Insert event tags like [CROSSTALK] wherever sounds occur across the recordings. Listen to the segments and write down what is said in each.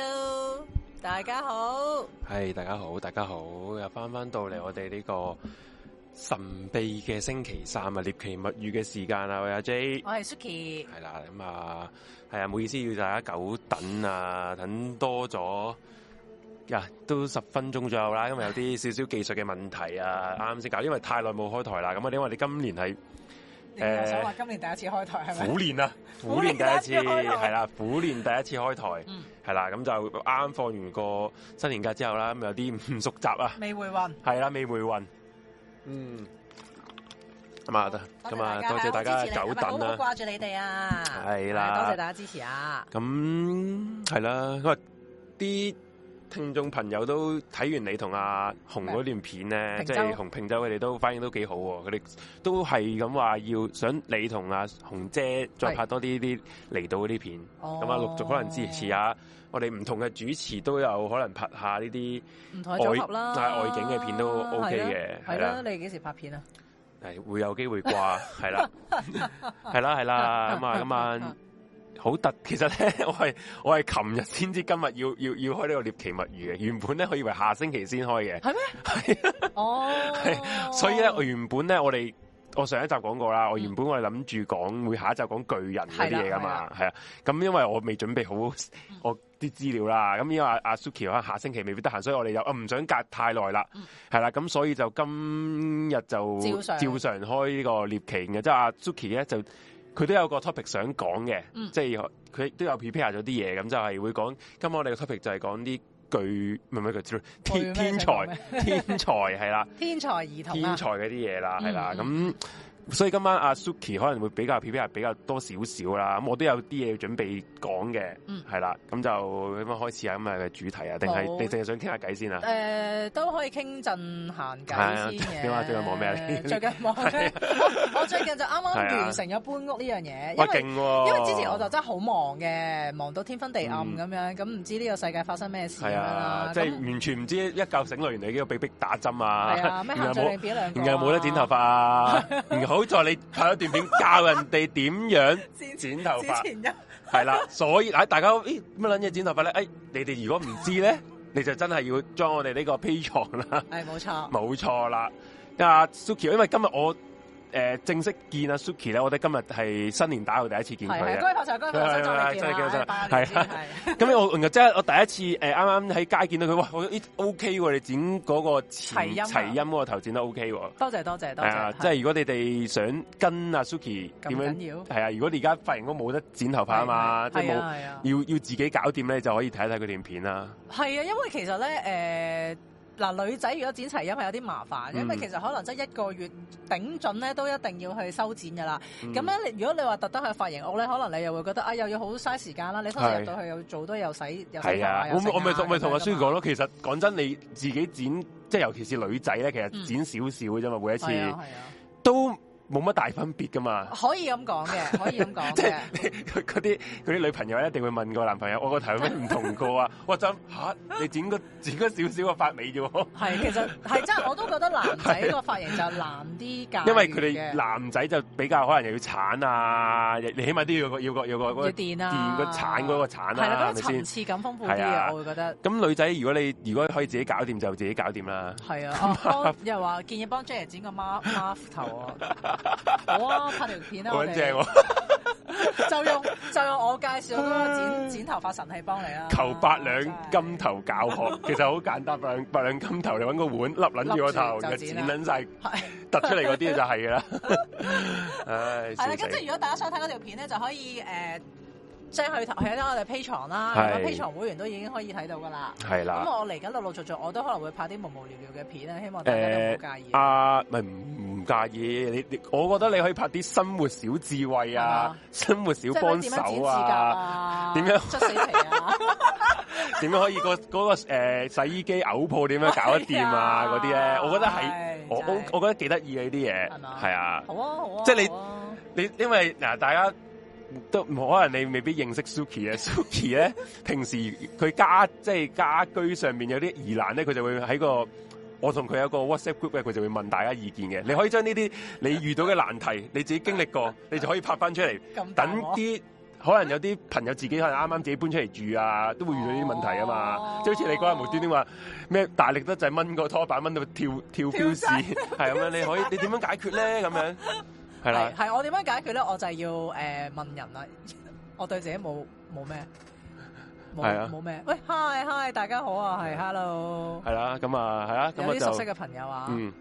hello，大家好，係、hey, 大家好，大家好又翻翻到嚟我哋呢個神秘嘅星期三啊，獵奇物語嘅時間啊，喂，阿 J，我係 Suki，係啦，咁啊係啊，唔好意思要大家久等啊，等多咗呀、啊，都十分鐘左右啦，因為有啲少少技術嘅問題啊，啱先搞，因為太耐冇開台啦，咁啊，因為你今年係。誒、呃，想話今年第一次開台係咪？苦練啊，苦練第一次係啦，苦 [LAUGHS] 練第一次開台，係啦，咁、嗯、就啱放完個新年假之後啦，咁有啲唔熟習啊，未回運，係啦，未回運，嗯，咁啊得，咁啊多謝大家，謝大家久等啦，好掛住你哋啊，係啦，多謝大家支持啊，咁係啦，因為啲。聽眾朋友都睇完你同阿洪嗰段片咧，即係同平洲佢哋都反應、都幾好，佢哋都係咁話要想你同阿洪姐再拍多啲啲嚟到嗰啲片，咁啊、哦、陸續可能支持下我哋唔同嘅主持都有可能拍下呢啲外唔同嘅組合啦，外景嘅片都 OK 嘅，係啦。係咯，你幾時拍片啊？係會有機會啩？係 [LAUGHS] 啦是的，係 [LAUGHS] 啦，係啦，咁啊， [LAUGHS] 今晚。好突，其實咧，我係我係琴日先至知今日要要要開呢個獵奇物語嘅，原本咧，我以為下星期先開嘅。係咩？係哦，係，所以咧，我原本咧，我哋我上一集講過啦，我原本我係諗住講會下一集講巨人嗰啲嘢噶嘛，係啊，咁因為我未準備好我啲資料啦，咁因為阿阿 Suki 可能下星期未必得閒，所以我哋又唔想隔太耐啦，係啦，咁所以就今日就照常開呢個獵奇嘅，即係阿 Suki 咧就。佢都有個 topic 想講嘅，即係佢都有 prepare 咗啲嘢，咁就係會講。今日我哋嘅 topic 就係講啲巨唔係咩？係巨，天天才天才係啦，天才兒童、啊、天才嗰啲嘢啦，係啦咁。所以今晚阿 Suki 可能會比較 P P A 比較多少少啦，咁我都有啲嘢要準備講嘅，嗯係啦，係啦，咁就起開始下今日嘅主題啊，定係你淨係想傾下偈先啊？誒、呃，都可以傾陣閒偈先嘅。你 [LAUGHS] 最近忙咩？最近忙咩？ [LAUGHS] [LAUGHS] 我最近就啱啱完成咗搬屋呢樣嘢，因為因為之前我就真係好忙嘅，忙到天昏地暗咁樣，咁、嗯、唔知呢個世界發生咩事咁啊，即係完全唔知道一覺醒來原來已經被逼打針啊，係啊，咩限聚令表兩、啊？冇得剪頭髮、啊 [LAUGHS] 好在你拍咗一段片教人哋點樣剪頭髮， [LAUGHS] 係啦，所以嗱，大家咦，乜捻嘢剪頭髮咧？誒、欸，你哋如果唔知咧，你就真係要將我哋呢個 Patreon 啦。係，冇錯，冇錯啦。阿 Suki，因為今日我。誒、呃、正式見阿 Suki 咧，我哋今日係新年打我第一次見佢啊！唔該拍手，唔該拍手再見啦！係咁我即係我第一次誒啱啱喺街見到佢，哇！我咦 OK 喎，你剪嗰個齊音陰嗰個頭剪得 OK 喎！多謝多謝多謝！即係如果你哋想跟阿 Suki 點樣，係啊！如果你而家髮型都冇得剪頭髮啊嘛，即係冇要要自己搞掂咧，就可以睇一睇佢哋片啦。係啊，因為其實咧誒。嗱，女仔如果剪齊因為有啲麻煩、嗯，因為其實可能即一個月頂盡咧，都一定要去修剪噶啦。咁、嗯、如果你話特登去髮型屋咧，可能你又會覺得啊、哎，又要好嘥時間啦。你通常入到去又做都洗又使又時，我咪同咪同阿孫講咯，其實講真你自己剪，即尤其是女仔咧，其實剪少少啫嘛、嗯，每一次都。冇乜大分別噶嘛可？可以咁講嘅，可以咁講嘅。嗰啲啲女朋友一定會問個男朋友：我個頭有咩唔同過 [LAUGHS] 啊？我就嚇你剪個剪少少個髮尾啫喎。係， [LAUGHS] 其實係真係我都覺得男仔個髮型就難啲搞， [LAUGHS] 因為佢哋男仔就比較可能又要鏟啊，你起碼都要，要，要，要、那個要個要個嗰個電啊，電那那個鏟嗰個鏟啦、啊，啦，咁、那個、層次感豐富啲啊，的我會覺得。咁女仔如果你如果可以自己搞掂就自己搞掂啦。係啊，又話 [LAUGHS] [LAUGHS] 建議幫 Jade 剪個馬馬 [LAUGHS] 頭啊。 [LAUGHS] 好啊，拍條片啦，啊，我哋、啊、 [LAUGHS] 就用就用我介紹嗰個剪 [LAUGHS] 剪頭髮神器幫你啊，求八兩金頭教學， [LAUGHS] 其實好簡單， [LAUGHS] 八兩八兩金頭，你搵個碗笠捻住個頭就剪，就剪捻晒，突 [LAUGHS] 出嚟嗰啲就係嘅啦。係 [LAUGHS] 啦， [LAUGHS] 咁即係如果大家想睇嗰條片咧，就可以誒。即係去睇，睇我哋 P 床啦，咁 P 床會員都已經可以睇到噶啦。係啦，咁我嚟緊陸陸續續，我都可能會拍啲無無聊聊嘅片啦，希望大家都唔介意。呃、啊咪唔唔介意，你我覺得你可以拍啲生活小智慧啊，啊，生活小幫手啊，點、啊樣，啊、樣？死啊！點 [LAUGHS] [LAUGHS] 樣可以、嗰個嗰、嗰個洗衣機偶破？點樣搞得掂啊？嗰啲咧，我覺得係、啊、我我，我覺得幾得意嘅呢啲嘢，係啊，啊，啊，好啊好啊。即係你、啊、你，因為嗱大家。都可能你未必認識 Suki 啊 [LAUGHS] ，Suki 咧，平時佢家即係、就是、家居上面有啲疑難咧，佢就會喺個我同佢有個 WhatsApp group 咧，佢就會問大家意見嘅。你可以將呢啲你遇到嘅難題，你自己經歷過，你就可以拍翻出嚟， [LAUGHS] 等啲一些 [LAUGHS] 可能有啲朋友自己可能啱啱自己搬出嚟住啊，都會遇到呢啲問題啊嘛。即好似你嗰日無端端話咩大力得滯掹個拖板掹到跳跳掣，係咁 [LAUGHS] 樣你可以你點樣解決咧咁樣？係啦，係我點樣解決咧？我就係要誒、呃、問人啦。我對自己冇冇咩，係啊，冇咩。喂，Hi Hi，大家好啊，係 Hello。係啦，咁啊，係啊，咁有啲熟悉嘅朋友啊。嗯，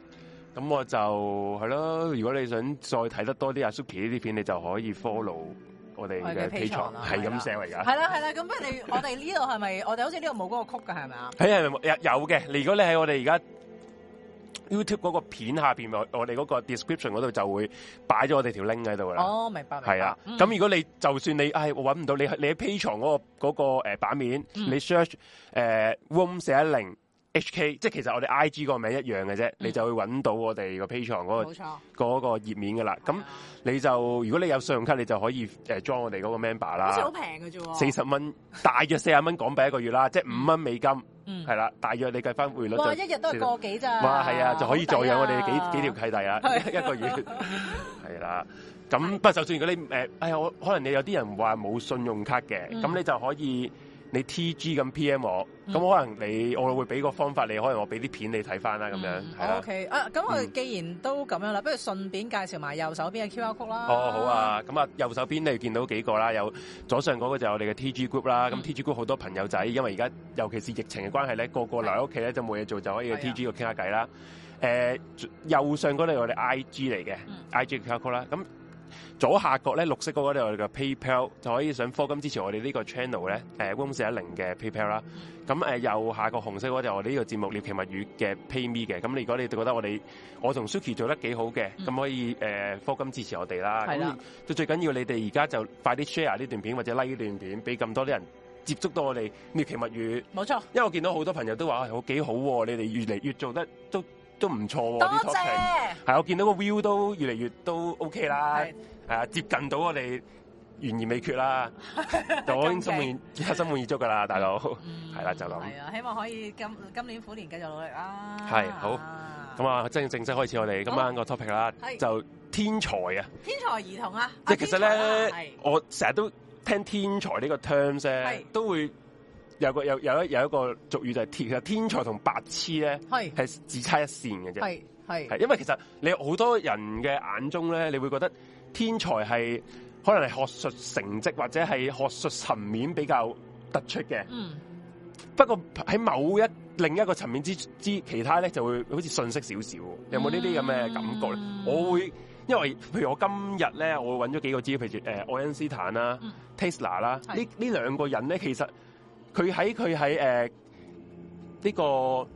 咁、嗯、我就係咯。如果你想再睇得多啲阿 Suki 呢啲片，你就可以 follow 我哋嘅 Patreon 係咁寫嚟噶。係啦係啦，咁不如你 [LAUGHS] 我哋呢度係咪？我哋好似呢度冇嗰個曲噶係咪啊？係啊，有嘅。如果你係我哋而家。YouTube 嗰個片下面我哋嗰個 description 嗰度就會擺咗我哋條 link 喺度啦。哦，明白，明係啊，咁、嗯、如果你就算你、哎、我揾唔到你，你你喺 P 床嗰個嗰、那個版面，嗯、你 search 誒、呃、room 4一零 HK，即係其實我哋 IG 個名一樣嘅啫，嗯、你就會揾到我哋個 P y 嗰個，冇錯，嗰、那個頁面噶啦。咁、嗯、你就如果你有信用卡，你就可以誒、呃、我哋嗰個 member 啦。好似好平嘅啫，四十蚊，大約四十蚊港幣一個月啦，即係五蚊美金。嗯嗯嗯，係 [NOISE] 啦，大約你計翻匯率就，哇！一日都係過幾咋、啊，哇！係啊，就可以助養我哋幾、啊、幾條契弟啊，一個月，係 [LAUGHS] 啦。咁不過， [LAUGHS] 就算如果你、呃、哎呀，可能你有啲人話冇信用卡嘅，咁、嗯、你就可以。你 T G 咁 P M 我，咁可能你、嗯、我會俾個方法你，可能我俾啲片你睇返啦咁樣。O、嗯、K，啊，咁、okay. 啊、我哋既然都咁樣啦、嗯，不如順便介紹埋右手邊嘅 Q R code 啦。哦，好啊，咁啊，右手邊你見到幾個啦？有左上嗰個就我哋嘅 T G group 啦、嗯，咁 T G group 好多朋友仔，因為而家尤其是疫情嘅關係咧、嗯，個個留喺屋企咧就冇嘢做，就可以喺 T G 度傾下偈啦。誒，右上嗰度我哋 I G 嚟嘅、嗯、，I G 嘅 Q R code 啦，咁。左下角咧綠色嗰個就我哋嘅 PayPal，就可以上科金支持我哋呢個 channel 咧，誒，溫四一零嘅 PayPal 啦。咁誒右下角紅色嗰個就我哋呢個節目《獵、mm-hmm. 奇物語的的》嘅 PayMe 嘅。咁如果你覺得我哋，我同 Suki 做得幾好嘅，咁、mm-hmm. 可以誒科金支持我哋啦。係啦。就最緊要你哋而家就快啲 share 呢段片或者 like 呢段片，俾咁多啲人接觸到我哋《獵奇物語》。冇錯。因為我見到好多朋友都話，哎、好幾好，你哋越嚟越做得都。都唔錯喎、啊，啲 topic 係我見到個 view 都越嚟越都 OK 啦，係啊，接近到我哋完美無缺啦，就已經 [LAUGHS] 心滿心滿意足噶啦，大佬，係、嗯、啦就咁。係啊，希望可以今今年虎年繼續努力啦。係、啊、好，咁啊正正式開始我哋今晚個 topic 啦、哦，就天才啊，天才兒童啊，啊，即係其實咧、啊，我成日都聽天才這個呢個 terms，都會。有個有有一有一個俗語就係天其天才同白痴咧，係係只差一線嘅啫。係係係因為其實你好多人嘅眼中咧，你會覺得天才係可能係學術成績或者係學術層面比較突出嘅。嗯，不過喺某一另一個層面之之其他咧就會好似遜色少少。有冇呢啲咁嘅感覺咧、嗯？我會因為譬如我今日咧，我揾咗幾個資料，譬如誒愛、呃、因斯坦啦、啊、Tesla、嗯、啦，呢呢、啊、兩個人咧其實。佢喺佢喺誒呢個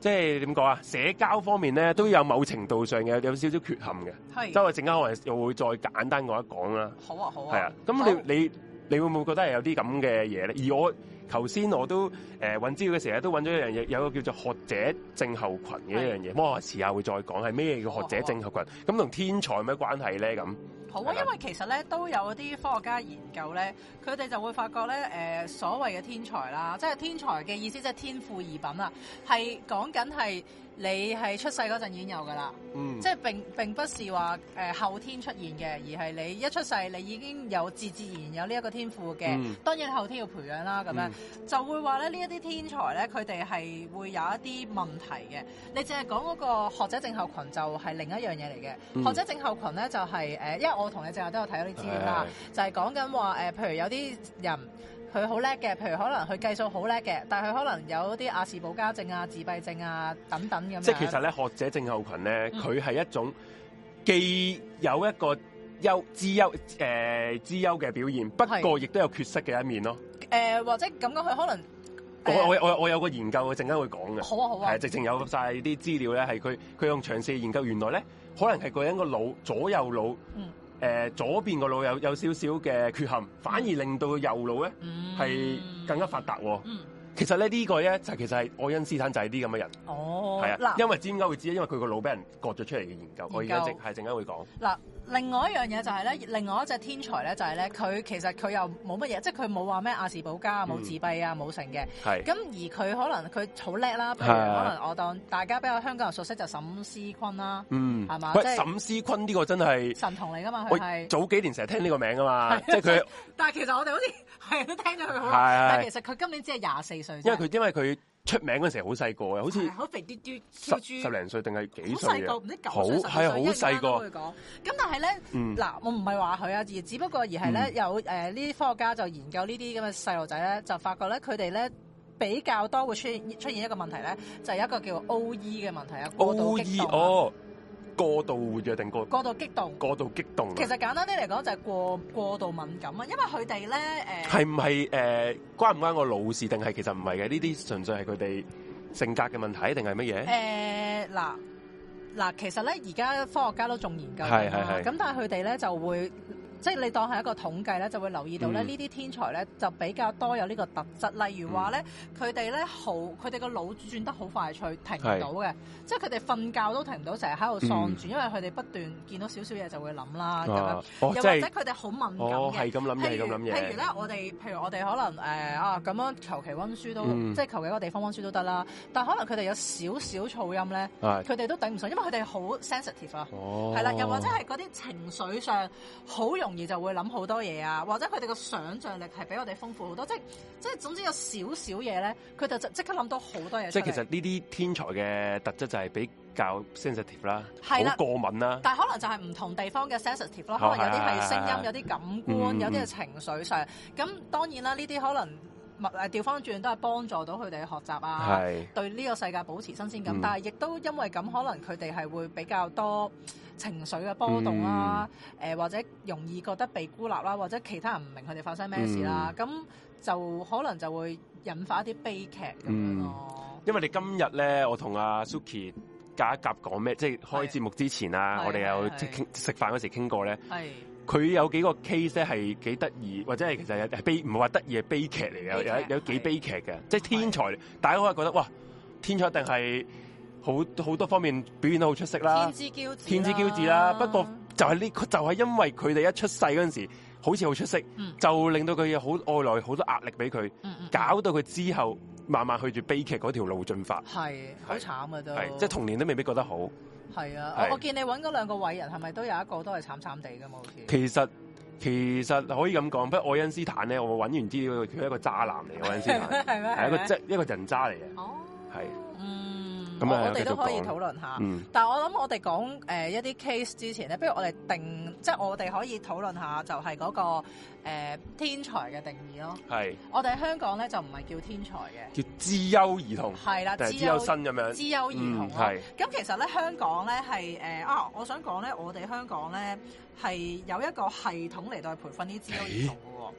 即係點講啊？社交方面咧都有某程度上嘅有少少缺陷嘅。係，周圍陣間我會再簡單講一講啦。好啊，好啊。係啊，咁你你你會唔會覺得係有啲咁嘅嘢咧？而我頭先我都誒揾、呃、資料嘅時候都揾咗一樣嘢，有個叫做學者症候群嘅一樣嘢。哇，遲下會再講係咩叫「學者症候群」？咁同、啊啊、天才有咩關係咧？咁？好啊，因為其實咧都有啲科學家研究咧，佢哋就會發覺咧，誒、呃、所謂嘅天才啦，即係天才嘅意思即係天賦異稟啊，係講緊係。你係出世嗰陣已經有噶啦、嗯，即係並並不是話誒、呃、後天出現嘅，而係你一出世你已經有自自然有呢一個天賦嘅、嗯。當然你後天要培養啦，咁、嗯、樣就會話咧呢一啲天才咧，佢哋係會有一啲問題嘅。你淨係講嗰個學者症候群就係另一樣嘢嚟嘅，學者症候群咧就係、是、誒、呃，因為我同你最後都有睇咗啲資料啦，就係講緊話誒，譬如有啲人。佢好叻嘅，譬如可能佢計數好叻嘅，但係佢可能有啲亞氏保加症啊、自閉症啊等等咁。即係其實咧，學者症候群咧，佢、嗯、係一種既有一個優資優誒資、呃、優嘅表現，不過亦都有缺失嘅一面咯。誒、呃，或者咁樣，佢可能、呃、我我我有個研究，我陣間會講嘅。好啊好啊，係直情有晒啲資料咧，係佢佢用詳細研究，原來咧可能係個人個腦左右腦。嗯誒、呃、左邊個腦有有少少嘅缺陷、嗯，反而令到右腦咧係、嗯、更加發達、嗯。其實咧呢、呢個咧就係、其實係愛因斯坦仔啲咁嘅人。哦，係啊，因為點解會知咧？因為佢個腦俾人割咗出嚟嘅研，研究，我而家正係陣間會講。另外一樣嘢就係咧，另外一隻天才咧就係咧，佢其實佢又冇乜嘢，即係佢冇話咩亞氏保加，冇自閉啊，冇成嘅。咁、嗯、而佢可能佢好叻啦，譬如可能我當大家比較香港人熟悉就沈詩鈞啦。嗯。係嘛？即係沈詩鈞呢個真係神童嚟㗎嘛？佢係早幾年成日聽呢個名㗎嘛，即係佢。但係其實我哋好似係都聽咗佢好耐，但係其實佢今年只係廿四歲。因為佢因為佢。出名嗰陣時好細個，好似好肥嘟嘟，十十零歲定係幾歲？好細個，唔知九歲十歲好，咁、嗯、但係咧，嗱、嗯，我唔係話佢啊，而只不過而係咧，嗯、有誒呢啲科學家就研究這些小孩子呢啲咁嘅細路仔咧，就發覺咧佢哋咧比較多會出現出現一個問題咧，就係、是、一個叫 O E 嘅問題啊，oe 過度激動、哦過度活躍定過過度激動？過度激動。其實簡單啲嚟講，就係過過度敏感啊，因為佢哋咧誒。係唔係誒關唔關個腦事？定係其實唔係嘅？呢啲純粹係佢哋性格嘅問題，定係乜嘢？誒嗱嗱，其實咧而家科學家都仲研究緊啦。係係係。咁但係佢哋咧就會。即係你當係一個統計咧，就會留意到咧，呢、嗯、啲天才咧就比較多有呢個特質。例如話咧，佢哋咧好，佢哋個腦轉得好快，佢停唔到嘅。即係佢哋瞓覺都停唔到，成日喺度喪轉，嗯、因為佢哋不斷見到少少嘢就會諗啦。咁、啊、樣、哦、又或者佢哋好敏感嘅。係咁諗嘢，咁諗嘢。譬如咧、嗯，我哋譬如我哋可能誒啊咁樣求其温書都，嗯、即係求其一個地方温書都得啦。但係可能佢哋有少少噪音咧，佢哋都頂唔順，因為佢哋好 sensitive 啊。係、哦、啦，又或者係嗰啲情緒上好容。而就會諗好多嘢啊，或者佢哋嘅想像力係比我哋豐富好多，即係即係總之有少少嘢咧，佢就即即刻諗到好多嘢。即係其實呢啲天才嘅特質就係比較 sensitive 啦，係啦好過敏啦、啊。但係可能就係唔同地方嘅 sensitive 咯，可能有啲係聲音，啊、有啲感官，啊嗯、有啲係情緒、嗯、上。咁當然啦，呢啲可能誒調翻轉都係幫助到佢哋嘅學習啊，對呢個世界保持新鮮感。嗯、但係亦都因為咁，可能佢哋係會比較多。情緒嘅波動啦，誒、嗯、或者容易覺得被孤立啦，或者其他人唔明佢哋發生咩事啦，咁、嗯、就可能就會引發一啲悲劇。嗯，樣因為你今日咧，我同阿 Suki 夾一夾講咩，即、就、係、是、開節目之前啊，我哋有即係食飯嗰時傾過咧。係，佢有幾個 case 咧係幾得意，或者係其實係悲，唔係話得意嘅悲劇嚟嘅，有有幾悲劇嘅，即係、就是、天才，大家可以覺得哇，天才一定係。好好多方面表現得好出色啦，天之驕子，天之驕子啦、啊。不過就係呢、這個，就係、是、因為佢哋一出世嗰陣時候，好似好出色、嗯，就令到佢有好外來好多壓力俾佢、嗯，搞到佢之後慢慢去住悲劇嗰條路進發，係好慘噶都，係即係童年都未必覺得好。係啊，我，我見你揾嗰兩個偉人，係咪都有一個都係慘慘地噶？好似其實其實可以咁講，不過愛因斯坦咧，我揾完資料佢係一個渣男嚟， [LAUGHS] 愛因斯坦係一個即一個人渣嚟嘅，係、oh,。嗯啊、我哋都可以討論下，嗯、但係我諗我哋講誒一啲 case 之前咧，不如我哋定即係我哋可以討論下就係、嗰個，就係嗰個誒天才嘅定義咯。係，我哋香港咧就唔係叫天才嘅，叫資優兒童係啦，資、嗯、優、啊、身咁樣，資優兒童係。咁、嗯、其實咧，香港咧係誒啊，我想講咧，我哋香港咧係有一個系統嚟到去培訓啲資優兒童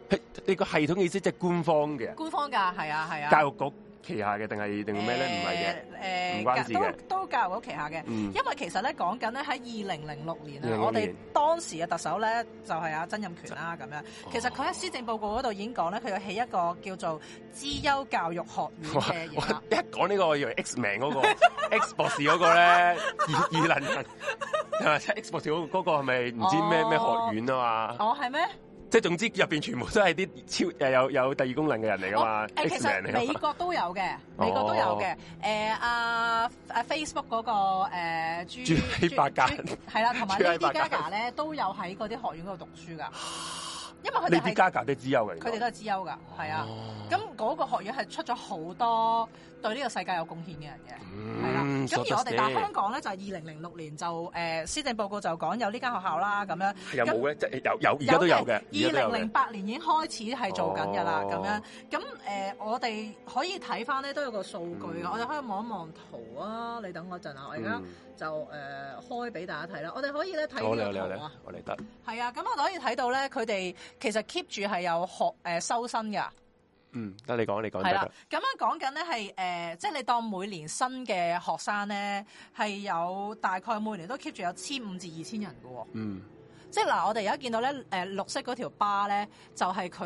嘅呢個系統嘅意思即係官方嘅，官方㗎，係啊，係啊，教育局。旗下嘅定係定咩咧？唔係嘅，誒唔、欸欸、關事都都教育局旗下嘅、嗯。因為其實咧講緊咧喺二零零六年咧，我哋當時嘅特首咧就係、是、阿、啊、曾蔭權啦、啊、咁樣、哦。其實佢喺施政報告嗰度已經講咧，佢有起一個叫做資優教育學院嘅嘢。一講呢、這個，我以為 X 名嗰個 X 博士嗰個咧，二二論文係 x 博士嗰嗰個係咪唔知咩咩、哦、學院啊嘛？我係咩？是即係總之入面全部都係啲超有有第二功能嘅人嚟㗎嘛。誒、oh, 呃、其實美國都有嘅，美國都有嘅、oh. 呃啊。Facebook 嗰、個誒豬、呃、豬八戒係啦同埋 Lady Gaga 呢都有喺啲學院度讀書㗎。因為佢哋啲家格都係資優嘅，佢哋都係資優噶，係、oh. 啊。咁、那、嗰個學院係出咗好多對呢個世界有貢獻嘅人嘅，係、mm, 啦。咁、嗯、我哋大香港咧就係二零零六年就誒施、呃、政報告就講有呢間學校啦咁樣。有冇嘅？有有而家都有嘅。二零零八年已經開始係做緊嘅啦，咁、oh. 樣。咁、呃、誒，我哋可以睇翻咧都有個數據嘅，mm. 我哋可以望一望圖啊。你等我陣啊，我而家。就誒、呃、開俾大家睇啦，我哋可以咧睇呢個圖啊，我嚟得。係啊，咁我哋可以睇到咧，佢哋其實 keep 住係有學誒收、呃、生嘅。嗯，得你講，你講係啦，咁、啊、樣講緊咧係誒，即、呃、係、就是、你當每年新嘅學生咧係有大概每年都 keep 住有千五至二千人嘅喎、哦。嗯。即係、啊、嗱，我哋而家見到咧誒、呃、綠色嗰條巴咧，就係、是、佢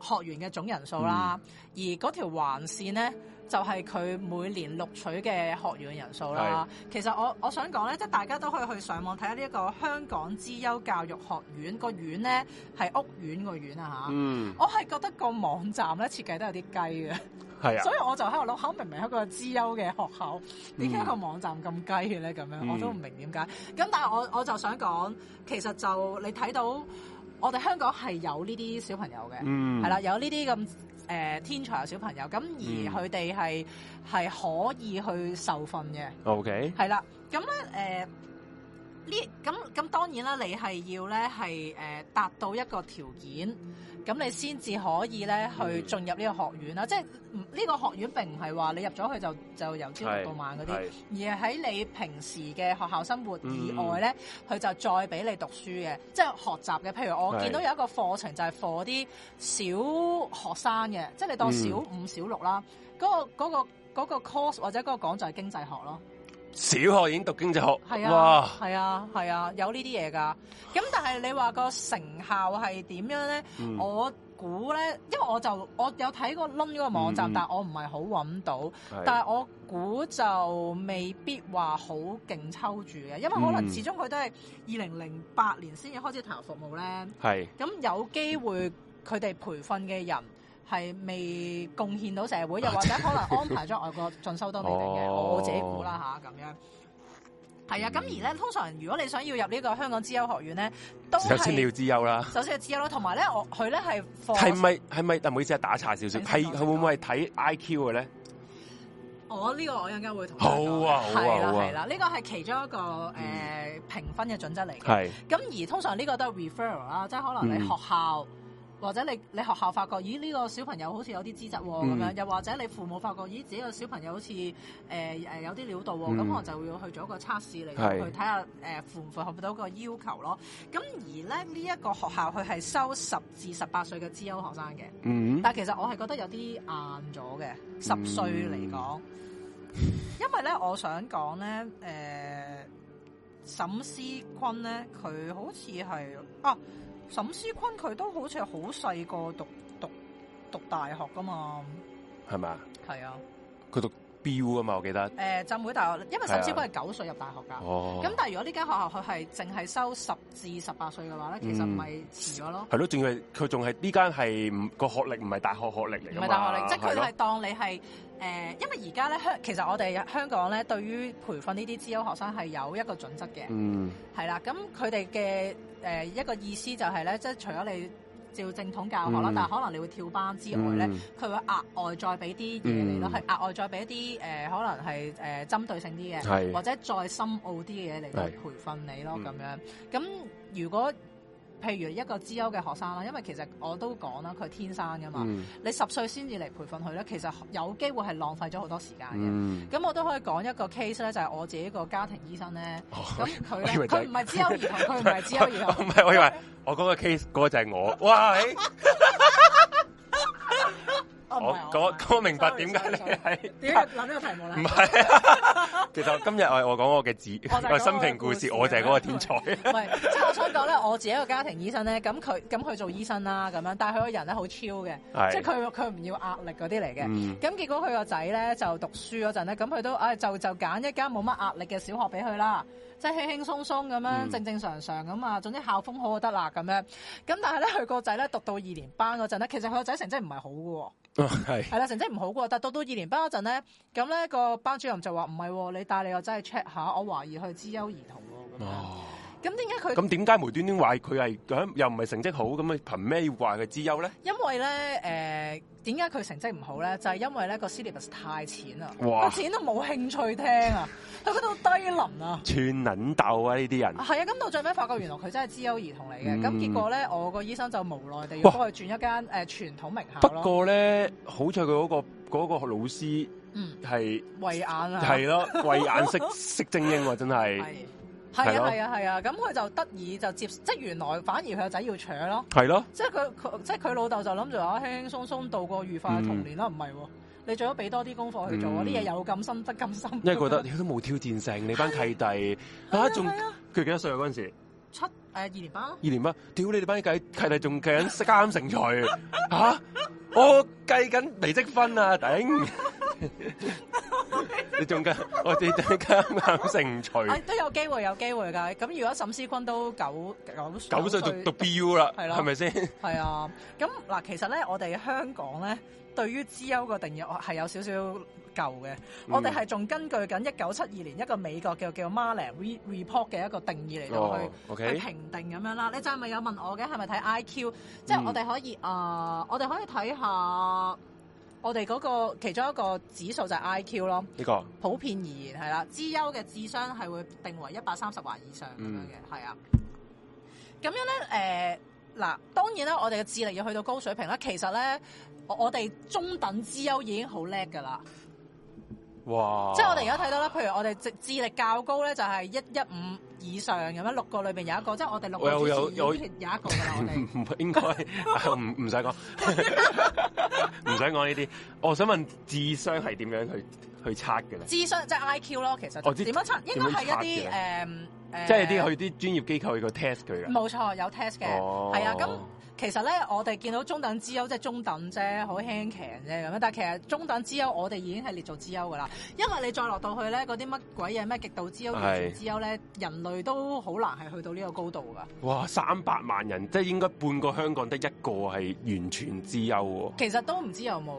學員嘅總人數啦，嗯、而嗰條橫線咧。就係、是、佢每年錄取嘅學院人數啦。其實我我想講咧，即係大家都可以去上網睇下呢一個香港資優教育學院個院咧，係屋苑個院啊嚇。嗯，我係覺得個網站咧設計得有啲雞嘅。係啊，所以我就喺度諗明明係一個資優嘅學校，點、嗯、解個網站咁雞嘅咧？咁樣我都唔明點解。咁但係我我就想講，其實就你睇到我哋香港係有呢啲小朋友嘅，係、嗯、啦，有呢啲咁。誒、呃、天才嘅小朋友咁，而佢哋係係可以去受訓嘅。OK，係啦，咁咧誒。呃呢咁咁當然啦，你係要咧係誒達到一個條件，咁你先至可以咧去進入呢個學院啦、嗯。即係呢、呢個學院並唔係話你入咗去就就由朝讀到晚嗰啲，而係喺你平時嘅學校生活以外咧，佢、嗯、就再俾你讀書嘅，即係學習嘅。譬如我見到有一個課程就係課啲小學生嘅，即係你當小五小六啦，嗰、嗯嗰個嗰嗰、嗰個嗰個、course 或者嗰個講就係經濟學咯。小學已經讀經濟學，啊、哇，係啊，係啊，有呢啲嘢噶。咁但係你話個成效係點樣咧、嗯？我估咧，因為我就我有睇過攆嗰個網站、嗯，但我唔係好揾到。係但係我估就未必話好勁抽住嘅，因為可能始終佢都係二零零八年先至開始投入服務咧。係。咁有機會佢哋培訓嘅人。係未貢獻到社會，又或者可能安排咗外國進修都未定嘅。 [LAUGHS] 哦、我自己估啦嚇咁樣。係啊，咁、嗯、而咧，通常如果你想要入呢個香港資優學院咧，首先你要資優啦，首先自優咯，同埋咧我佢咧係係咪？係咪？唔唔，好意思啊，打岔少少，係佢會唔會睇 I Q 嘅咧？我呢個我應該會同好啊好啊好啊，係啦、啊，呢、啊啊呢個係其中一個誒評、嗯、分嘅準則嚟嘅。係咁，而通常呢個都係 referral 啦，即係可能你學校。嗯嗯或者你你學校發覺，咦呢、這個小朋友好似有啲資質喎咁樣，又、嗯、或者你父母發覺，咦自己個小朋友好似誒誒有啲料度喎，咁、嗯、我就會要去做一個測試嚟去睇下誒符唔符合到個要求咯。咁而咧呢一、這個學校佢係收十至十八歲嘅資優學生嘅，嗯、但其實我係覺得有啲硬咗嘅十歲嚟講，嗯、因為咧我想講咧誒沈思坤咧佢好似係哦。啊沈思坤佢都好似好細個讀讀讀大學噶嘛？係咪啊？係啊，佢讀。標啊嘛，我記得。誒浸會大學，因為沈志穎係九歲入大學㗎。哦。咁但係如果呢間學校佢係淨係收十至十八歲嘅話咧、嗯，其實唔係遲咗咯。係咯，仲要佢仲係呢間係個學歷唔係大學學歷嚟嘅。唔係大學學歷，即係佢係當你係誒、呃，因為而家咧香，其實我哋香港咧對於培訓呢啲資優學生係有一個準則嘅。嗯。係啦，咁佢哋嘅誒一個意思就係、是、咧，即係除咗你。照正統教學啦，嗯，但係可能你會跳班之外咧，佢，嗯，會額外再俾啲嘢你咯，係，嗯，額外再俾一啲誒，呃，可能係誒針對性啲嘅，係或者再深奧啲嘅嘢嚟去培訓你咯咁樣咁，嗯，如果譬如一個資優嘅學生啦，因為其實我都講啦，佢天生㗎嘛、嗯，你十歲先至嚟培訓佢咧，其實有機會係浪費咗好多時間嘅。咁、嗯、我都可以講一個 case 咧，就係、係、我自己一個家庭醫生咧，咁佢呢，佢唔係資優兒童，佢唔係資優兒童，唔係，我以為以以 [LAUGHS] 我嗰個 case 嗰個就係我，哇！ [LAUGHS] [LAUGHS] 我，我，我，我明白點解你係點諗呢個題目咧？唔係、啊， [LAUGHS] 其實我今日我我講我嘅字，個心情故事， [LAUGHS] 我就係嗰個天才。 [LAUGHS] 唔係，即係我想講咧，我自己一個家庭醫生咧，咁佢咁佢做醫生啦，咁樣，但係佢個人咧好 chill 嘅，即係佢佢唔要壓力嗰啲嚟嘅。咁、嗯、結果佢個仔咧就讀書嗰陣咧，咁佢都唉、哎、就就揀一間冇乜壓力嘅小學俾佢啦，即係輕輕鬆鬆咁樣，嗯、正正常常咁啊，總之校風好就得啦咁樣。咁但係咧，佢個仔咧讀到二年班嗰陣咧，其實佢個仔成績唔係好嘅喎。係係啦，成績唔好過，但係到到二年班嗰陣咧，咁咧個班主任就話唔係，你帶你我真係 check 下，我懷疑佢係資優兒童喎咁樣。哦咁點解佢咁點解無端端話佢係咁又唔係成績好咁？憑咩要話佢資優咧？因為咧，誒點解佢成績唔好咧？就係、是、因為咧、個私立 us 太淺啦，哇個淺到冇興趣聽啊，佢覺得好低能啊，串諗竇啊呢啲人。係啊，咁到最尾發覺原來佢真係資優兒童嚟嘅。咁、嗯、結果咧，我個醫生就無奈地要幫佢轉一間誒傳統名校咯。不過咧，好彩佢嗰個嗰、嗰個老師嗯，係慧眼,是眼啊，係咯，慧眼識識精英喎，真係。係啊係啊係啊，咁佢、啊啊啊啊嗯、就得意就接，即係原來反而佢個仔要扯咯，係咯、啊，即係佢佢即係佢老豆就諗住話輕輕鬆鬆度過愉快嘅童年啦，唔、嗯、係、啊，你最好俾多啲功課去做，啲、嗯、嘢有咁深得咁深，因為覺得你都冇挑戰性，你班契弟啊仲佢幾多歲嗰陣時，七誒、呃、二年班、啊、二年班，屌你哋班契契弟仲計緊三成才，吓、 [LAUGHS] 啊、我計緊離積分啊頂！頂 [LAUGHS] 你仲加我哋仲加成趣，都有機會，有機會噶。咁如果沈思坤都九九歲，九歲讀讀 B U 啦，係咪先？係 [LAUGHS] 啊，咁嗱，其實咧，我哋香港咧，對於資優個定義係有少少舊嘅，我哋係仲根據緊一九七二年一個美國嘅叫 Marley Report 嘅一個定義嚟到去、哦 okay? 去評定咁樣啦。你就係咪有問我嘅？係咪睇 I Q？即係我哋可以誒、呃，我哋可以睇下。我哋嗰個其中一個指數就係 IQ 咯，這個，呢個普遍而言係啦，資優嘅智商係會定為一百三十環以上咁樣嘅，係、嗯、啊。咁樣咧，誒、呃、嗱，當然啦，我哋嘅智力要去到高水平啦。其實咧，我哋中等資優已經好叻㗎啦。哇！即係我哋而家睇到啦，譬如我哋智智力較高咧，就係一一五以上咁樣，六個裏邊有一個，即係我哋六個之前有一個嘅。我哋唔應該唔唔使講，唔使講呢啲。我想問智商係點樣去去測嘅咧？智商即係、I Q 咯，其實點、哦、樣測？應該係一啲誒誒，即係啲去啲專業機構去個 test 佢嘅。冇錯，有 test 嘅，係、哦、啊咁。那其實咧，我哋見到中等資優即係中等啫，好輕強啫咁。但係其實中等資優，我哋已經係列做資優噶啦。因為你再落到去咧，嗰啲乜鬼嘢咩極度資優、完全資優咧，人類都好難係去到呢個高度噶。哇！三百萬人，即係應該半個香港得一個係完全資優喎。其實都唔知有冇。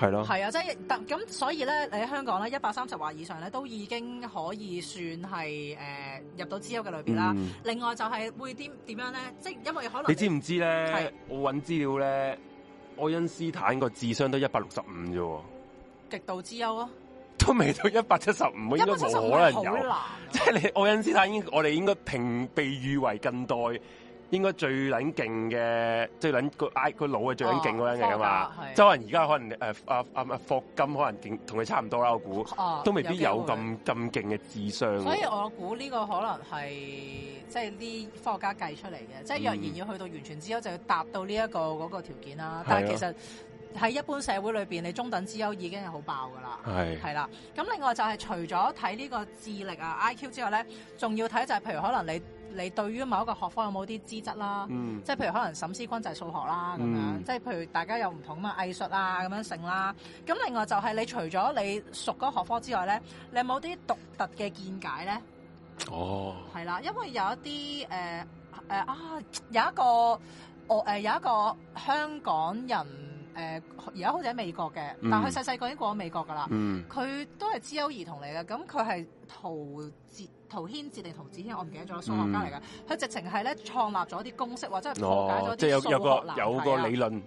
係咯，係啊，即係咁，所以咧，你喺香港咧，一百三十或以上咧，都已經可以算係誒、呃、入到資優嘅裏邊啦。嗯、另外就係會點點樣咧？即係因為可能你，你知唔知咧？我揾資料咧，愛因斯坦個智商都一百六十五啫，極度資優咯，都未到一百七十五，應該冇可能有。即係、就是、你愛因斯坦已經，我哋應該評被譽為近代。應該最撚勁嘅，最撚個 I 個腦係最撚勁嗰樣嘢啊嘛！周雲而家可能誒啊啊唔、啊、霍金可能勁同佢差唔多啦，我估、啊、都未必有咁咁勁嘅智商。所以我估呢個可能係即係啲科學家計出嚟嘅、嗯，即係若然要去到完全資優，就要達到呢、這、一個嗰、那個條件啦。但係其實喺一般社會裏邊，你中等資優已經係好爆噶啦，係係啦。咁另外就係除咗睇呢個智力啊 IQ 之外咧，仲要睇就係譬如可能你。你對於某一個學科有冇啲資質啦、啊嗯？即係譬如可能沈思君就係數學啦、啊、咁、嗯、樣，即係譬如大家有唔同啊藝術啊咁樣性啦、啊。咁另外就係你除咗你熟嗰個學科之外咧，你有冇啲獨特嘅見解咧？哦，係啦，因為有一啲誒誒啊，有一個我誒、呃、有一個香港人誒，而、呃、家好似喺美國嘅、嗯，但係佢細細個已經過咗美國噶啦。佢、嗯、都係資優兒童嚟嘅，咁佢係圖字。陶軒哲定陶子軒，我唔記得咗，數學家嚟㗎，佢、嗯、直情係咧創立咗啲公式，或者破解咗啲數學難題、哦、即有，有個有個理論，啊、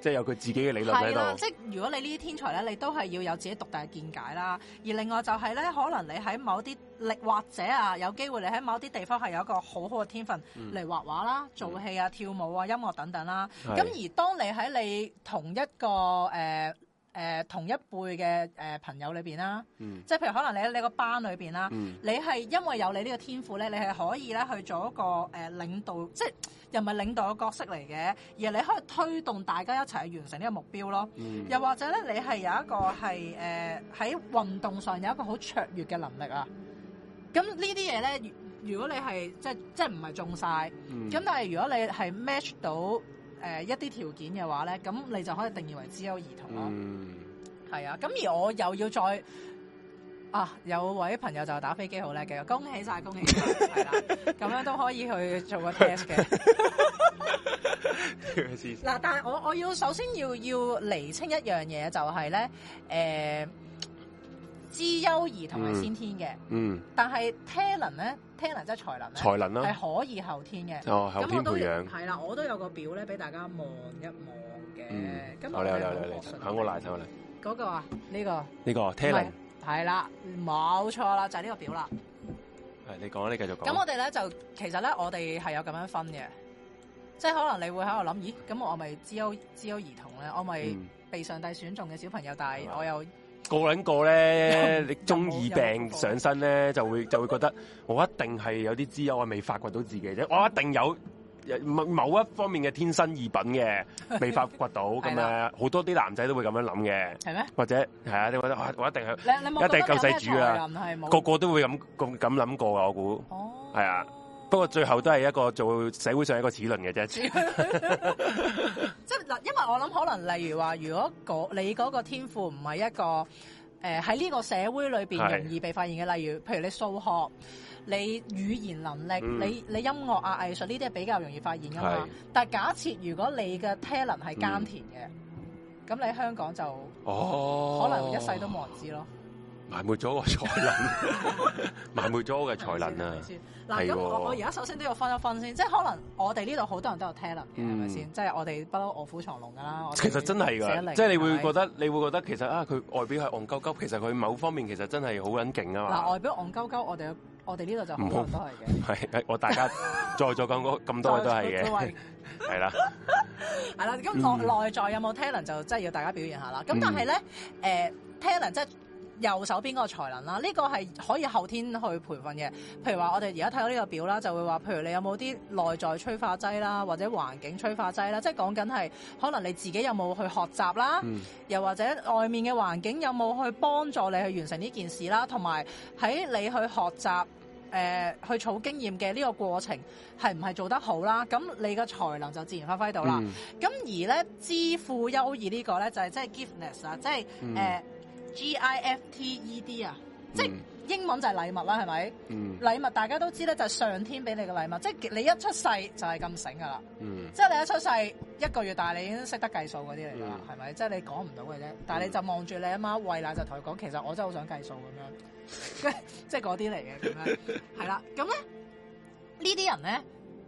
即有佢自己嘅理論喺度、啊。即如果你呢啲天才咧，你都係要有自己獨特嘅見解啦。而另外就係咧，可能你喺某啲力或者啊，有機會你喺某啲地方係有一個好好嘅天分嚟畫畫啦、嗯、做戲啊、跳舞啊、音樂等等啦。咁、嗯、而當你喺你同一個誒。呃誒、呃、同一輩嘅、呃、朋友裏面啦、啊，嗯、即係譬如可能你喺你個班裏面啦，你係、啊嗯、因為有你呢個天賦咧，你係可以咧去做一個誒、呃、領導，即係又唔係領導嘅角色嚟嘅，而你可以推動大家一齊去完成呢個目標咯。嗯、又或者咧，你係有一個係誒喺運動上有一個好卓越嘅能力啊。咁呢啲嘢咧，如果你係即係即係唔係中晒，咁、嗯、但係如果你係 match 到。誒、呃、一啲條件嘅話咧，咁你就可以定義為資優兒童咯。係、嗯、啊，咁而我又要再啊，有位朋友就打飛機好叻嘅，恭喜晒，恭喜晒，係 [LAUGHS] 啦，咁樣都可以去做個 test 嘅。嗱， [LAUGHS] [LAUGHS] [LAUGHS] 但係我我要首先要要釐清一樣嘢、就是，就係咧，誒。資優兒童係先天嘅、嗯嗯，但係 talent 咧，talent 即係才能，才能啦，係、啊、可以後天嘅。哦，後天培養啦，我都有個表咧，俾大家望一望嘅。咁有有有嚟睇，行我嚟睇我嚟。嗰、那個啊，呢、這個呢、這個 talent 係啦，冇、啊、錯啦，就係、是、呢個表啦。係你講，你繼續講。咁我哋咧就其實咧，我哋係有咁樣分嘅，即係可能你會喺度諗，咦？咁我咪資優資優兒童咧，我咪被上帝選中嘅小朋友，嗯、但係我又。個兩個咧，你中二病上身咧，就會就會覺得我一定係有啲資優，我未發掘到自己啫，我一定有某一方面嘅天生異品嘅，未發掘到咁啊！好 [LAUGHS] 多啲男仔都會咁樣諗嘅，係咩？或者係啊？你覺得我一定係，一定係救世主啊？個個都會咁咁諗過啊！我估，係、oh. 啊，不過最後都係一個做社會上一個齒輪嘅啫。 [LAUGHS] [LAUGHS] 因為我諗可能，例如話，如果你嗰個天賦唔係一個，誒喺呢個社會裏邊容易被發現嘅，例如，譬如你數學、你語言能力、嗯、你你音樂啊、藝術呢啲係比較容易發現㗎嘛。但係假設如果你嘅 talent 係耕田嘅，咁、嗯、你喺香港就，可能一世都冇人知咯。哦。埋沒咗我嘅才能， [LAUGHS] 埋沒咗我嘅才能啊！嗱，咁我我而家首先都要分一分先，即係可能我哋呢度好多人都有 talent，嘅，係咪先？即係我哋不嬲臥虎藏龍噶啦！其實真係噶，即係你會覺得你會覺得，你會覺得其實啊，佢外表係憨鳩鳩，其實佢某方面其實真係好緊勁啊嗱，外表憨鳩鳩，我哋我哋呢度就好多人都係嘅，係 [LAUGHS] [LAUGHS] [LAUGHS] 我大家在座講咁多位都係嘅，係 [LAUGHS] [LAUGHS] [LAUGHS] 對啦，係 [LAUGHS] 啦，咁內內在有冇 talent 就真係要大家表現一下啦。咁、嗯、但係咧，誒、嗯呃、talent 即係。右手邊個才能啦，呢、這個係可以後天去培訓嘅。譬如話我哋而家睇到呢個表啦，就會話，譬如你有冇啲內在催化劑啦，或者環境催化劑啦，即係講緊係可能你自己有冇去學習啦，嗯、又或者外面嘅環境有冇去幫助你去完成呢件事啦，同埋喺你去學習誒、呃、去儲經驗嘅呢個過程係唔係做得好啦？咁你嘅才能就自然發揮到啦。咁、嗯、而呢，資賦優異呢個呢，就係即係 giftedness 啊、就是，即係誒。Gifted 啊，即係英文就係禮物啦，係、嗯、咪？禮物大家都知咧，就係上天俾你嘅禮物，嗯、即係你一出世就係咁醒噶啦。即係你一出世一個月大，你已經識得計數嗰啲嚟噶啦，係、嗯、咪？即係你講唔到嘅啫，但係你就望住你阿媽餵奶就同佢講，其實我真係好想計數咁樣，即係嗰啲嚟嘅咁樣，係 [LAUGHS] 啦。咁咧 [LAUGHS] 呢啲人咧，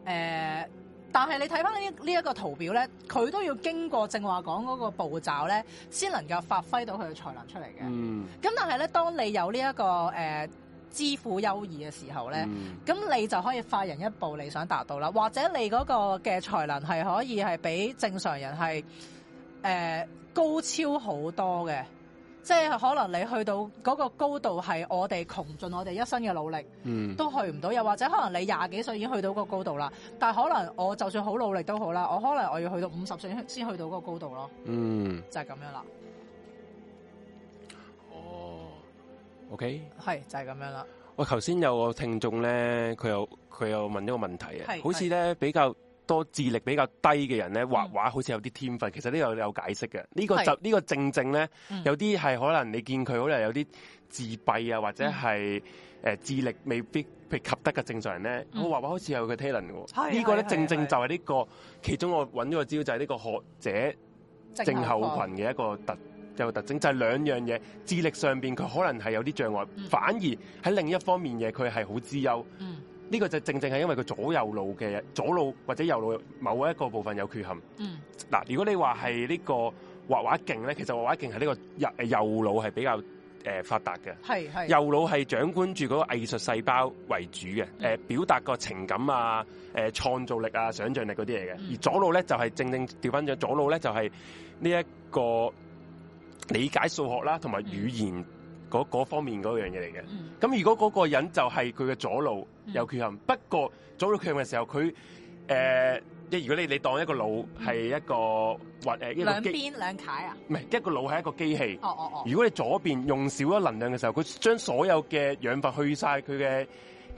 誒、呃。但係你睇返呢呢一個圖表咧，佢都要經過正話講嗰個步驟咧，先能夠發揮到佢嘅才能出嚟嘅。咁、嗯、但係咧，當你有呢、這、一個誒、呃、資賦優異嘅時候咧，咁、嗯、你就可以快人一步，你想達到啦。或者你嗰個嘅才能係可以係比正常人係誒、呃、高超好多嘅。即係可能你去到嗰個高度係我哋窮盡我哋一生嘅努力，嗯、都去唔到。又或者可能你廿幾歲已經去到嗰個高度啦，但係可能我就算好努力都好啦，我可能我要去到五十歲先去到嗰個高度咯。嗯，就係、是、咁樣啦。哦，OK，係就係、是、咁樣啦。我頭先有個聽眾咧，佢有佢有問一個問題啊，好似咧比較。多智力比較低嘅人咧，畫畫好似有啲天分，嗯、其實都有有解釋嘅。呢、呢個就呢個正正呢個正正咧，有啲係可能你見佢可能有啲自閉啊，或者係誒、嗯呃、智力未必被及得嘅正常人咧，嗯、畫畫好似有佢 talent 喎。嗯、呢個呢個咧正正就係呢、呢個是是是是其中我揾咗個招，就係呢個學者症候群嘅一個特有一個特徵，就係、是、兩樣嘢，智力上邊佢可能係有啲障礙，嗯、反而喺另一方面嘢佢係好優。嗯呢、這個就正正係因為個左右腦嘅左腦或者右腦某一個部分有缺陷。嗯。嗱，如果你話係呢個畫畫勁咧，其實畫畫勁係呢個右右腦係比較誒發達嘅。係係。右腦係掌管住嗰個藝術細胞為主嘅，誒、嗯呃、表達個情感啊，誒、呃、創造力啊、想像力嗰啲嘢嘅。而左腦咧就係、是、正正調翻咗左腦咧就係呢一個理解數學啦、啊，同埋語言。嗯嗰方面嗰樣嘢嚟嘅，咁、嗯、如果嗰個人就係佢嘅左腦有缺陷、嗯，不過左腦缺陷嘅時候，佢誒、呃，如果你你當一個腦係一個、嗯、或誒、呃，兩邊兩攤兩塊啊，唔係一個腦係一個機器。哦哦哦，如果你左邊用少咗能量嘅時候，佢將所有嘅養分去晒佢嘅。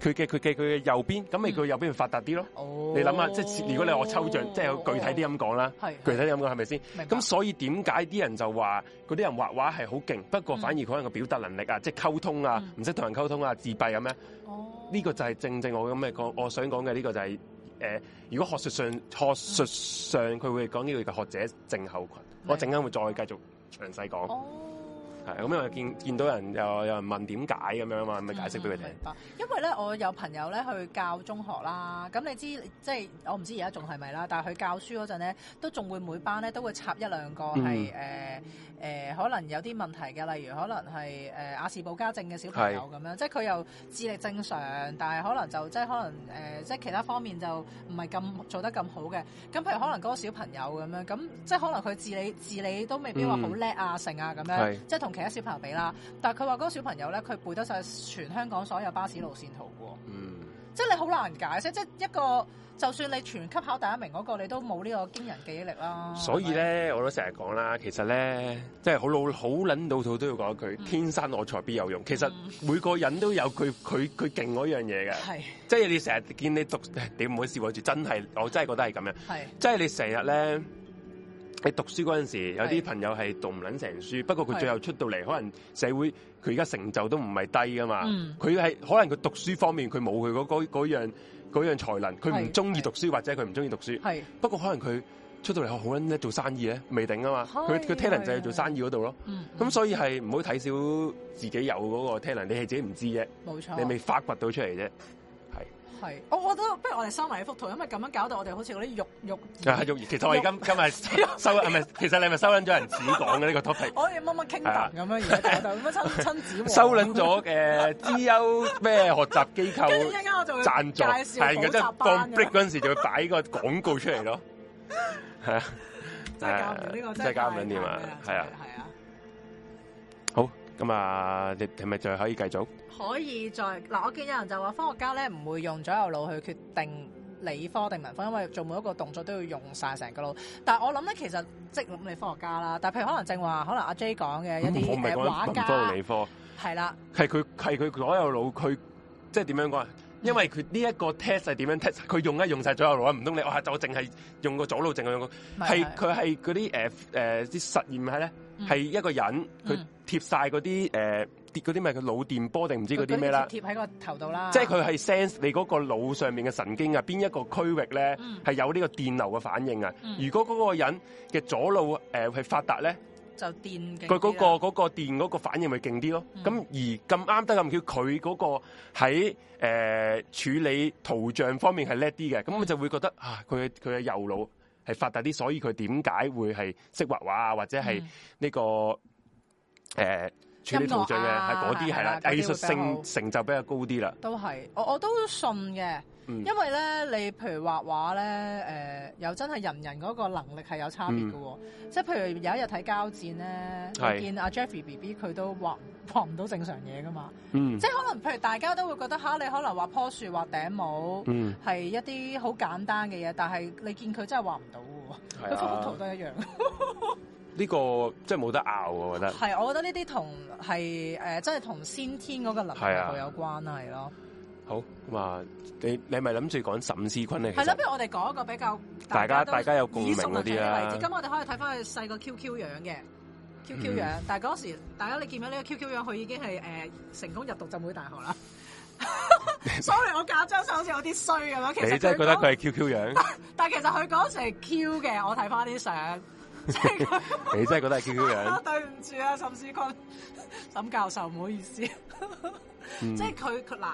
佢嘅佢嘅佢嘅右邊，咁咪佢右邊會發達啲咯。哦、你諗下，即係如果你我抽象，哦、即係有具體啲咁講啦。具體啲咁講係咪先？咁所以點解啲人就話嗰啲人畫畫係好勁，不過反而可能個表達能力啊、嗯，即係溝通啊，唔識同人溝通啊，自閉咁咧？呢、哦、個就係正正我咁嘅講，我想講嘅呢個就係、是呃、如果學術上學術上佢會講呢個叫學者症候群。我陣間會再繼續詳細講。哦係，咁又見，見到人又有人問點解咁樣嘛，咪解釋俾佢聽、嗯。因為咧，我有朋友咧去教中學啦。咁你知即係我唔知而家仲係咪啦，但係佢教書嗰陣咧，都仲會每班咧都會插一兩個係誒誒，可能有啲問題嘅，例如可能係誒亞氏保加症嘅小朋友咁樣，即係佢又智力正常，但係可能就即係可能誒、呃，即係其他方面就唔係咁做得咁好嘅。咁譬如可能嗰個小朋友咁樣，咁即係可能佢自理自理都未必話好叻啊成啊咁樣，即係同。其他小朋友俾啦，但係佢話嗰個小朋友咧，佢背得晒全香港所有巴士路線圖嘅，嗯，即係你好難解釋，即係一個，就算你全級考第一名嗰個，你都冇呢個驚人記憶力啦。所以咧，我都成日講啦，其實咧，即係好老好捻老土都要講一句、嗯，天生我材必有用。其實每個人都有佢佢佢勁嗰樣嘢嘅，係，即係你成日見你讀你唔好笑我住，真係我真係覺得係咁樣，係，即係你成日咧。喺讀書嗰陣時，有啲朋友係讀唔捻成書，不過佢最後出到嚟，可能社會佢而家成就都唔係低噶嘛。佢、嗯、係可能佢讀書方面佢冇佢嗰嗰嗰樣嗰樣才能，佢唔中意讀書或者佢唔中意讀書。係不,不過可能佢出到嚟好好捻咧，做生意咧未定啊嘛。佢佢 talent 就係做生意嗰度咯。咁、嗯嗯、所以係唔好睇少自己有嗰個 talent，你係自己唔知啫。冇錯，你未發掘到出嚟啫。係，我覺得是我得不如我哋收埋呢幅圖，因為咁樣搞到我哋好似嗰啲育育，育兒。其實我而家今日收，唔係，其實你咪收緊咗人子講嘅呢個 topic 我某某。我哋乜乜傾偈咁樣嘢，就咁親親子。收捻咗嘅知優咩學習機構 [LAUGHS] 習？跟住、啊、一啱我仲要贊助，係即係當 break 嗰陣時，仲要擺個廣告出嚟咯。係 [LAUGHS] 啊，哎、真係教唔掂呢個，真係教唔掂啊！係啊。咁啊，你係咪就可以繼續？可以再嗱，我見有人就話科學家咧唔會用左右腦去決定理科定文科，因為做每一個動作都要用晒成個腦。但係我諗咧，其實即係諗，你科學家啦。但係譬如可能正話，可能阿 J 講嘅一啲畫、嗯、家，係啦，係佢係佢左右腦，佢即係點樣講啊？因為佢呢一個 test 係點樣 test？佢用一用晒左右腦，唔通、嗯、你我就淨係用個左腦，淨係用個係佢係嗰啲誒誒啲實驗係咧，係、嗯、一個人佢。貼晒嗰啲誒啲嗰啲咪個腦電波定唔知嗰啲咩啦？呃、貼喺個頭度啦。即係佢係 sense 你嗰個腦上面嘅神經啊，邊一個區域咧係、嗯、有呢個電流嘅反應啊、嗯？如果嗰個人嘅左腦誒係、呃、發達咧，就電佢嗰、嗰個嗰、嗰個電嗰個反應咪勁啲咯。咁、嗯、而咁啱得咁叫佢嗰個喺誒、呃、處理圖像方面係叻啲嘅，咁、嗯、佢就會覺得啊，佢佢嘅右腦係發達啲，所以佢點解會係識畫畫啊，或者係呢、呢個？嗯誒、欸、處理嘅係嗰啲係啦，藝、啊、術性成就比較高啲啦。都係，我我都信嘅，嗯、因為咧你譬如畫畫咧，誒、呃、又真係人人嗰個能力係有差別嘅喎、哦。嗯、即係譬如有一日睇交戰咧，嗯、你見阿 Jeffrey BB 佢都畫畫唔到正常嘢噶嘛。嗯、即係可能譬如大家都會覺得吓你可能畫棵樹、畫頂帽，係、嗯、一啲好簡單嘅嘢，但係你見佢真係畫唔到喎。佢幅幅圖都一樣。嗯呢、這個真係冇得拗，我覺得係，我覺得呢啲同係誒，真係同先天嗰個能力佢有關係咯、啊。好咁啊，你你咪諗住講沈思坤啊？係啦，不如我哋講一個比較大家大家有共鳴啲啦。咁、啊、我哋可以睇翻佢細個 QQ 樣嘅 QQ 樣，嗯、但係嗰時大家你見到呢個 QQ 樣，佢已經係誒、呃、成功入讀浸會大學啦。 [LAUGHS] sorry，我假張相好似有啲衰咁樣，其實你真係覺得佢係 QQ 樣？但係其實佢嗰時係 Q 嘅，我睇翻啲相。 [LAUGHS] [LAUGHS] 你真係覺得係佢嗰樣？ [LAUGHS] 對唔住啊，沈思坤，沈教授唔好意思。 [LAUGHS] mm. 即係佢嗱，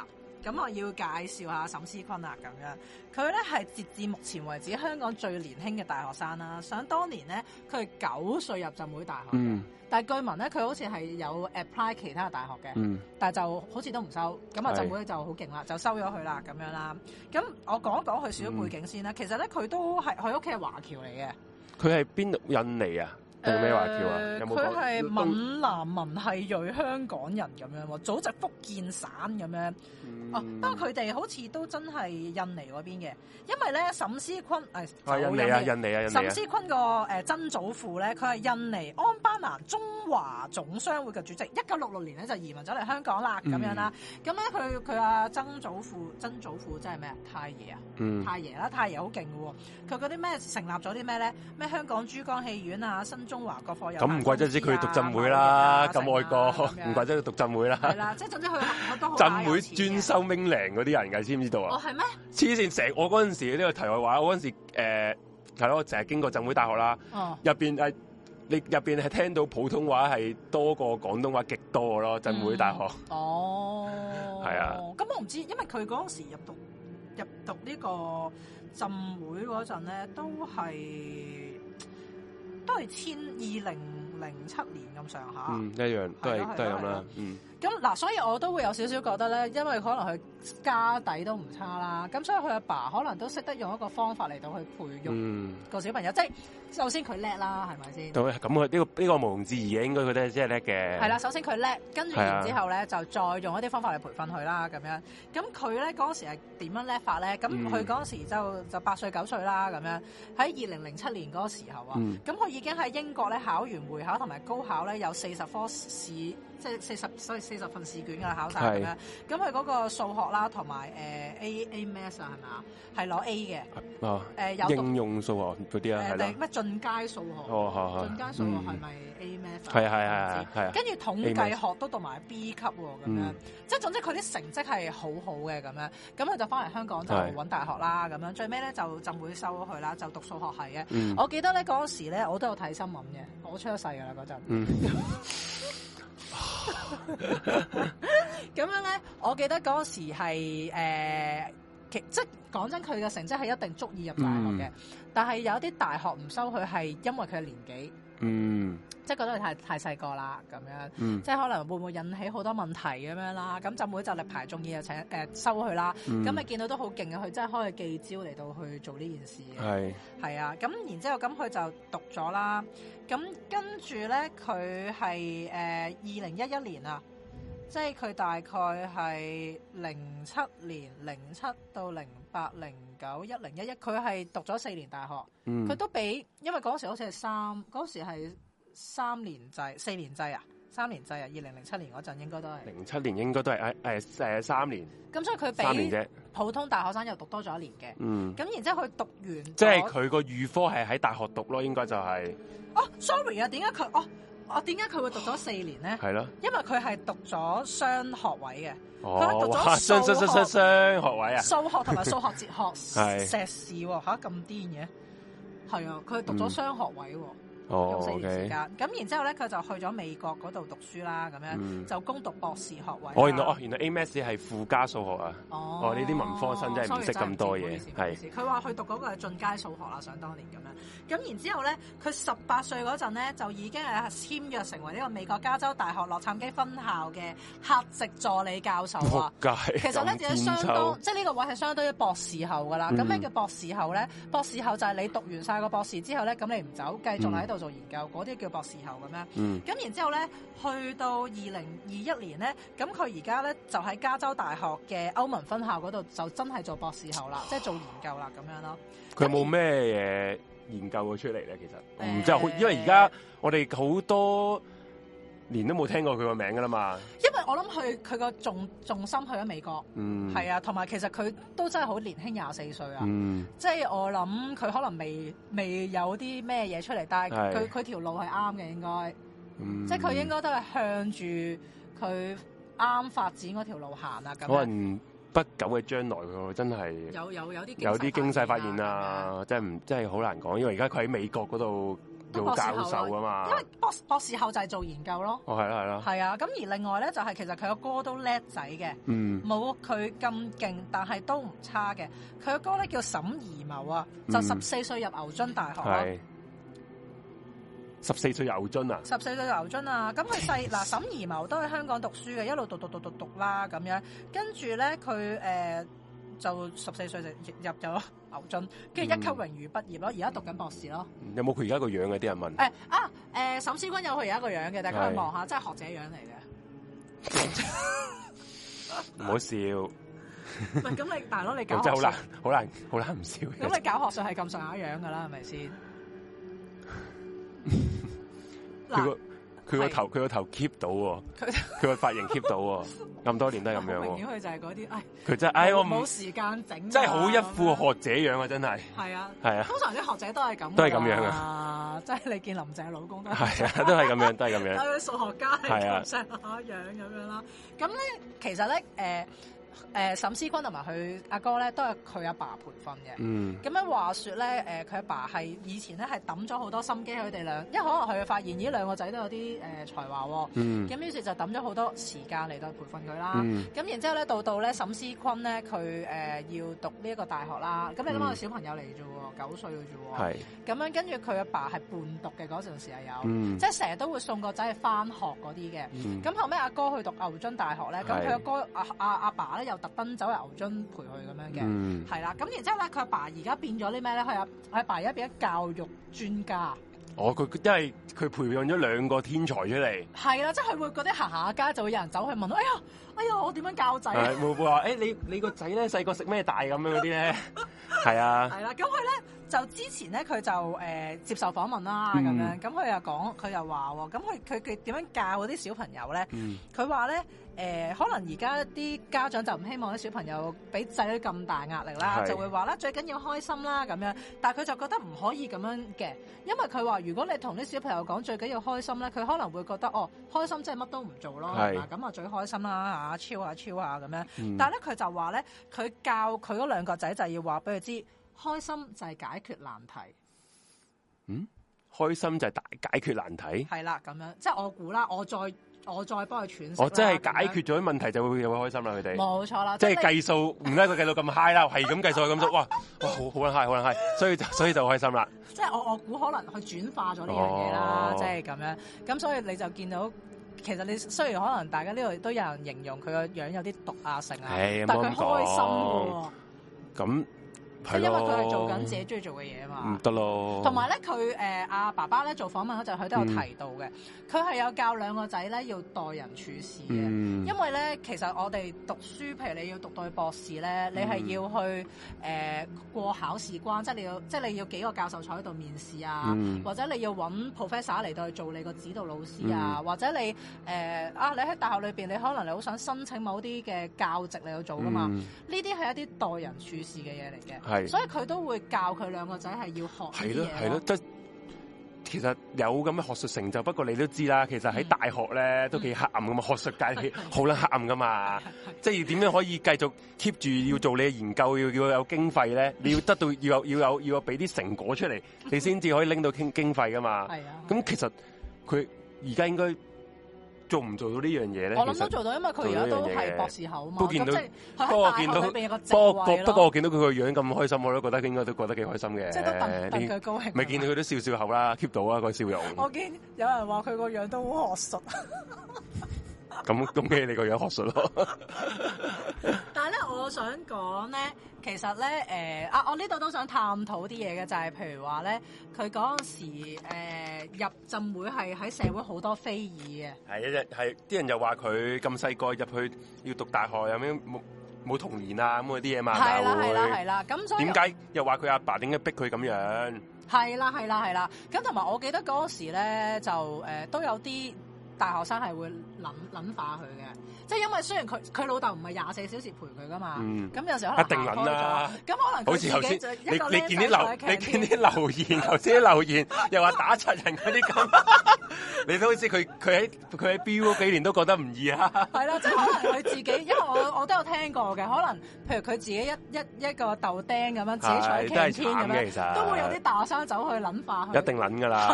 咁我要介紹下沈思坤啦，咁樣佢咧，係截至目前為止香港最年輕嘅大學生啦。想當年咧，佢九歲入浸會大學，mm. 但係據聞咧，佢好似係有 apply 其他嘅大學嘅，mm. 但係就好似都唔收。咁啊，浸會就好勁啦，就收咗佢啦，咁樣啦。咁我講一講佢少少背景先啦。Mm. 其實咧，佢都係佢屋企係華僑嚟嘅。佢喺邊度？印尼啊！係咩華僑？啊？有冇佢係閩南民系裔香港人咁樣，祖籍福建省咁樣。哦、嗯，不過佢哋好似都真係印尼嗰邊嘅，因為咧沈思坤誒，係、哎印，印，啊、印尼啊，印尼啊，沈思坤個誒、呃、曾祖父咧，佢係印尼安班蘭中華總商會嘅主席，一九六六年咧就移民咗嚟香港啦，咁、嗯、樣啦。咁咧佢佢阿曾祖父曾祖父真係咩？太爺啊、嗯，太爺啦，太爺好勁嘅喎。佢嗰啲咩成立咗啲咩咧？咩香港珠江戲院啊，新。中華科咁，唔怪得知佢讀浸會啦，咁、啊啊、愛國唔、啊、怪得佢讀浸會啦、啊。係、啊啊啊、 [LAUGHS] 啦，即係佢都浸會專收英靈嗰啲人嘅、啊，知 [LAUGHS] 唔知道啊？哦，係咩？黐線，成我嗰陣時呢、呢個題外話，我嗰陣時誒係、呃、我成日經過浸會大學啦。入、哦、面，啊、你入面係聽到普通話係多過廣東話極多咯，浸會大學。嗯、 [LAUGHS] 哦。係啊。咁、嗯哦、我唔知，因為佢嗰陣時入讀入讀呢個浸會嗰陣咧，都係。都係千二零零七年咁上下，嗯，一樣都係都係咁啦，嗯。咁嗱、嗯，所以我都會有少少覺得咧，因為可能佢。家底都唔差啦，咁所以佢阿爸可能都識得用一個方法嚟到去培育個小朋友，即係首先佢叻啦，係咪先？咁佢呢個呢個無庸置疑嘅，應該佢都係真係叻嘅。係啦，首先佢叻，跟住然之後咧就再用一啲方法嚟培訓佢啦，咁樣。咁佢咧嗰時係點樣叻法咧？咁佢嗰時就就八歲九歲啦，咁樣喺二零零七年嗰個時候啊，咁佢已經喺英國咧考完會考同埋高考咧有四十科試，即係四十所以四十份試卷噶啦，考晒咁樣。咁佢嗰個數學。啦，同、啊、埋 A A Maths 啊，係、呃、嘛？係攞 A 嘅，誒有應用數學嗰啲啊，咩、呃、進階數學？哦，好進階數學係咪 A Maths？係係係，跟住統計學都讀埋 B 級喎，咁、嗯、樣即總之佢啲成績係好好嘅咁樣。咁佢就翻嚟香港就揾大學啦，咁樣最尾咧就浸會收佢啦，就讀數學系嘅、嗯。我記得咧嗰陣時咧，我都有睇新聞嘅，我出咗世㗎啦嗰陣。嗯 [LAUGHS] 咁 [LAUGHS] 樣咧，我記得嗰時係誒、呃，其即係講真，佢嘅成績係一定足以入大學嘅，嗯、但係有啲大學唔收佢，係因為佢嘅年紀。嗯即，嗯即係覺得佢太太細個啦，咁樣即係可能會唔會引起好多問題咁樣啦？咁就每就力排眾議就請誒、呃、收佢啦。咁、嗯、你見到都好勁啊，佢真係可以記招嚟到去做呢件事。係係啊，咁、嗯、然之後咁佢就讀咗啦。咁跟住咧，佢係誒二零一一年啊，即係佢大概係零七年零七到零八零。九一零一一，佢係讀咗四年大學，佢、嗯、都比，因為嗰時好似係三，嗰時係三年制、四年制啊，三年制啊，二零零七年嗰陣應該都係，零七年應該都係誒誒誒三年，咁所以佢比三年啫普通大學生又讀多咗一年嘅。嗯，咁然之後佢讀完，即係佢個預科係喺大學讀咯，應該就係、是，哦，sorry 啊，點解佢，哦。我點解佢會讀咗四年咧？係咯，因為佢係讀咗雙學位嘅。佢、哦、讀咗數學同埋、啊、數、數學哲學 [LAUGHS] 碩士喎，嚇，咁癲嘅，係啊，佢、啊、讀咗雙學位喎。嗯哦、oh, okay，咁咁然之後咧，佢就去咗美國嗰度讀書啦，咁樣、mm. 就攻讀博士學位、啊。哦、oh，原來哦，原來 A. M. S. 係附加數學啊。哦，呢啲文科生真係唔識咁多嘢，係，佢話去讀嗰個進階數學啊，想當年咁樣。咁然之後咧，佢十八歲嗰陣咧，就已經係簽約成為呢個美國加州大學洛杉磯分校嘅客席助理教授啊。其實咧，已經相當，即係呢個位係相當於博士後㗎啦。咁、mm. 咩叫博士後咧？Mm. 博士後就係你讀完曬個博士之後咧，咁你唔走，繼續喺度。做研究嗰啲叫博士後咁樣，嗯，咁然之後咧，去到二零二一年咧，咁佢而家咧就喺加州大學嘅歐文分校嗰度，就真係做博士後啦，即、哦、係、就是、做研究啦咁樣咯。佢冇咩嘢研究嘅出嚟咧？其實，然之後因為而家我哋好多年都冇聽過佢個名㗎啦嘛，因為我諗佢佢個重重心去咗美國，係、嗯、啊，同埋其實佢都真係好年輕，廿四歲啊，嗯、即係我諗佢可能未未有啲咩嘢出嚟，但係佢佢條路係啱嘅，應該，嗯、即係佢應該都係向住佢啱發展嗰條路行啊，嗯、可能不久嘅將來，佢真係有有有啲有啲驚世發現啊，即係唔即係好難講，因為而家佢喺美國嗰度。做博士後啊嘛，因為博士博士後就係做研究咯。哦係啦係啦，係啊。咁而另外咧，就係、是、其實佢個哥都叻仔嘅，冇佢咁勁，但係都唔差嘅。佢個哥咧叫沈怡謀啊、嗯，就十四歲入牛津大學咯。十四歲入牛津啊！十四歲入牛津啊！咁佢細嗱沈怡謀都喺香港讀書嘅，一路讀讀讀讀讀，讀啦咁樣。跟住咧佢誒。就十四歲就入咗牛津，跟住一級榮譽畢業咯，而、嗯、家讀緊博士咯。有冇佢而家個樣嘅？啲人問。誒、哎、啊，誒、呃，沈思君有佢而家個樣嘅，大家可以望下，真係學者樣嚟嘅。唔 [LAUGHS] [LAUGHS] 好笑。唔係，咁你大佬你搞學術真的好難，好 [LAUGHS] 難，好難唔笑。咁你搞學術係咁上下樣噶啦，係咪先？嗱 [LAUGHS] 他不。 [LAUGHS] 佢頭佢個頭 keep 到、哦，佢佢個髮型 keep 到、哦，咁多年都係咁樣。最、哎、明顯佢就係嗰啲，佢真係，唉、就是哎，我冇時間整、啊，真係好一副學者樣啊！真係，係啊，係啊，通常啲學者都係咁、啊，都係咁樣啊！即、啊、係、就是、你見林鄭老公都係啊，都係咁樣，都係咁樣。數學家係啊，嗰樣咁樣啦。咁 [LAUGHS] 咧、啊、其實咧誒。呃誒、呃、沈思坤同埋佢阿哥咧，都係佢阿爸培訓嘅。嗯。咁樣話説咧，誒佢阿爸係以前咧係揼咗好多心機佢哋兩，因為可能佢發現呢兩個仔都有啲誒、呃、才華喎、哦。嗯。咁於是就揼咗好多時間嚟到培訓佢啦。嗯。咁然之後咧，到到咧沈思坤咧，佢誒、呃、要讀呢一個大學啦。咁你諗下，小朋友嚟啫喎，九、嗯、歲嘅啫喎。係。咁樣跟住佢阿爸係半讀嘅嗰陣時係有，嗯、即係成日都會送個仔去翻學嗰啲嘅。嗯。咁後尾阿哥,哥去讀牛津大學咧，咁佢阿哥阿阿阿爸咧。又特登走去牛津陪佢咁樣嘅，係、嗯、啦。咁然之後咧，佢阿爸而家變咗啲咩咧？佢阿阿爸而家變咗教育專家。哦，佢因為佢培養咗兩個天才出嚟。係啦，即係會嗰啲行下街就會有人走去問，哎呀，哎呀，我點樣教仔、啊？會唔會話，誒、欸，你你個仔咧，細個食咩大咁樣嗰啲咧？係 [LAUGHS] 啊。係啦，咁佢咧就之前咧，佢就誒、呃、接受訪問啦，咁、嗯、樣。咁佢又講，佢又話，咁佢佢佢點樣教嗰啲小朋友咧？佢話咧。誒、呃，可能而家啲家長就唔希望啲小朋友俾仔女咁大壓力啦，就會話啦，最緊要開心啦咁樣。但係佢就覺得唔可以咁樣嘅，因為佢話如果你同啲小朋友講最緊要開心咧，佢可能會覺得哦，開心即係乜都唔做咯，咁啊最開心啦超啊超啊咁樣。但呢，咧、嗯、佢就話咧，佢教佢嗰兩個仔就要話俾佢知，開心就係解決難題。嗯，開心就係大解決難題。係啦，咁樣即係我估啦，我再。我再幫佢喘息。我真係解決咗啲問題，就會又開心啦、啊！佢哋冇錯啦，即係計數唔該，佢計到咁嗨啦，係咁計數，咁數，哇哇，好好嗨，好嗨！所以就所以就開心啦。即係我我估可能佢轉化咗呢樣嘢啦，即係咁樣。咁所以你就見到，其實你雖然可能大家呢度都有人形容佢個樣有啲毒啊、性、欸、啊，但佢開心喎。咁。即係、因為佢係做緊自己中意做嘅嘢啊嘛，得咯。同埋咧，佢誒阿爸爸咧做訪問嗰陣，佢都有提到嘅。佢、嗯、係有教兩個仔咧，要待人處事嘅、嗯。因為咧，其實我哋讀書，譬如你要讀到去博士咧，你係要去誒、呃、過考試關，即係你要，即係你要幾個教授坐喺度面試啊、嗯，或者你要揾 professor 嚟到去做你個指導老師啊，嗯、或者你誒、呃、啊，你喺大學裏面，你可能你好想申請某啲嘅教職你要做噶嘛。呢啲係一啲待人處事嘅嘢嚟嘅。係，所以佢都會教佢兩個仔係要學嘢咯。係咯，即係其實有咁嘅學術成就。不過你都知啦，其實喺大學咧都幾黑暗噶 [LAUGHS] 嘛，學術界好啦黑暗噶嘛。即係要點樣可以繼續 keep 住要做你嘅研究，要要有經費咧，你要得到要有要有要俾啲成果出嚟，你先至可以拎到經經費噶嘛。係啊，咁其實佢而家應該。做唔做到這件事呢樣嘢咧？我諗都做到，因為佢而家都係博士後啊嘛。都見到，是是不過見到，不過不過我見到佢個樣咁開心，我都覺得佢應該都覺得幾開心嘅。即係都特別高興。咪見到佢都笑笑口啦，keep 到啊個笑容。我見有人話佢個樣都好學術。 [LAUGHS] 咁咁咩你個樣學術咯 [LAUGHS] ，但係咧，我想講咧，其實咧，誒、呃、啊，我呢度都想探討啲嘢嘅，就係、是、譬如話咧，佢嗰陣時、呃、入浸會係喺社會好多非議嘅，係一啲啲人又話佢咁細個入去要讀大學有咩冇冇童年啊咁嗰啲嘢嘛，係啦係啦係啦，咁、啊、所以點解又話佢阿爸點解逼佢咁樣？係啦係啦係啦，咁同埋我記得嗰陣時咧就誒、呃、都有啲。大學生係會諗諗化佢嘅，即係因為雖然佢佢老豆唔係廿四小時陪佢噶嘛，咁、嗯、有時候一定隔開咗咁可能好似頭先你見啲留你見啲留言，頭先啲留言又話打柒人嗰啲咁， [LAUGHS] [LAUGHS] 你都好似佢佢喺佢喺 BU 幾年都覺得唔易啊，係啦、啊，即係可能佢自己，因為我我都有聽過嘅，可能譬如佢自己一一一,一個豆釘咁樣自己坐喺咁樣，其實都會有啲大學生走去諗化佢，一定諗㗎啦，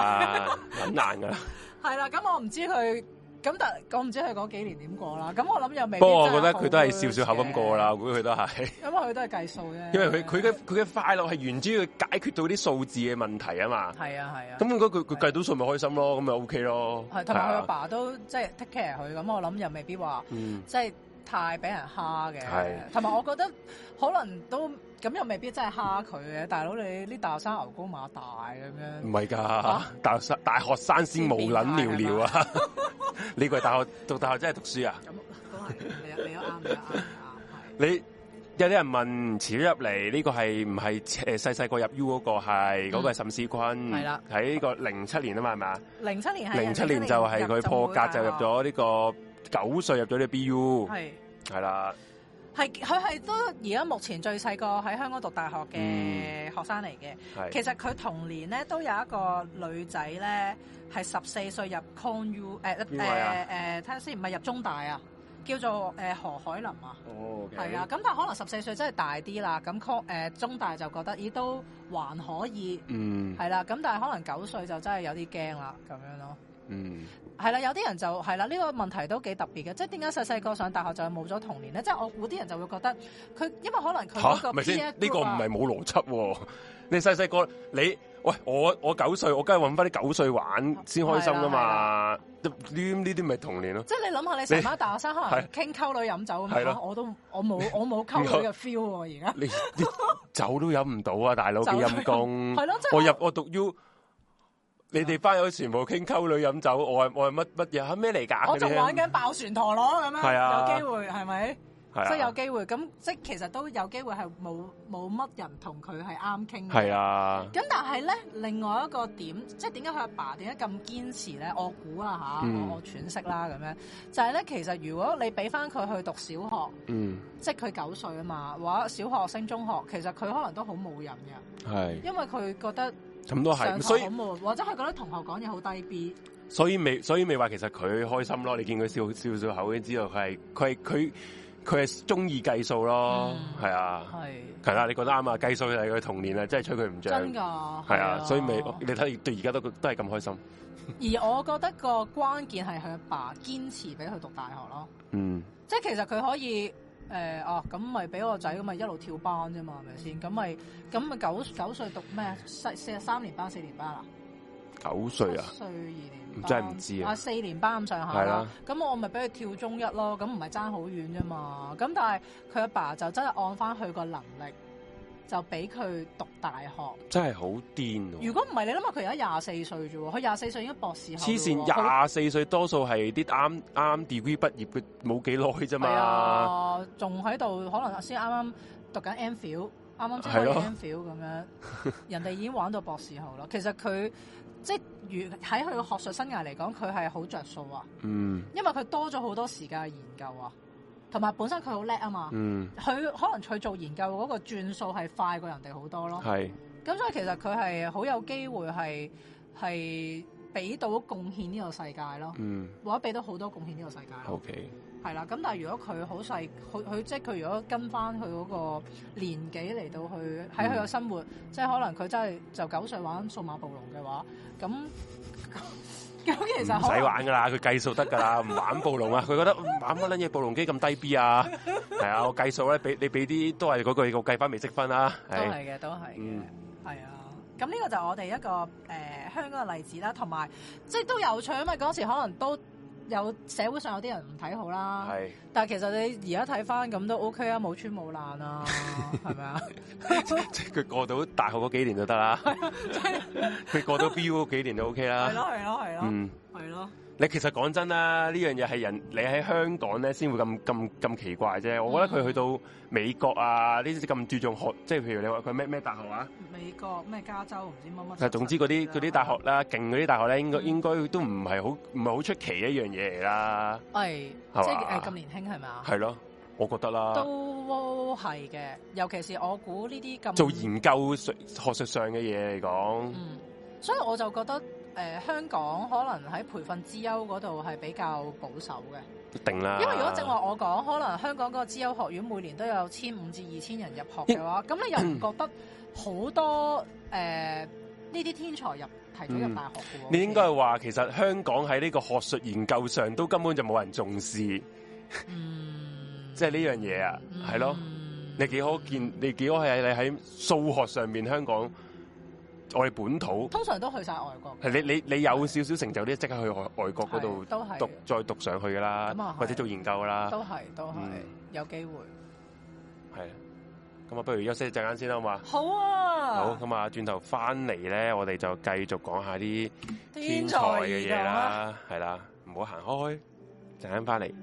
諗、啊、難㗎啦。 [LAUGHS] 係啦，咁我唔知佢，咁但，我唔知佢嗰幾年點過啦。咁我諗又未必。不過我覺得佢都係笑笑口咁過啦，估佢都係。因為佢都係計數啫。因為佢佢嘅佢嘅快樂係源於佢解決到啲數字嘅問題啊嘛。係啊係啊。咁應該佢計到數咪開心咯，咁咪 OK 咯。係同埋佢阿爸都即係 take care 佢，咁我諗又未必話即係太俾人蝦嘅。係。同埋我覺得可能都。咁又未必真係蝦佢嘅，大佬你啲大學生牛高馬大咁樣，唔係㗎，大學生大學生先冇撚尿尿啊！呢 [LAUGHS] [LAUGHS] 個係大學讀大學真係讀書啊？咁、嗯、都係，你你都啱，你啱， [LAUGHS] 你啱。你有啲人問，遲咗入嚟呢個係唔係誒細細個入 U 嗰、嗰個係嗰、嗯嗰個係沈思坤？係啦，喺個零七年啊嘛係嘛？零七年零七年就係、係、佢破格就入咗呢、呢個九、啊、歲入咗呢個 BU 係係啦。係，佢係都而家目前最細個喺香港讀大學嘅學生嚟嘅。係、嗯。其實佢同年咧都有一個女仔咧係十四歲入 Con U 誒誒誒睇下先，唔係入中大啊，叫做誒、呃、何海林啊。哦，係啊。咁但係可能十四歲真係大啲啦，咁 Con 誒中大就覺得咦都還可以。嗯。係啦、啊，咁但係可能九歲就真係有啲驚啦，咁樣咯。嗯。係啦，有啲人就係啦，呢、這個問題都幾特別嘅，即係點解細細個上大學就冇咗童年咧？即、就、係、是、我估啲人就會覺得佢，因為可能佢嗰個呢、啊這個唔係冇邏輯、啊。你細細個你喂我我九歲，我梗係搵返啲九歲玩先開心噶、啊、嘛？呢啲咪童年咯、啊。即、就、係、是、你諗下，你成班大學生可能傾溝女飲酒，係咯，我都我冇我冇溝女嘅 feel 喎、啊。而家 [LAUGHS] 酒都飲唔到啊，大佬嘅陰功係咯，即係、就是、我，我入我讀 U。你哋班友全部傾溝女飲酒，我係我係乜乜嘢？係咩嚟噶？我仲玩緊爆旋陀螺咁樣，係啊，有機會係咪？係啊，即係有機會。咁即係其實都有機會係冇冇乜人同佢係啱傾嘅。係啊。咁但係咧，另外一個點，即係點解佢阿爸點解咁堅持咧？我估啊吓，我喘息啦咁樣，就係咧，其實如果你俾翻佢去讀小學，嗯，即係佢九歲啊嘛，或者小學升中學，其實佢可能都好冇癮嘅，係，因為佢覺得。咁都係，所以或者係覺得同學講嘢好低 B，所以未所以未話其實佢開心咯。你見佢笑笑笑口已經知道佢係佢係佢佢係中意計數咯，係、嗯、啊，係啦，你覺得啱啊？計數係佢童年啊，真係吹佢唔著，真㗎、啊，係啊，啊，啊，所以未你睇到而家都都係咁開心。而我覺得個關鍵係佢阿爸堅持俾佢讀大學咯，嗯，即係其實佢可以。誒、哎、哦，咁咪俾我仔咁咪一路跳班啫嘛，係咪先？咁咪咁咪九九歲讀咩？四四三年班四年班啦、啊，九歲啊，歲二年班，不真係唔知啊，啊四年班咁上下啦，咁、啊、我咪俾佢跳中一咯，咁唔係爭好遠啫嘛。咁但係佢阿爸就真係按翻佢個能力。就俾佢讀大學，真係好癲！如果唔係你諗下，佢而家廿四歲啫喎，佢廿四歲已經博士後。黐線廿四歲，多數係啲啱啱 degree 畢業佢冇幾耐啫嘛。係啊，仲喺度可能先啱啱讀緊 M Phil，啱啱即係 M Phil 咁樣、啊， [LAUGHS] 人哋已經玩到博士後咯。其實佢即係如喺佢學術生涯嚟講，佢係好着數啊。嗯，因為佢多咗好多時間研究啊。同埋本身佢好叻啊嘛，佢、嗯、可能佢做研究嗰個轉數係快過人哋好多咯。係，咁所以其實佢係好有機會係係俾到貢獻呢個世界咯。嗯，或者俾到好多貢獻呢個世界。OK。係啦，咁但係如果佢好細，佢佢即係佢如果跟翻佢嗰個年紀嚟到去喺佢嘅生活，嗯、即係可能佢真係就九歲玩數碼暴龍嘅話，咁。 [LAUGHS] 咁其實唔使玩噶啦，佢 [LAUGHS] 計數得噶啦，唔玩暴龍啊！佢覺得玩乜撚嘢暴龍機咁低 B 啊？係 [LAUGHS] 啊，我計數咧，俾你俾啲都係嗰句，我計翻微積分啦，都係嘅，都係嘅，係、嗯、啊！咁呢個就我哋一個誒、呃、香港嘅例子啦，同埋即係都有趣啊嘛！嗰時可能都。有社會上有啲人唔睇好啦，係。但係其實你而家睇返咁都 OK 啊，冇穿冇爛啊，係咪啊？即係佢過到大學嗰幾年就得啦，即 [LAUGHS] 佢 [LAUGHS] 過到 BU 嗰幾年就 OK 啦。係咯係咯係咯。嗯。係咯，你其實講真啦，呢樣嘢係人你喺香港咧先會咁咁咁奇怪啫。我覺得佢去到美國啊，呢啲咁注重學，即係譬如你話佢咩咩大學啊？美國咩加州唔知乜乜。但係總之嗰啲嗰啲大學啦，勁嗰啲大學咧，應該、嗯、應該都唔係好唔係好出奇一樣嘢嚟啦。係、哎，即係誒咁年輕係咪？係咯，我覺得啦，都係嘅。尤其是我估呢啲咁做研究學術上嘅嘢嚟講，所以我就覺得。誒、呃、香港可能喺培訓資優嗰度係比較保守嘅，定啦。因為如果正話我講，可能香港嗰個資優學院每年都有千五至二千人入學嘅話，咁你又唔覺得好多誒呢啲天才入提早入大學、嗯 OK？你應該係話其實香港喺呢個學術研究上都根本就冇人重視，嗯 [LAUGHS] 就是這、啊，嗯，即係呢樣嘢啊，係咯，你幾可見你幾可係你喺數學上面香港。我哋本土通常都去晒外國。係你你你有少少成就啲，即刻去外外國嗰度讀係再讀上去噶啦那，或者做研究噶啦。都係都係、嗯、有機會。係啊，咁啊，不如休息陣間先啦，好嘛？好啊。好咁啊，轉頭翻嚟咧，我哋就繼續講下啲天才嘅嘢啦。係啦，唔好行開，陣間翻嚟。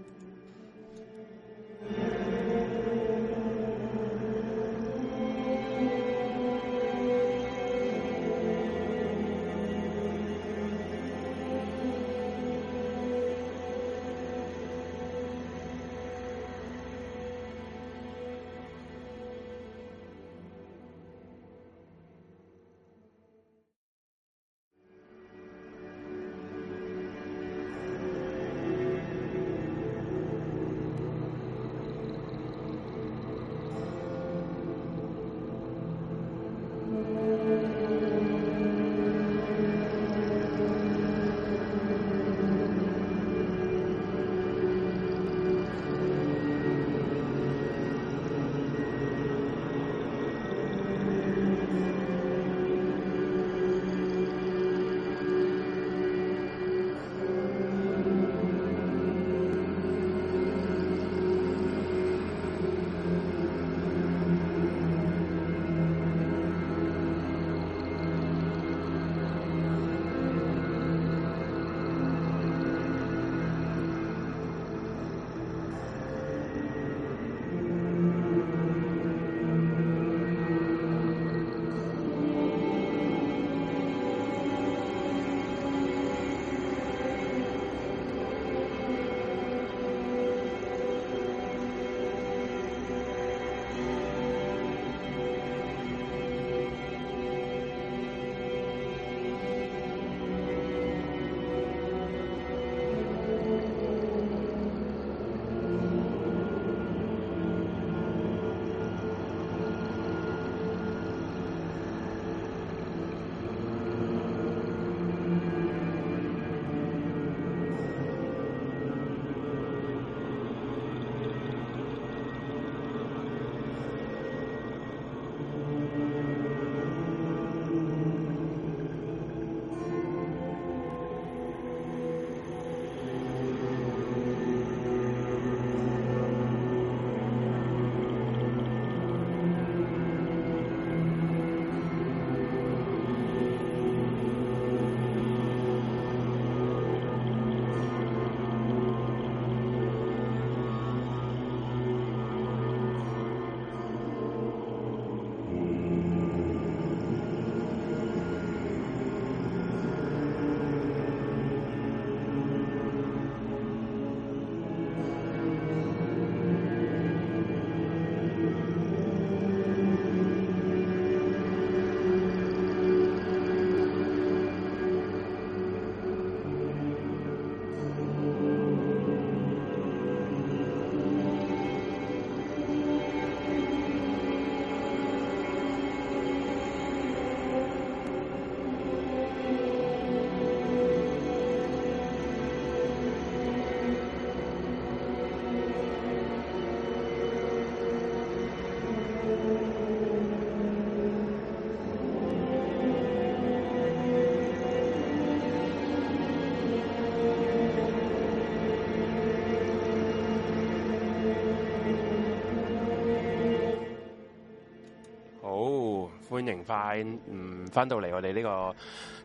歡迎，嗯，翻到嚟我哋呢個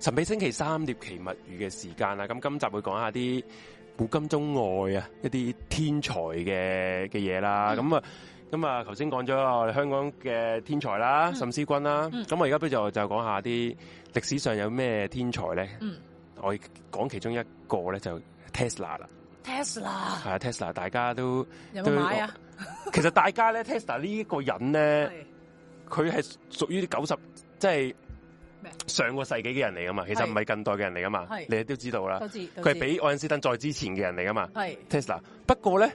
神秘星期三獵奇物語嘅時間啦。咁今集會講下啲古今中外啊一啲天才嘅嘅嘢啦。咁啊，咁、嗯、啊，頭先講咗我哋香港嘅天才啦，沈、嗯、思君啦。咁、嗯、我而家不如就就講下啲歷史上有咩天才咧。嗯，我講其中一個咧就是 Tesla 啦。Tesla 係啊，Tesla，大家都有，有冇買啊？其實大家咧 Tesla 呢一個人咧。 [LAUGHS] 佢係屬於啲九十，即係上個世紀嘅人嚟噶嘛，其實唔係近代嘅人嚟噶嘛，你哋都知道啦。佢係比愛因斯坦再之前嘅人嚟噶嘛。Tesla 不過咧，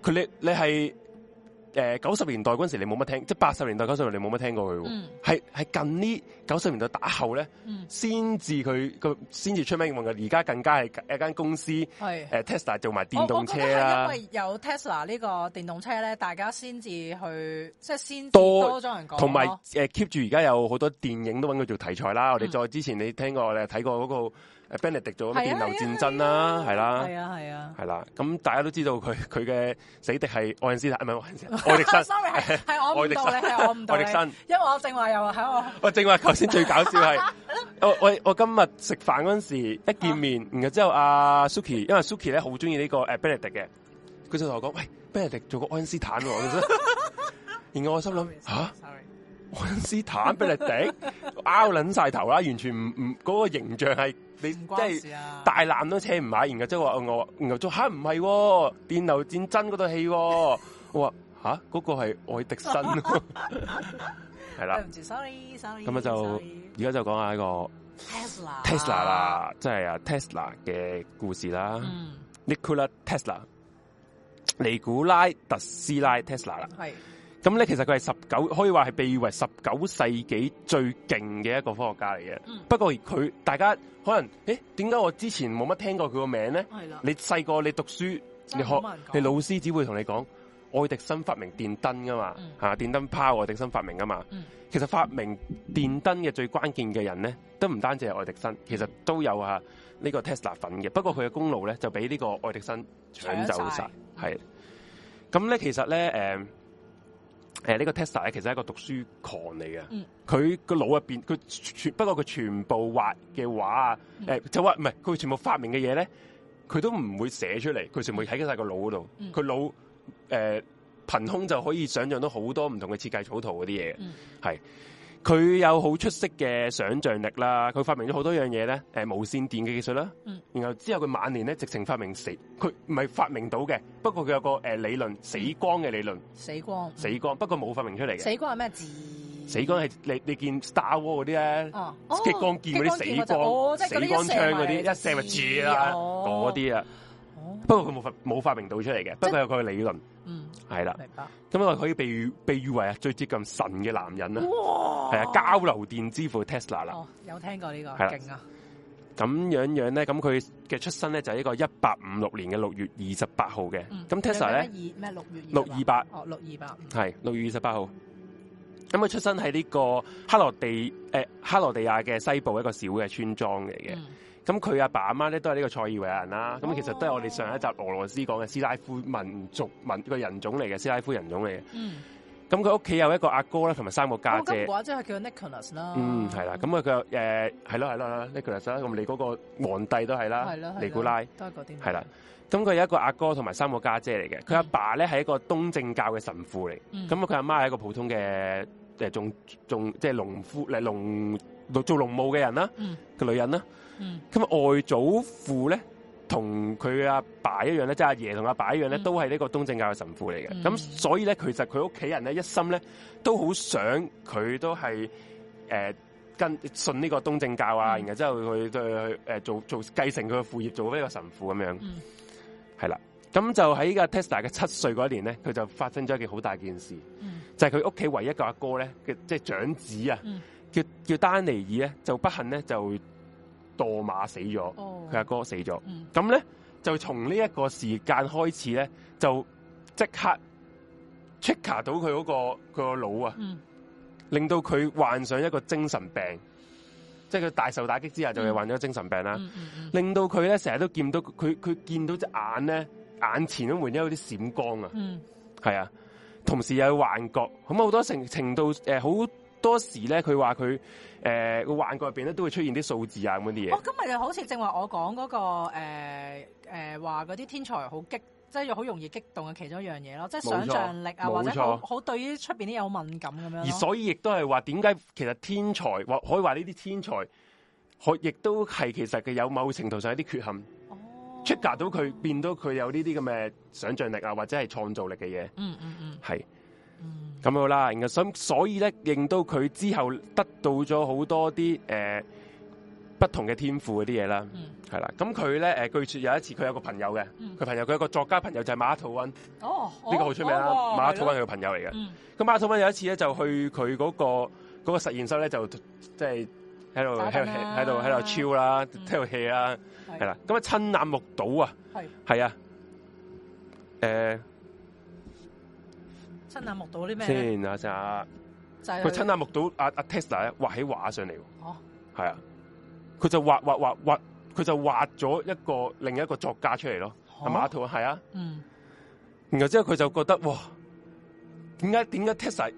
佢你你係。誒、呃，九十年代嗰陣時你冇乜聽，即係八十年代九十年代，你冇乜聽過佢，係、嗯、係近呢九十年代打後咧，先至佢個先至出名嘅，而家更加係一間公司係誒、呃、Tesla 做埋電動車啦。因為有 Tesla 呢個電動車咧，大家先至去即係先多多咗人講，同埋誒 keep 住而家有好多電影都揾佢做題材啦。我哋再之前你聽過我哋睇過嗰、那個。嗯 Benedict 做個電流戰爭啦，係啦，係啊係啊，係啦、啊。咁、啊啊啊啊啊啊啊啊啊、大家都知道佢佢嘅死敵係愛因斯坦，唔係愛迪生，係 [LAUGHS] 我唔到你係 [LAUGHS] 我唔到你 [LAUGHS] 因為我正話又話喺我，我正話頭先最搞笑係，我我我今日食飯嗰陣時一見面、啊，然後之後阿、啊、Suki，因為 Suki 咧好中意呢、這個 Benedict 嘅，佢、呃、就同我講：喂 Benedict 做個愛因斯坦喎。 [LAUGHS] 然後我心諗嚇，愛、啊、因、 [LAUGHS] 啊、斯坦 Benedict 拗撚晒頭啦，完全唔唔嗰個形象係。關事啊、你即係大纜都扯唔埋，然噶即係話我話，然後做吓唔係電流戰爭嗰套戲，我話吓嗰個係愛迪生、啊，係 [LAUGHS] [LAUGHS] 啦。咁啊就而家就講下呢個 Tesla，Tesla Tesla 啦，即係啊 Tesla 嘅故事啦。嗯、Nikola Tesla，尼古拉特斯拉 Tesla 啦。咁咧，其實佢係十九可以話係被譽為十九世紀最勁嘅一個科學家嚟嘅、嗯。不過佢大家可能誒點解我之前冇乜聽過佢個名咧？係啦，你細個你讀書，你學你老師只會同你講愛迪生發明電燈噶嘛嚇、嗯啊，電燈泡愛迪生發明噶嘛、嗯。其實發明電燈嘅最關鍵嘅人咧，都唔單止係愛迪生，其實都有嚇、啊、呢、呢個 Tesla 粉嘅。不過佢嘅功勞咧，就俾呢個愛迪生搶走晒。係咁咧，其實咧誒、呃，呢、這個 Tesla 咧，其實係一個讀書狂嚟嘅，佢個腦入邊，佢全不過佢全部畫嘅畫啊，誒、嗯呃，就話唔係，佢全部發明嘅嘢咧，佢都唔會寫出嚟，佢全部喺晒個腦嗰度，佢腦誒，憑、呃、空就可以想象到好多唔同嘅設計草圖嗰啲嘢係。嗯佢有好出色嘅想像力啦，佢發明咗好多樣嘢咧，誒無線電嘅技術啦、嗯，然後之後佢晚年咧直情發明死，佢唔係發明到嘅，不過佢有個、呃、理論死光嘅理論。死光。死光，嗯、死光不過冇發明出嚟嘅。死光係咩字？死光係你你見 Star War 嗰啲咧，激光劍嗰啲死光、哦、即死光槍嗰啲，一射咪住啦，嗰、哦、啲啊。不過佢冇發冇發明到出嚟嘅、哦，不過有佢理論。係啦，明白。咁啊，可以被譽被譽為啊最接近神嘅男人啦，係啊，交流電之父 Tesla 啦。哦，有聽過呢、這個，係啦，勁啊！咁、啊、樣樣咧，咁佢嘅出生咧就係、嗯、呢個一八五六年嘅六月二十八號嘅。咁 Tesla 咧，二咩六月六二八哦，六二八係六月二十八號。咁、嗯、佢、嗯嗯、出生喺呢個克羅地誒克羅地亞嘅西部一個小嘅村莊嚟嘅。嗯咁佢阿爸阿媽咧都係呢個塞爾維亞人啦、啊，咁其實都係我哋上一集俄羅斯講嘅斯拉夫民族民個人種嚟嘅，斯拉夫人種嚟嘅。咁佢屋企有一個阿哥啦，同埋三個家姐，姐。嘅話即係叫 Nicholas 啦。嗯，係啦。咁啊佢誒係係係咯 Nicholas，咁你嗰個皇帝都係啦，尼古拉都係嗰啲。係啦。咁佢有一個阿哥同埋三個家姐嚟嘅。佢、嗯、阿爸咧係一個東正教嘅神父嚟，咁佢阿媽係一個普通嘅誒，仲、呃、仲即係農夫嚟農做做農務嘅人啦、啊，個、嗯、女人啦、啊。咁、嗯、外祖父咧，同佢阿爸一樣咧，即係阿爺同阿爸一樣咧、嗯，都係呢個東正教嘅神父嚟嘅。咁、嗯、所以咧，其實佢屋企人咧，一心咧，都好想佢都係誒、呃、跟信呢個東正教啊，嗯、然後之後去去誒、呃、做做繼承佢嘅父業，做呢個神父咁樣。係、嗯、啦，咁就喺呢個 Tesla 嘅七歲嗰年咧，佢就發生咗一件好大件事，嗯、就係佢屋企唯一嘅阿哥咧嘅，即、就、係、是、長子啊，嗯、叫叫丹尼爾咧，就不幸咧就。墮馬死咗，佢阿哥，哥死咗，咁、哦、咧、嗯、就從呢一個時間開始咧，就即刻 check 到佢嗰、那個個腦啊、嗯，令到佢患上一個精神病，即係佢大受打擊之下就係患咗精神病啦、嗯嗯嗯嗯，令到佢咧成日都見到佢佢見到隻眼咧眼前都換咗有啲閃光啊，係、嗯、啊，同時又有幻覺，咁好多成程度誒好。呃多時咧，佢話佢誒個幻覺入邊咧，都會出現啲數字啊咁啲嘢。哦，今日就好似正話我講嗰、嗰個誒誒話嗰啲天才好激，即係好容易激動嘅其中一樣嘢咯，即係想、啊哦、想像力啊，或者好好對於出邊啲嘢好敏感咁樣。而所以亦都係話點解其實天才或可以話呢啲天才，可亦都係其實佢有某程度上一啲缺陷，觸發到佢變到佢有呢啲咁嘅想像力啊，或者係創造力嘅嘢。嗯嗯嗯，係、嗯。咁好啦，然後所所以咧，令到佢之後得到咗好多啲誒、呃、不同嘅天賦嗰啲嘢啦，係、嗯、啦。咁佢咧誒，據說有一次佢有個朋友嘅，佢、嗯、朋友佢有個作家朋友就係馬克吐溫，哦，呢、呢個好出名啦、哦哦哦，馬克吐溫係佢嘅朋友嚟嘅。咁、嗯、馬克吐溫有一次咧就去佢嗰、嗰個嗰、嗰個實驗室咧就即係喺度喺度喺度喺度 chill 啦，喺度 hea 啦，係啦。咁啊親眼目睹啊，係係啊，誒。呃親眼目睹啲咩？先啊，就佢、是、親眼目睹阿阿、啊啊啊、Tesla 畫起畫上嚟，哦，係啊，佢就畫畫畫畫，佢就畫咗一個另一個作家出嚟咯，係咪啊？圖係啊，嗯，然後之後佢就覺得，哇，點解點解 Tesla？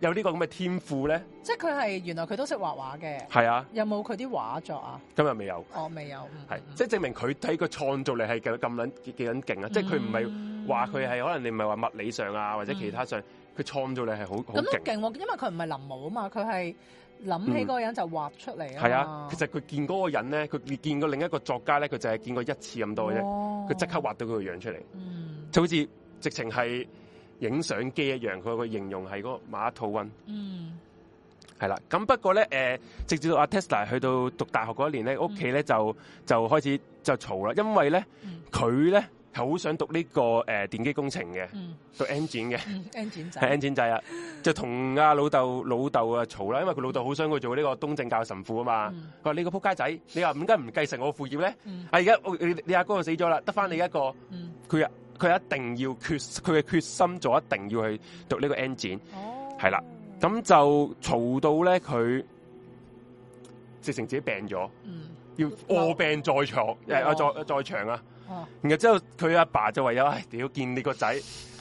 有這個，呢個咁嘅天賦咧？即係佢係原來佢都識畫畫嘅。係啊。有冇佢啲畫作啊？今日未有。哦，未有。係、嗯，即係證明佢睇個創造力係咁咁捻幾幾勁啊！即係佢唔係話佢係可能你唔係話物理上啊或者其他上，佢、嗯、創造力係好好勁。咁都勁，因為佢唔係臨摹啊嘛，佢係諗起嗰個人就畫出嚟啊。係啊，其實佢見嗰個人咧，佢見過另一個作家咧，佢就係見過一次咁多啫，佢即刻畫到佢個樣出嚟、嗯。就好似直情係。影相機一樣，佢個形容係個馬套溫。嗯，係啦。咁不過咧，誒、呃，直至到阿 Tesla 去到讀大學嗰一年咧，屋企咧就、嗯、就開始就嘈啦，因為咧佢咧係好想讀呢、這個誒、呃、電機工程嘅、嗯，讀 engine 嘅、嗯、engine 仔係 engine 仔啊，就同阿老豆老豆啊嘈啦，因為佢老豆好想佢做呢個東正教神父啊嘛。佢、嗯、話你這個撲街仔，你話點解唔繼承我的副業咧、嗯？啊而家你阿哥就死咗啦，得翻你一個，佢、嗯、啊。佢一定要決，佢嘅決心就一定要去讀呢個、oh. 對呢個 engine，係啦，咁就嘈到咧佢直情自己病咗，mm. 要臥病在床，誒啊在在床啊，oh. 然後之後佢阿爸，爸就為咗，唉、哎、屌，要見你個仔， [LAUGHS]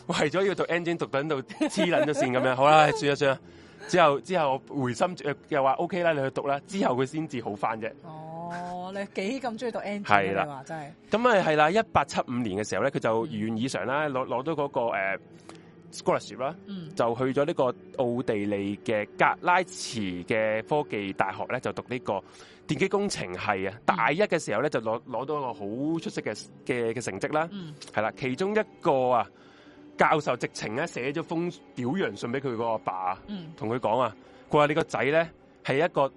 為咗要讀 engine，讀，讀到黐撚咗線咁樣，好啦，算啦算啦。之後之後我回心誒又話 OK 啦，你去讀啦。之後佢先至好翻啫。哦，你幾咁中意讀 N？係啦， [LAUGHS] 你真係。咁咪係啦。一八七五年嘅時候咧，佢就如願以償啦，攞攞到嗰、那個 scholarship 啦，uh, 嗯、就去咗呢個奧地利嘅格拉茨嘅科技大學咧，就讀呢個電機工程系啊。嗯、大一嘅時候咧，就攞攞到一個好出色嘅嘅嘅成績啦。係、嗯、啦，其中一個啊。教授直情咧，寫咗封表揚信俾佢個阿爸，同佢講啊，佢話，你個仔咧，係一個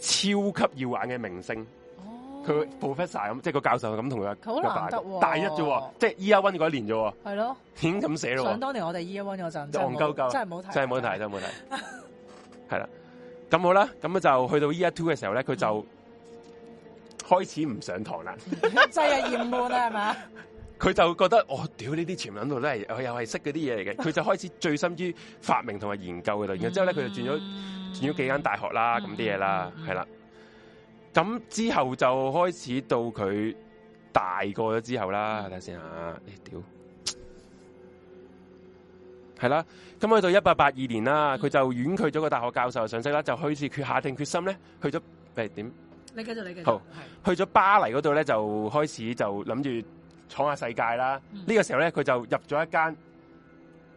超級耀眼嘅明星。佢 professor 咁，即係個教授咁同佢阿阿爸㗎、哦。大一啫，即係 year one 嗰一年啫。係咯，已經咁寫咯？想當年我哋 year one 嗰陣，戇鳩鳩，真係冇睇，真係冇睇，真係冇睇。係 [LAUGHS] 啦，咁好啦，咁啊就去到 year two 嘅時候咧，佢就開始唔上堂啦、嗯。真係厭悶啊，係嘛？佢就覺得，我、哦、屌呢啲潛諗度都係佢又係識嗰啲嘢嚟嘅，佢就開始醉心於發明同埋研究嘅度。 [LAUGHS] 然後之後咧，佢就轉咗轉咗幾間大學啦，咁啲嘢啦，係 [LAUGHS] 啦。咁之後就開始到佢大個咗之後啦，睇先嚇，你、欸、屌，係嘖啦。咁去到一八八二年啦，佢 [LAUGHS] 就婉拒咗個大學教授嘅常識啦，就開始決下定決心咧，去咗誒點？你繼續，你繼續。好，去咗巴黎嗰度咧，就開始就諗住闖下世界啦！呢、嗯這個時候咧，佢就入咗一間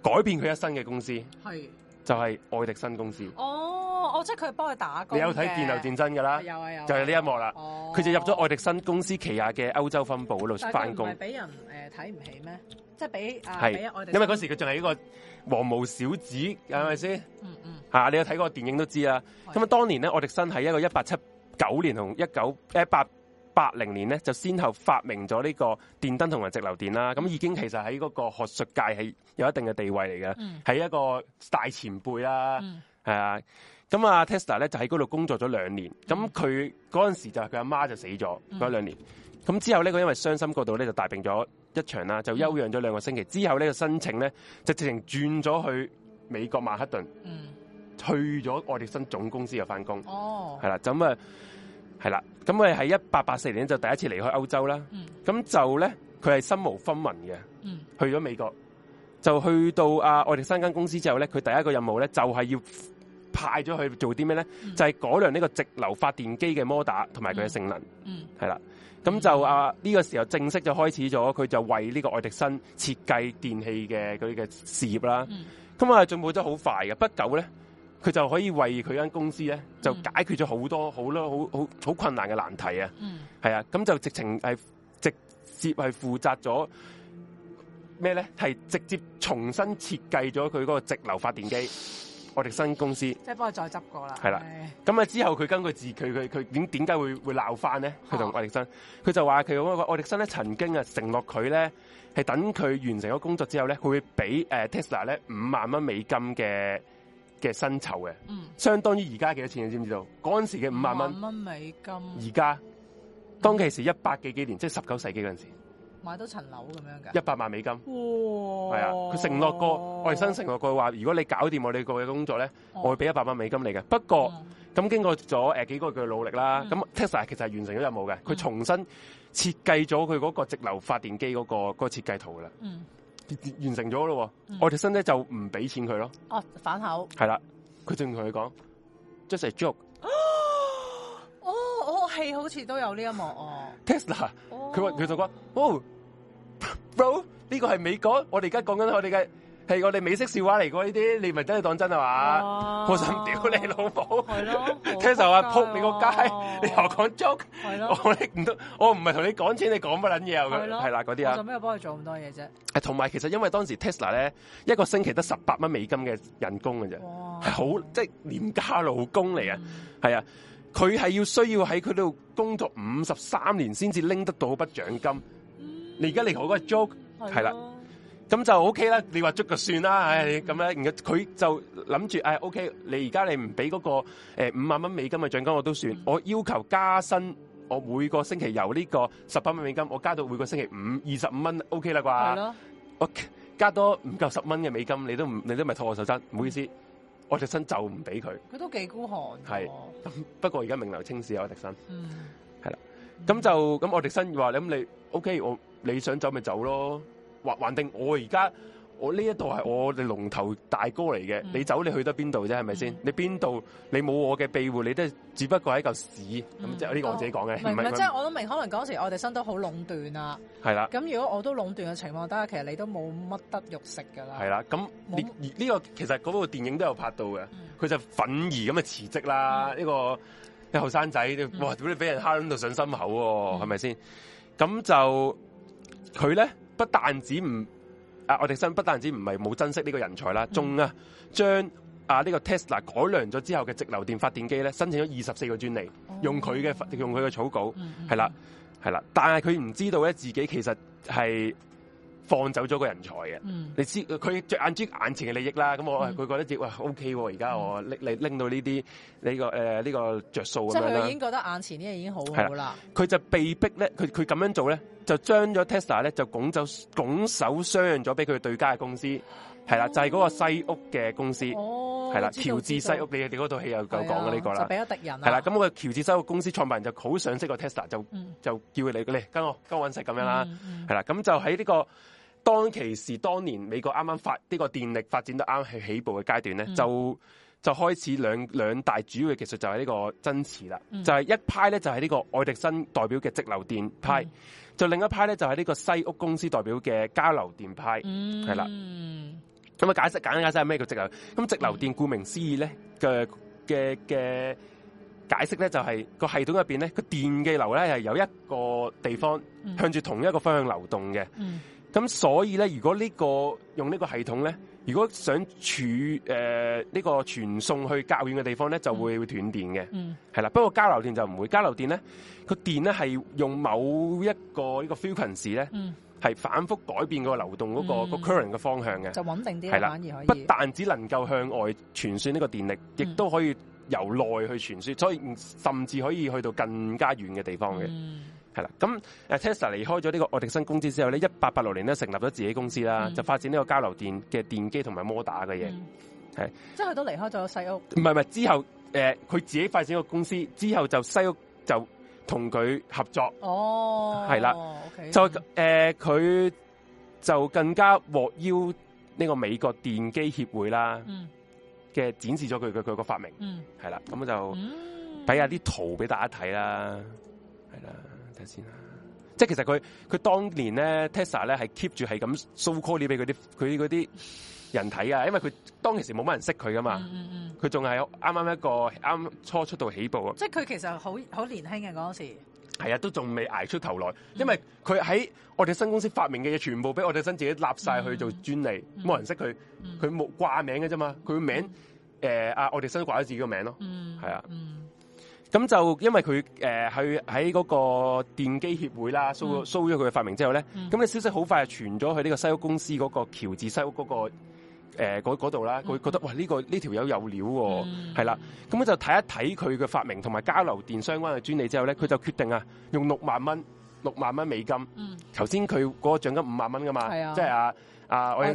改變佢一生嘅公司，係就係、是、愛迪生公司。哦，哦，即係佢幫佢打工嘅。你有睇電流戰爭噶啦、啊？有啊有啊，就係、是、呢一幕啦。佢、哦、就入咗愛迪生公司旗下嘅歐洲分部嗰度翻工，俾人誒睇唔起咩？即係俾係因為嗰時佢仲係一個黃毛小子，係咪先？嗯嗯。吓、啊，你有睇過電影都知啦。咁啊，當年咧，愛迪生喺一個一八七九年同一九誒一八。八零年咧就先後發明咗呢個電燈同埋直流電啦，咁已經其實喺嗰個學術界係有一定嘅地位嚟嘅，係、嗯、一個大前輩啦，係、嗯、啊。咁啊，Tesla 咧就喺嗰度工作咗兩年，咁佢嗰陣時就佢阿媽就死咗嗰兩年，咁、嗯、之後咧佢因為傷心過度咧就大病咗一場啦，就休養咗兩個星期，之後呢就申請咧就直情轉咗去美國曼克頓，嗯、去咗愛迪生總公司又翻工，係、哦、啦，咁啊。係啦，咁佢喺一八八四年就第一次離開歐洲啦。咁、嗯、就咧，佢係身無分文嘅，嗯，去咗美國，就去到啊愛迪生間公司之後咧，佢第一個任務咧就係、是、要派咗去做啲咩咧？就係改良呢個直流發電機嘅摩打同埋佢嘅性能。係、嗯、啦，咁、嗯、就啊呢、嗯，這個時候正式就開始咗，佢就為呢個愛迪生設計電器嘅佢嘅事業啦。咁、嗯、啊，進步得好快嘅，不久咧。佢就可以為佢間公司咧，就解決咗好多好多，好好好困難嘅難題啊！係、嗯、啊，咁就直情係直接係負責咗咩咧？係直接重新設計咗佢嗰個直流發電機。愛迪生公司即係幫佢再執過啦。係啦，咁啊、嗯、之後佢根據自佢佢佢點點解會會鬧翻咧？佢同愛迪生，佢、哦、就話佢愛愛迪生咧曾經啊承諾佢咧係等佢完成咗工作之後咧，佢會俾誒 Tesla 咧五萬蚊美金嘅。嘅薪酬嘅、嗯，相當於而家幾多錢？你知唔知道？嗰陣時嘅五萬蚊，五萬蚊美金。而家、嗯、當其時一百幾幾年，即係十九世紀嗰陣時，買到層樓咁樣㗎。一百萬美金，哇、哦！係啊，佢承諾過，愛、哦、新承諾過話，如果你搞掂我哋個工作咧，我會俾一百萬美金你嘅。不過咁、嗯、經過咗誒幾個月嘅努力啦，咁、嗯、Tesla 其實係完成咗任務嘅。佢重新設計咗佢嗰個直流發電機嗰、那個嗰、那個設計圖啦。嗯。完成咗咯，嗯、我哋新姐就唔俾錢佢咯。哦、啊，反口係啦，佢正同佢講，just a joke。哦，我個戲啊、Tesla，哦，戲好似都有呢一幕哦。Tesla，佢話佢就話，哦，bro，呢個係美國，我哋而家講緊我哋嘅。係我哋美式笑話嚟，嘅呢啲，你咪真係當真係嘛？我想屌你老母、啊，Tesla 話扑你個街、啊，你又講 joke，我唔得，我唔係同你講錢，你講乜撚嘢啊？係啦，嗰啲啊。做咩又幫佢做咁多嘢啫？同埋其實因為當時 Tesla 咧，一個星期得十八蚊美金嘅人，、就是、工嘅啫，係好即係廉價勞工嚟啊，係啊，佢係要需要喺佢度工作五十三年先至拎得到筆獎金。嗯、你而家嚟我嗰個 joke，係啦。咁就 O K 啦，你話捉就算啦，唉、哎，咁樣，然佢就諗住，唉，O K，你而家你唔俾嗰個誒五萬蚊美金嘅獎金我都算、嗯，我要求加薪，我每個星期由呢、這個十八蚊美金，我加到每個星期五二十五蚊，O K 啦啩？係咯、OK，我加多唔夠十蚊嘅美金，你都唔，你都咪拖我手踭，真唔好意思、嗯，愛迪生就唔俾佢。佢都幾孤寒、哦。係。咁不過而家名留青史啊，愛迪生。嗯。係啦，咁就咁愛迪生話你咁你 O K，我你想走咪走咯。或還定我而家我呢一度係我哋龍頭大哥嚟嘅、嗯，你走你去得邊度啫？係咪先？你邊度你冇我嘅庇護，你都係只不過係一嚿屎咁。即係呢個我自己講嘅。明唔明？即係我都明，可能嗰時愛迪生都好壟斷啦係啦。咁、啊、如果我都壟斷嘅情況底下，其實你都冇乜得肉食㗎啦。係啦、啊。咁呢、呢個其實嗰部電影都有拍到嘅。佢、嗯、就憤而咁啊辭職啦！呢、嗯呢個啲後生仔，哇！點解俾人蝦到上心口喎、啊？係咪先？咁就佢咧。不但止唔啊，愛迪生不但止唔係冇珍惜呢個人才啦，仲啊將啊呢、這個 Tesla 改良咗之後嘅直流電發電機咧，申請咗二十四個專利，哦、用佢嘅用佢嘅草稿係啦係啦，但係佢唔知道咧自己其實係放走咗個人才嘅、嗯。你知佢着眼住眼前嘅利益啦，咁我佢、嗯、覺得住哇 OK，而家我拎嚟拎到呢啲呢個誒呢、呃這個着數啦。即係佢已經覺得眼前呢嘢已經很好好啦。佢就被逼咧，佢佢咁樣做咧。就將咗 Tesla 咧，就拱手拱手相讓咗俾佢對家嘅公司，係啦，就係、是、嗰個西屋嘅公司，係、哦、啦，喬治西屋你哋嗰套戲又夠講啦呢個啦、哎，就俾咗敵人係啦。咁、那個喬治西屋公司創辦人就好想識個 Tesla，就就叫佢嚟，你、嗯、跟我跟我搵食咁樣啦，係、嗯、啦。咁、嗯、就喺呢、這個當其時，當年美國啱啱發呢、這個電力發展到啱起起步嘅階段咧、嗯，就就開始兩兩大主要嘅技術就係呢個爭持啦，就係、是、一派咧就係、是、呢個愛迪生代表嘅直流電派。嗯嗯就另一派咧，就係、是、呢個西屋公司代表嘅交流電派，係、嗯、啦。咁啊，解釋簡單解釋係咩叫直流。咁直流電顧名思義咧嘅嘅嘅解釋咧，就係、是、個系統入面咧個電嘅流咧係有一個地方向住同一個方向流動嘅。咁、嗯、所以咧，如果呢、這個用呢個系統咧。如果想處誒呢、呃呢個傳送去較遠嘅地方咧，就會斷電嘅。嗯，係啦。不過交流電就唔會，交流電咧個電咧係用某一個呢個 frequency 咧，係、嗯、反覆改變個流動嗰、那個 current 嘅、嗯那個、方向嘅，就穩定啲。係啦，反而可以不但只能夠向外傳輸呢個電力，亦都可以由內去傳輸，所以甚至可以去到更加遠嘅地方嘅。嗯係啦，咁 Tesla 離開咗呢個愛迪生公司之後咧，一八八六年咧成立咗自己公司啦，嗯、就發展呢個交流電嘅電機同埋摩打嘅嘢，係、嗯。即係都離開咗西屋。唔係唔係，之後誒，佢、呃、自己發展個公司，之後就西屋就同佢合作。哦，係啦，okay, 就誒，佢、呃、就更加獲邀呢個美國電機協會啦，嘅、嗯、展示咗佢佢佢個發明。係、嗯、啦，咁就俾下啲圖俾大家睇啦。睇先啦，即係其實佢佢當年咧，Tesla 咧係 keep 住係咁 so called 俾佢啲佢啲人睇啊，因為佢當其時冇乜人識佢噶嘛，佢仲係啱啱一個啱初出道起步，啊。即係佢其實好好年輕嘅嗰時，係啊，都仲未捱出頭來，嗯、因為佢喺我哋新公司發明嘅嘢，全部俾我哋新自己立晒去做專利，冇、嗯嗯、人識佢，佢冇掛名嘅啫嘛，佢個名誒、嗯呃、啊，我哋新掛咗自己個名咯，係、嗯、啊。咁就因為佢誒去喺嗰個電機協會啦，收咗佢嘅發明之後咧，咁、嗯、嘅消息好快就傳咗去呢個西屋公司嗰個喬治西屋嗰、嗰個嗰嗰度啦，佢覺得哇呢、呢個呢條友有料喎、哦，係、嗯、啦，咁就睇一睇佢嘅發明同埋交流電相關嘅專利之後咧，佢就決定啊用六萬蚊六萬蚊美金，頭先佢嗰個獎金五萬蚊㗎嘛，即係啊。啊！愛愛愛愛愛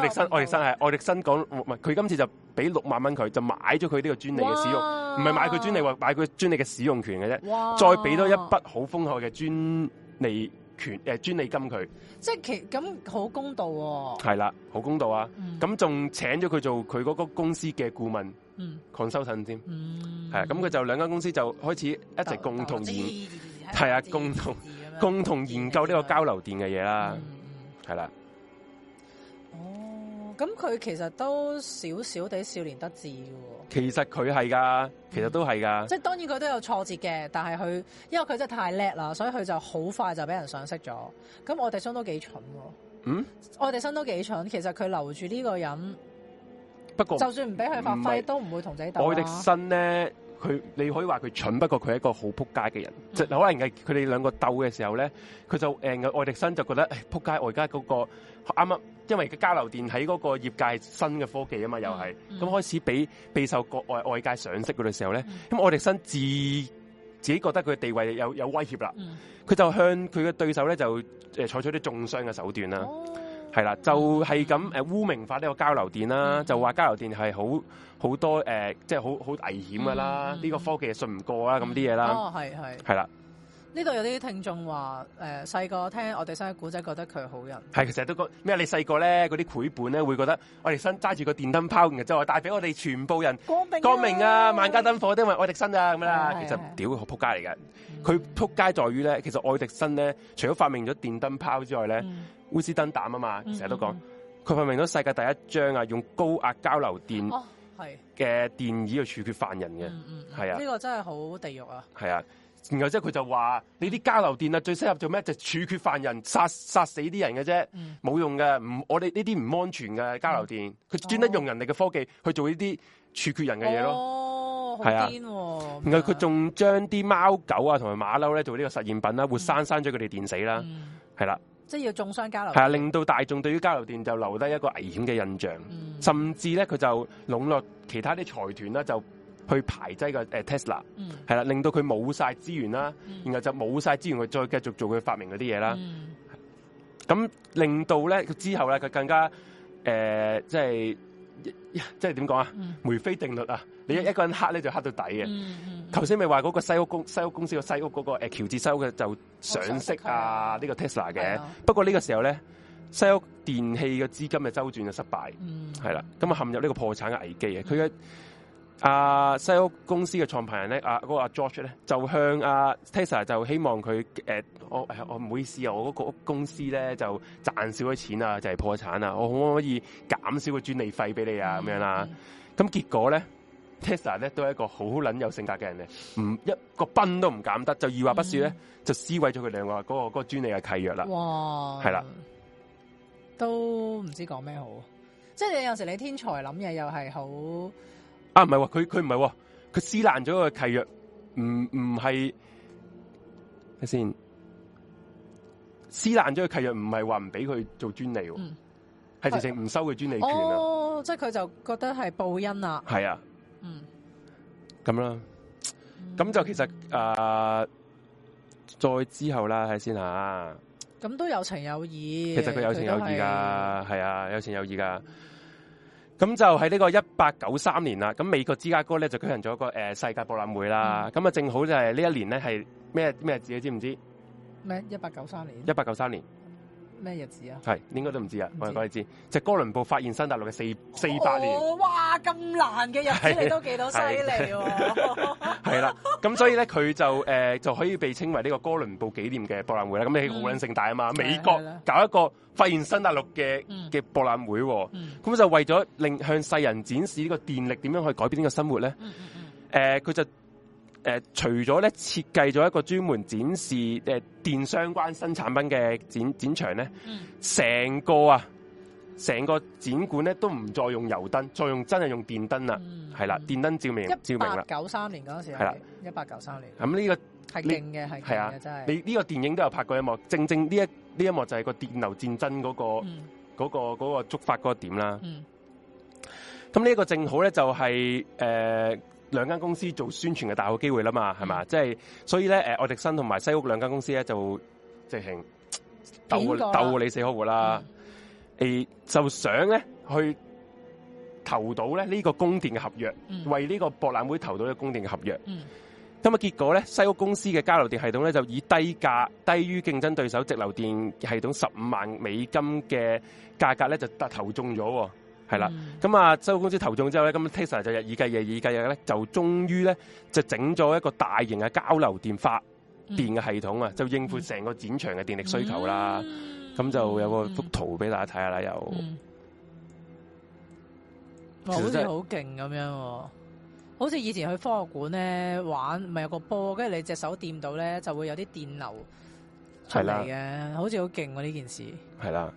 迪生，愛迪生係，愛迪生講唔係，佢今次就俾六萬蚊佢，就買咗佢呢個專利嘅使用，唔係買佢專利，話買佢專利嘅使用權嘅啫。哇！再俾多一筆好豐厚嘅專利權誒專、呃、利金佢，即係其咁好公道、哦。係啦，好公道啊！咁、嗯、仲請咗佢做佢嗰個公司嘅顧問 consultant 添。係咁佢就兩間公司就開始一齊共同研，係啊，共同共同，共同研究呢個交流電嘅嘢啦。嗯係啦，哦，咁佢其實都少少地少年得志喎，哦。其實佢係噶，其實都係噶，嗯。即係當然佢都有挫折嘅，但係佢因為佢真係太叻啦，所以佢就好快就俾人賞識咗。咁愛迪生都幾蠢，嗯，愛迪生都幾蠢。其實佢留住呢個人，不過就算唔俾佢發揮，都唔會同自己鬥，啊。我愛迪生咧。佢你可以話佢蠢，不過佢係一個好撲街嘅人，就可能係佢哋兩個鬥嘅時候咧，佢就誒愛迪生就覺得誒撲、哎、街，外而家嗰個啱啱，因為佢交流電喺嗰個業界新嘅科技啊嘛，嗯、又係咁、嗯、開始俾備受國外外界賞識佢嘅時候咧，咁愛迪生自自己覺得佢嘅地位有有威脅啦，佢、嗯、就向佢嘅對手咧就誒、呃、採取啲中傷嘅手段啦。哦。係啦，就係咁，誒污名化呢個交流電啦，嗯、就話交流電係好好多誒、呃，即係好好危險噶啦，呢、嗯這個科技係信唔過啦，咁啲嘢啦。哦，係、呃、係。係啦，呢度有啲聽眾話，誒細個聽愛迪生嘅古仔，覺得佢好人。係，其實都覺咩？你細個咧，嗰啲繪本咧，會覺得愛迪生揸住個電燈泡，然之後帶俾我哋全部人光明，啊光，明啊、光明啊，萬家燈火因為愛迪生啊，咁啦。其實屌，撲街嚟噶！佢撲街在於咧，其實愛迪生咧，除咗發明咗電燈泡之外咧。嗯烏斯登膽啊嘛，成日都講，佢、嗯嗯、發明咗世界第一張啊，用高壓交流電嘅電椅去處決犯人嘅，係、哦、啊，呢、這個真係好地獄啊！係啊，然後之後佢就話，你啲交流電啊，最適合做咩？就是、處決犯人、殺殺死啲人嘅啫，冇、嗯、用嘅，唔，我哋呢啲唔安全嘅交流電，佢專登用人哋嘅科技去做呢啲處決人嘅嘢咯，係、哦、啊，啊，啊，然後佢仲將啲貓狗啊，同埋馬騮咧做呢個實驗品啦，活生生咗佢哋電死啦，係、嗯、啦。嗯即要中傷交流，係啊！令到大眾對於交流電就留低一個危險嘅印象，嗯、甚至咧佢就籠絡其他啲財團啦，就去排擠個誒、呃、Tesla，係、嗯、啦、啊，令到佢冇晒資源啦，嗯、然後就冇晒資源去再繼續做佢發明嗰啲嘢啦。咁、嗯、令到咧之後咧佢更加誒、呃、即係。即係點講啊？梅菲定律啊！你一個人黑咧就黑到底嘅。頭先咪話嗰個西屋公西屋公司個西屋嗰、那個誒、呃、喬治西屋嘅就賞識啊呢、哦啊呢個 Tesla 嘅、啊。不過呢個時候咧，西屋電器嘅資金嘅周轉就失敗，係、嗯、啦，咁啊陷入呢個破產嘅危機啊，佢嘅。阿、uh, 西屋公司嘅創辦人咧，阿嗰個阿 George 咧，就向阿、uh, Tesla 就希望佢誒，我我唔好意思啊，我嗰個屋公司咧就賺少咗錢啊，就係、是、破產啊，我可唔可以減少個專利費俾你啊？咁、嗯、樣啦、啊，咁、嗯、結果咧，Tesla 咧都係一個好撚有性格嘅人嚟，唔一個賓都唔減得，就二話不說咧，就撕毀咗佢兩個嗰個嗰個專利嘅契約啦、嗯。哇！係啦，都唔知講咩好，即、就、係、是、你有時你天才諗嘢又係好。啊，唔係、啊，佢佢唔係，佢、啊、撕爛咗個契約，唔唔係，睇先，撕爛咗個契約唔係話唔俾佢做專利、啊，係直情唔收佢專利權啊！哦、即係佢就覺得係報恩啊，係啊，嗯，咁啦、啊，咁就其實誒、呃，再之後啦，睇先吓，咁、嗯、都有情有義。其實佢有情有義噶，係啊，有情有義噶。嗯咁就喺呢個一八九三年啦，咁美國芝加哥咧就舉行咗個誒、呃、世界博覽會啦，咁啊、嗯、正好就係呢一年咧係咩咩字你知唔知？咩？一八九三年。一八九三年。咩日子啊？係應該都唔知啊，我哋講你知。就係、哥倫布發現新大陸嘅四四百年哦哦。哇，咁難嘅日子你都記多犀利喎。係啦，咁 [LAUGHS] [LAUGHS] 所以咧，佢就誒、呃、就可以被稱為呢個哥倫布紀念嘅博覽會啦。咁你好捻盛大啊嘛？美國搞一個發現新大陸嘅嘅博覽會，咁、嗯嗯、就為咗令向世人展示呢個電力點樣去改變呢個生活咧。誒、嗯，佢、嗯呃、就。誒、呃，除咗咧，設計咗一個專門展示誒、呃、電相關新產品嘅展展場咧，成、嗯、個啊，成個展館咧都唔再用油燈，再用真係用電燈啦，係、嗯、啦，電燈照明照明啦。九三年嗰陣時係啦，一八九三年。咁呢、這個係勁嘅，係係啊，真係。你呢個電影都有拍過一幕，正正呢一呢一幕就係個電流戰爭嗰、那個嗰、嗯那個、那個觸發嗰個點啦。咁呢一個正好咧，就係、是、誒。呃兩間公司做宣傳嘅大好機會啦嘛，係嘛？即係所以咧，誒、呃，愛迪生同埋西屋兩間公司咧就即係鬥鬥你死我活噶啦，誒、嗯、就想咧去投到咧呢個供電嘅合約，嗯、為呢個博覽會投到呢個供電嘅合約。咁啊，結果咧西屋公司嘅交流電系統咧就以低價低於競爭對手直流電系統十五萬美金嘅價格咧就得投中咗。係、嗯、啦，咁、嗯、啊，收購公司投中之後咧，咁 Tesla 就日以繼夜、日以繼日咧，就終於咧就整咗一個大型嘅交流電發電嘅系統啊、嗯，就應付成個展場嘅電力需求啦。咁、嗯嗯、就有個幅圖俾大家睇下啦，又、嗯，好似好勁咁樣，好似以前去科學館咧玩，唔係有個波，跟住你隻手掂到咧，就會有啲電流出嚟嘅，好似好勁喎呢件事。係啦。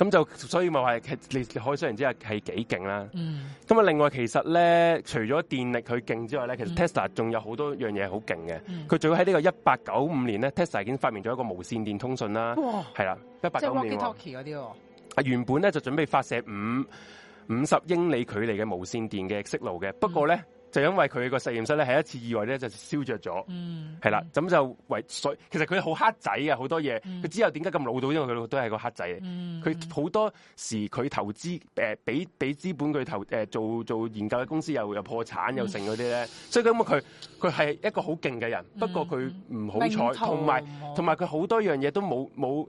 咁就所以咪、就、話、是，其你海鮮然之係幾勁啦。咁、嗯、啊，另外其實咧，除咗電力佢勁之外咧，其實 Tesla 仲有好多樣嘢好勁嘅。佢仲要喺呢個一八九五年咧、嗯、，Tesla 已經發明咗一個無線電通訊啦。係啦，一八九五年。即係 Walkie Talkie 嗰啲喎。啊，原本咧就準備發射五五十英里距離嘅無線電嘅訊號嘅，不過咧，嗯就因為佢個實驗室咧，係一次意外咧就燒着咗，係、嗯、啦，咁就為所以其實佢好黑仔啊，好多嘢。佢、嗯、之後點解咁老到，因為佢都係個黑仔。佢、嗯、好多時佢投資誒，俾、呃、俾資本佢投誒、呃、做做研究嘅公司又又破產又剩嗰啲咧。所以咁樣佢佢係一個好勁嘅人、嗯，不過佢唔好彩，同埋同埋佢好多樣嘢都冇冇。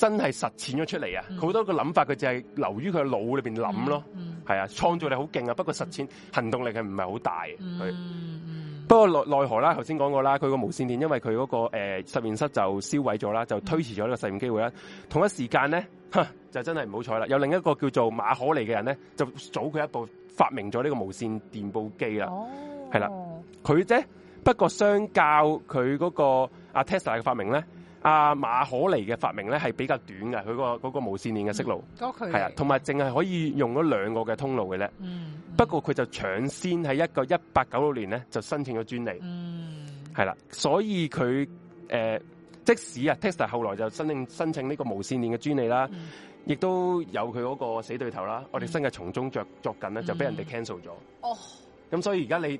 真係實踐咗出嚟啊！好、嗯、多個諗法佢就係留於佢嘅腦裏邊諗咯，係、嗯嗯、啊，創造力好勁啊，不過實踐行動力係唔係好大嘅、嗯。不過奈奈何啦，頭先講過啦，佢個無線電因為佢嗰、那個、呃、實實驗室就燒毀咗啦，就推遲咗呢個實驗機會啦、嗯。同一時間咧，就真係唔好彩啦，有另一個叫做馬可尼嘅人咧，就早佢一步發明咗呢個無線電報機啦。係、哦、啦，佢啫、啊。不過相較佢嗰、那個阿、啊、Tesla 嘅發明咧。阿、啊、馬可尼嘅發明咧係比較短嘅，佢、那個嗰、那個無線電嘅電路，係、嗯、啊，同埋淨係可以用咗兩個嘅通路嘅咧、嗯嗯。不過佢就搶先喺一個一八九六年咧就申請咗專利，係、嗯、啦、啊。所以佢誒、呃，即使啊，Tesla 後來就申請申請呢個無線電嘅專利啦，亦、嗯、都有佢嗰個死對頭啦。嗯、我哋新嘅從中着作緊咧，就俾人哋 cancel 咗。哦，咁所以而家你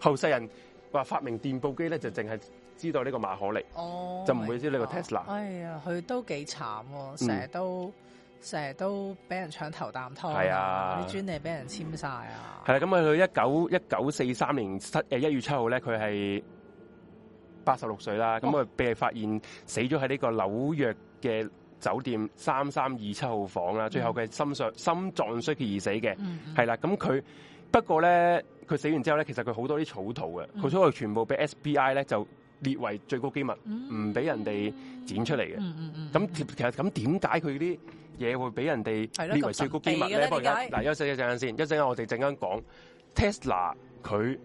後世人話發明電報機咧，就淨係。知道呢個馬可尼，oh, 就唔會知呢個 Tesla oh, yeah. Oh, yeah.、哦。哎呀，佢、嗯、都幾慘喎！成日都成日都俾人搶頭啖湯，啲、啊、專利俾人簽晒啊！係、嗯、啦，咁佢一九一九四三年七誒一月七號咧，佢係八十六歲啦。咁佢被發現死咗喺呢個紐約嘅酒店三三二七號房啦、哦。最後佢心衰、嗯、心臟衰竭而死嘅，係、嗯、啦、嗯。咁佢不過咧，佢死完之後咧，其實佢好多啲草圖嘅，佢所有全部俾 SBI 咧就，列為最高機密，唔、嗯、俾人哋展出嚟嘅。咁、嗯嗯、其實咁點解佢啲嘢會俾人哋列為最高機密咧？嗱，休息一陣間先，一陣間我哋陣間講 Tesla 佢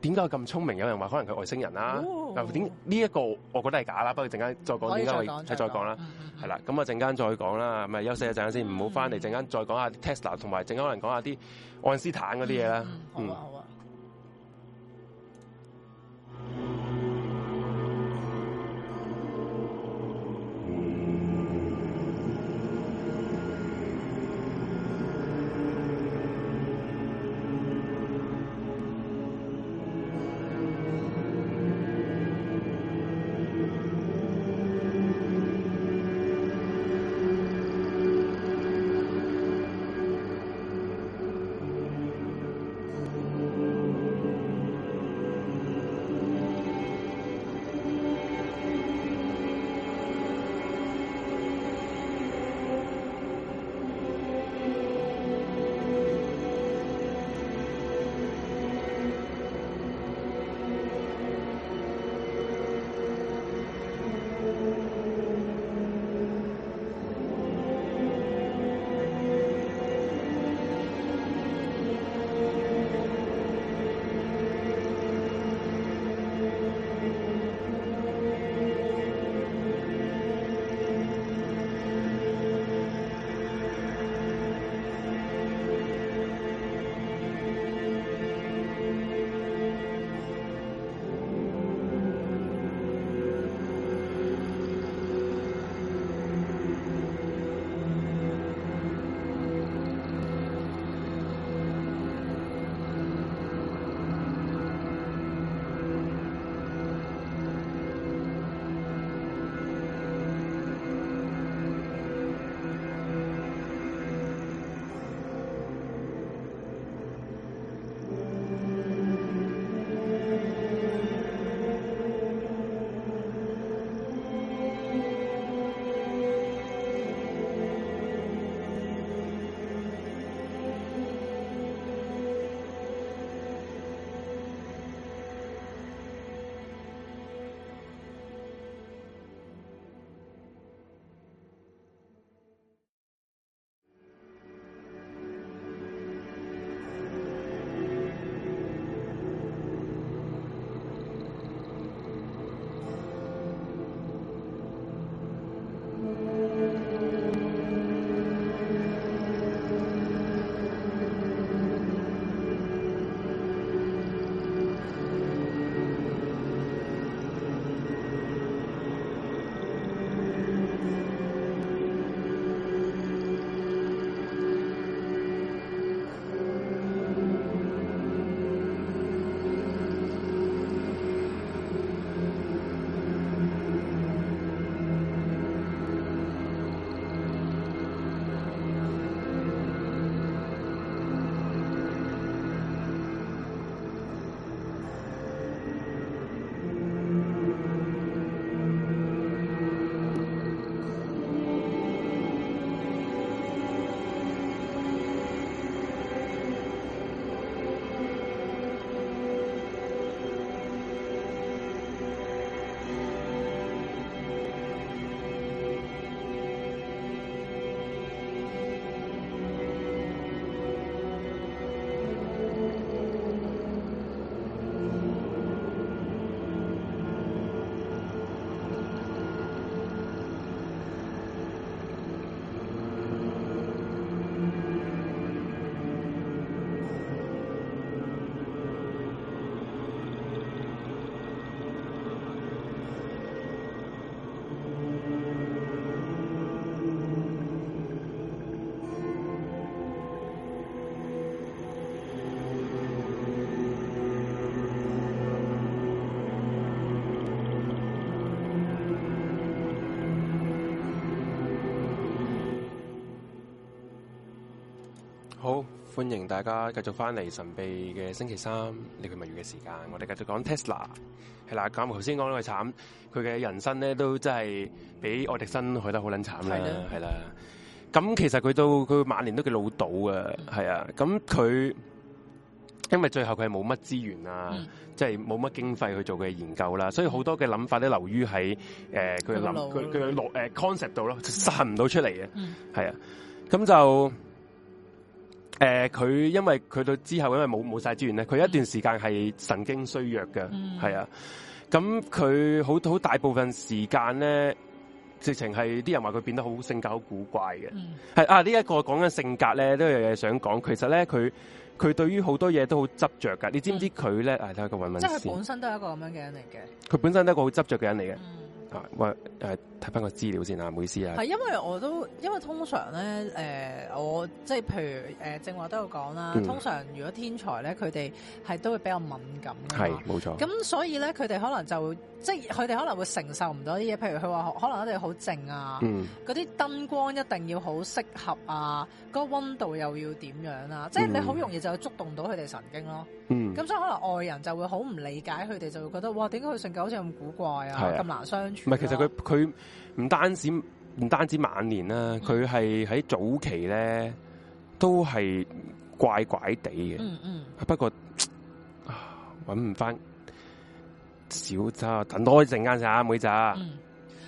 點解咁聰明？有人話可能佢外星人啦、啊。嗱、哦，點呢一個我覺得係假啦。不過陣間再講點解，係再講啦。係啦，咁啊陣間再講啦。咪、嗯、休息一陣間先，唔好翻嚟。陣間再講下 Tesla 同埋陣間可能講下啲愛因斯坦嗰啲嘢啦。嗯。歡迎大家繼續翻嚟神秘嘅星期三呢個物語嘅時間，我哋繼續講 Tesla。係啦，咁頭先講到佢慘，佢嘅人生咧都真係比愛迪生去得好撚慘啦，係啦。咁其實佢到佢晚年都幾老道啊，係啊。咁佢因為最後佢係冇乜資源啊、嗯，即係冇乜經費去做嘅研究啦，所以好多嘅諗法都留於喺誒佢諗佢佢嘅落誒 concept 度咯，實行唔到出嚟嘅，係、嗯、啊，咁就。誒、呃、佢因為佢到之後因為冇冇晒資源咧，佢一段時間係神經衰弱嘅，係、嗯、啊，咁佢好好大部分時間咧，直情係啲人話佢變得好性格好古怪嘅，係、嗯、啊，呢、這、一個講緊性格咧都有嘢想講，其實咧佢佢對於好多嘢都好執著噶，你知唔知佢咧、嗯？啊，睇下佢揾揾即係本身都係一個咁樣嘅人嚟嘅。佢本身都係一個好執著嘅人嚟嘅、嗯，啊，睇翻個資料先啊，唔好意思啊，係因為我都因為通常咧，誒、呃、我即係譬如誒正話都有講啦、嗯。通常如果天才咧，佢哋係都會比較敏感係係冇錯。咁所以咧，佢哋可能就會即係佢哋可能會承受唔到啲嘢。譬如佢話可能佢哋好靜啊，嗰、嗯、啲燈光一定要好適合啊，嗰、那個溫度又要點樣啊？嗯、即係你好容易就觸動到佢哋神經咯。咁、嗯、所以可能外人就會好唔理解佢哋，就會覺得哇，點解佢性格好似咁古怪啊，咁、啊、難相處、啊？唔係，其實佢佢。唔單止唔單止晚年啦，佢係喺早期咧都係怪怪地嘅。嗯嗯。不過搵唔翻，小差等多一陣間先，阿妹仔、嗯。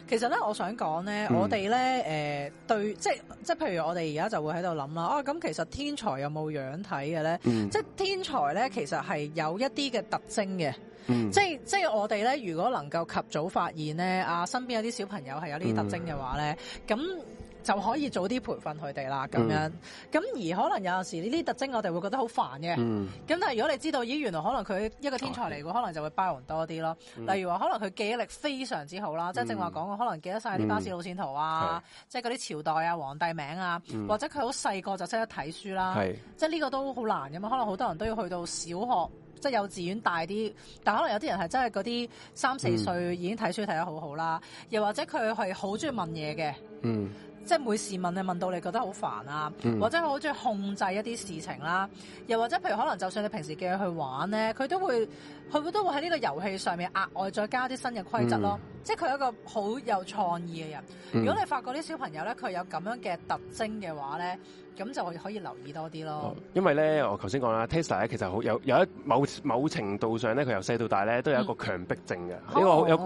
其實咧，我想講咧，我哋咧，誒、嗯呃，對，即即係譬如我哋而家就會喺度諗啦。哦、啊，咁其實天才有冇樣睇嘅咧？即係天才咧，其實係有一啲嘅特徵嘅。嗯、即係即係我哋咧，如果能夠及早發現咧，啊身邊有啲小朋友係有徵呢啲特徵嘅話咧，咁、嗯、就可以早啲培訓佢哋啦，咁、嗯、樣。咁而可能有陣時呢啲特徵，我哋會覺得好煩嘅。咁、嗯、但係如果你知道，咦原來可能佢一個天才嚟嘅，啊，可能就會包容多啲咯，嗯。例如話可能佢記憶力非常之好啦，嗯，即係正話講，可能記得晒啲巴士路線圖啊，嗯、即係嗰啲朝代啊、皇帝名啊，嗯、或者佢好細個就識得睇書啦。即係呢個都好難嘅嘛，可能好多人都要去到小學。即係幼稚園大啲，但可能有啲人係真係嗰啲三四歲已經睇書睇得好好啦，嗯、又或者佢係好鍾意問嘢嘅。嗯。即係每時問你問到你覺得好煩啊，嗯、或者好中意控制一啲事情啦，又或者譬如可能就算你平時叫佢去玩咧，佢都會佢都會喺呢個遊戲上面額外再加啲新嘅規則咯。嗯、即係佢係一個好有創意嘅人、嗯。如果你發覺啲小朋友咧佢有咁樣嘅特徵嘅話咧，咁就可以留意多啲咯、哦。因為咧我頭先講啦，Tesla 其實好有有一某某程度上咧佢由細到大咧都有一個強迫症嘅、嗯，因為有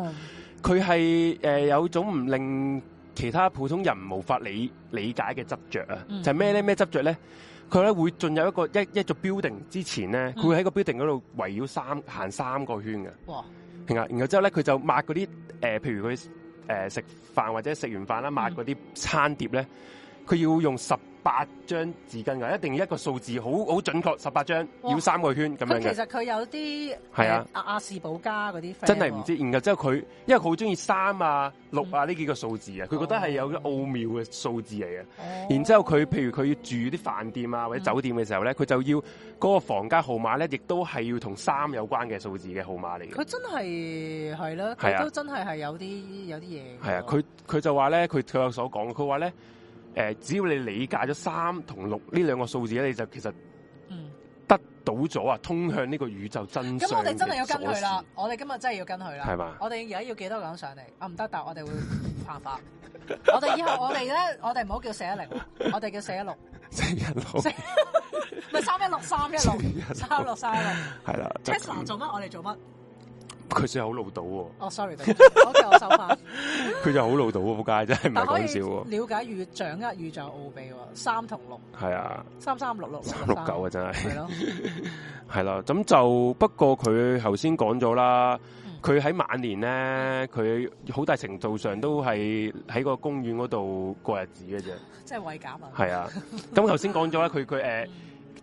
佢係、哦、有、呃、有種唔令。其他普通人無法理理解嘅執着，啊，嗯、就係咩咧？咩執着咧？佢咧會進入一個一一座 building 之前咧，佢、嗯、會喺個 building 嗰度圍繞三行三個圈嘅。哇！啊，然後之後咧，佢就抹嗰啲、呃、譬如佢誒、呃、食飯或者食完飯啦、啊，抹嗰啲餐碟咧。嗯呢佢要用十八張紙巾㗎，一定要一個數字，好好準確，十八張繞三個圈咁樣嘅。其實佢有啲啊，亞、啊、士保家嗰啲真係唔知。然後之後佢，因為佢好中意三啊、六啊呢幾個數字啊，佢、嗯、覺得係有啲奧妙嘅數字嚟嘅、嗯。然之後佢譬如佢要住啲飯店啊或者酒店嘅時候咧，佢、嗯、就要嗰個房間號碼咧，亦都係要同三有關嘅數字嘅號碼嚟嘅。佢真係係啦，佢都真係係有啲有啲嘢。啊，佢佢、啊、就話咧，佢佢有所講，佢話咧。誒，只要你理解咗三同六呢兩個數字咧，你就其實得到咗啊，通向呢個宇宙真相。咁、嗯、我哋真係要跟佢啦！我哋今日真係要跟佢啦，係嘛？我哋而家要幾多個人上嚟？啊，唔得，但我哋會犯法。 [LAUGHS] 我哋以後我哋咧，我哋唔好叫四一零，我哋叫四一六，四一六，咪三一六，三一六，三一六，三一六。係啦、就是、，Tesla 做乜？我哋做乜？佢算好老到喎！哦，sorry，我我收下。佢就好老到喎，仆街真係唔係講笑喎、啊。了解與掌握遇掌握奧秘，三同六係啊，三三六六三六九啊，真係係咯 [LAUGHS] 、啊，係啦。咁就不過佢頭先講咗啦，佢喺晚年咧，佢好大程度上都係喺個公園嗰度過日子嘅啫，即係慰藉啊。係啊，咁頭先講咗啦，佢佢誒。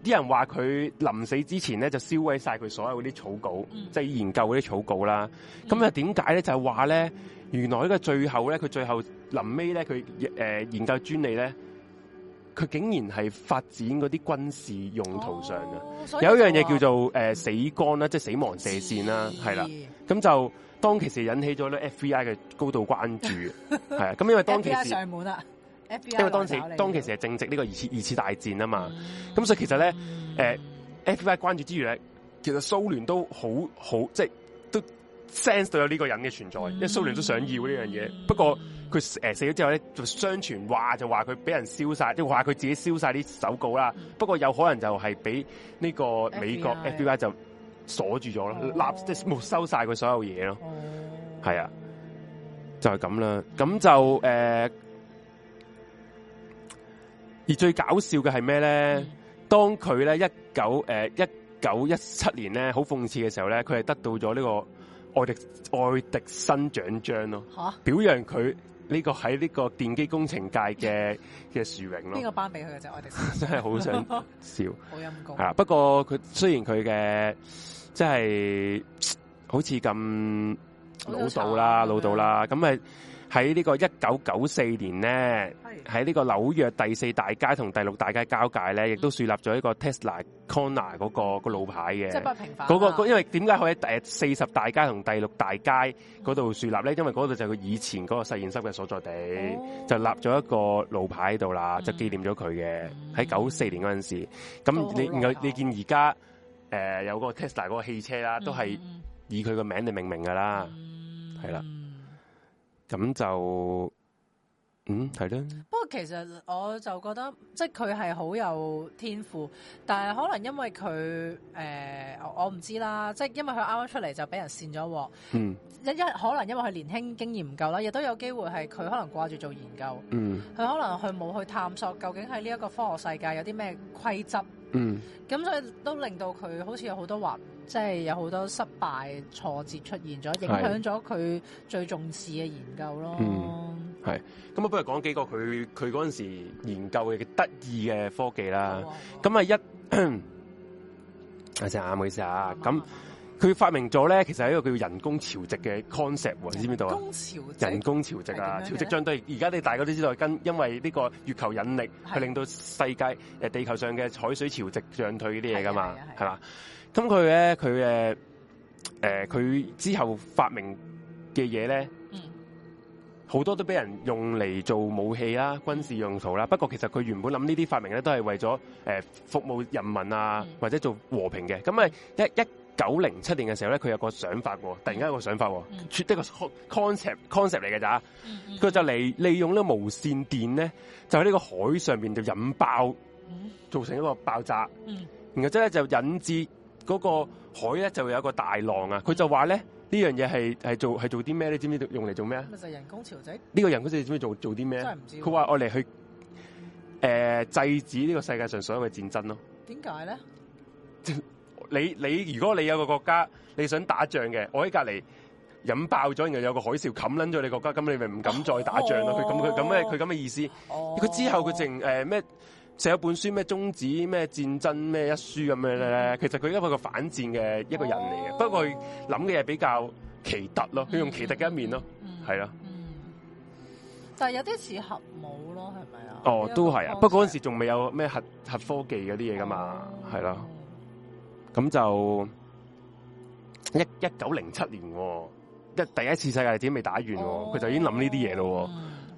啲人話佢臨死之前咧，就燒毀曬佢所有嗰啲草稿，即、嗯、係、就是、研究嗰啲草稿啦。咁啊點解咧？就係話咧，原來呢個最後咧，佢最後臨尾咧，佢、呃、研究專利咧，佢竟然係發展嗰啲軍事用途上嘅、哦。有一樣嘢叫做、呃、死光啦、嗯，即係死亡射線啦，係啦。咁就當其時引起咗咧 FBI 嘅高度關注，係 [LAUGHS] 啊。咁因為當其時， [LAUGHS] 上門啦、啊。FBi、因為當時當其時係正值呢個二次二次大戰啊嘛，咁所以其實咧，誒、呃、，FBI 關注之餘咧，其實蘇聯都好好即係都 sense 到有呢個人嘅存在，因為蘇聯都想要呢樣嘢。Mm-hmm. 不過佢誒、呃、死咗之後咧，就相傳話就話佢俾人燒晒，即係話佢自己燒晒啲手稿啦。不過有可能就係俾呢個美國 FBI 就鎖住咗、oh. 咯，立即係沒收晒佢所有嘢咯。係啊，就係、是、咁啦。咁就誒。呃而最搞笑嘅係咩咧？嗯、當佢咧，一九誒一九一七年咧，好諷刺嘅時候咧，佢係得到咗呢個愛迪愛迪生獎章咯、啊，表揚佢呢個喺呢個電機工程界嘅嘅殊榮咯。給他邊個頒俾佢嘅就愛迪生。 [LAUGHS] 真係好想笑，好陰功吓，不過佢雖然佢嘅即係好似咁老道啦，老道啦，咁、嗯喺呢個一九九四年咧，喺呢個紐約第四大街同第六大街交界咧，亦都樹立咗一個 Tesla Corner 嗰個路牌嘅、嗰個。即係不平凡、啊嗰個。因為點解可以喺誒四十大街同第六大街嗰度樹立咧？因為嗰度就係佢以前嗰個實驗室嘅所在地，就立咗一個路牌喺度啦，就紀念咗佢嘅。喺九四年嗰陣時，咁你你見而家誒有個 Tesla 嗰個汽車啦，都係以佢個名嚟命名噶啦，係、嗯、啦。咁就嗯係咧，不過其實我就覺得，即係佢係好有天賦，但係可能因為佢誒、呃，我唔知啦，即係因為佢啱啱出嚟就俾人扇咗喎。嗯，一一可能因為佢年輕經驗唔夠啦，亦都有機會係佢可能掛住做研究，嗯，佢可能佢冇去探索究竟喺呢一個科學世界有啲咩規則。嗯，咁所以都令到佢好似有好多話，即係有好多失敗挫折出現咗，影響咗佢最重視嘅研究咯。嗯，係。咁啊，不如講幾個佢佢嗰陣時研究嘅得意嘅科技啦。咁啊一，阿謝啊，唔好意思啊，咁、嗯。佢發明咗咧，其實係一個叫人工潮汐嘅 concept 喎，你知唔知道啊？人工潮汐啊，人工潮汐漲退，而家你大概都知道，跟因為呢個月球引力佢令到世界、呃、地球上嘅海水潮汐漲退啲嘢噶嘛，係嘛？咁佢咧，佢誒佢之後發明嘅嘢咧，好多都俾人用嚟做武器啦、軍事用途啦。不過其實佢原本諗呢啲發明咧，都係為咗誒服務人民啊，或者做和平嘅。咁啊，一一九零七年嘅時候咧，佢有個想法喎，突然間有個想法喎，出即係 concept concept 嚟嘅咋，佢、嗯嗯、就嚟利用呢個無線電咧，就喺呢個海上邊就引爆、嗯，造成一個爆炸，嗯、然後之後咧就是引致嗰個海咧就會有一個大浪啊！佢就話咧呢樣嘢係係做係做啲咩？你知唔知用嚟做咩啊？就係人工潮汐。呢、這個人工潮汐做做啲咩真係唔知。佢話愛嚟去誒、呃、制止呢個世界上所有嘅戰爭咯。點解咧？ [LAUGHS] 你你如果你有個國家你想打仗嘅，我喺隔籬引爆咗，然後有個海嘯冚撚咗你國家，咁你咪唔敢再打仗咯。佢咁佢咁咩佢咁嘅意思。佢、哦、之後佢淨誒咩寫一本書咩終止咩戰爭咩一書咁樣咧。嗯、其實佢係個反戰嘅一個人嚟嘅，哦、不過佢諗嘅係比較奇特咯。佢用奇特嘅一面咯，係啦。但係有啲似核武咯，係咪啊？哦都，都係啊。不過嗰陣時仲未有咩核核科技嗰啲嘢噶嘛，係啦。咁就一一九零七年，一第一次世界戰未打完，佢、哦、就已經諗呢啲嘢咯，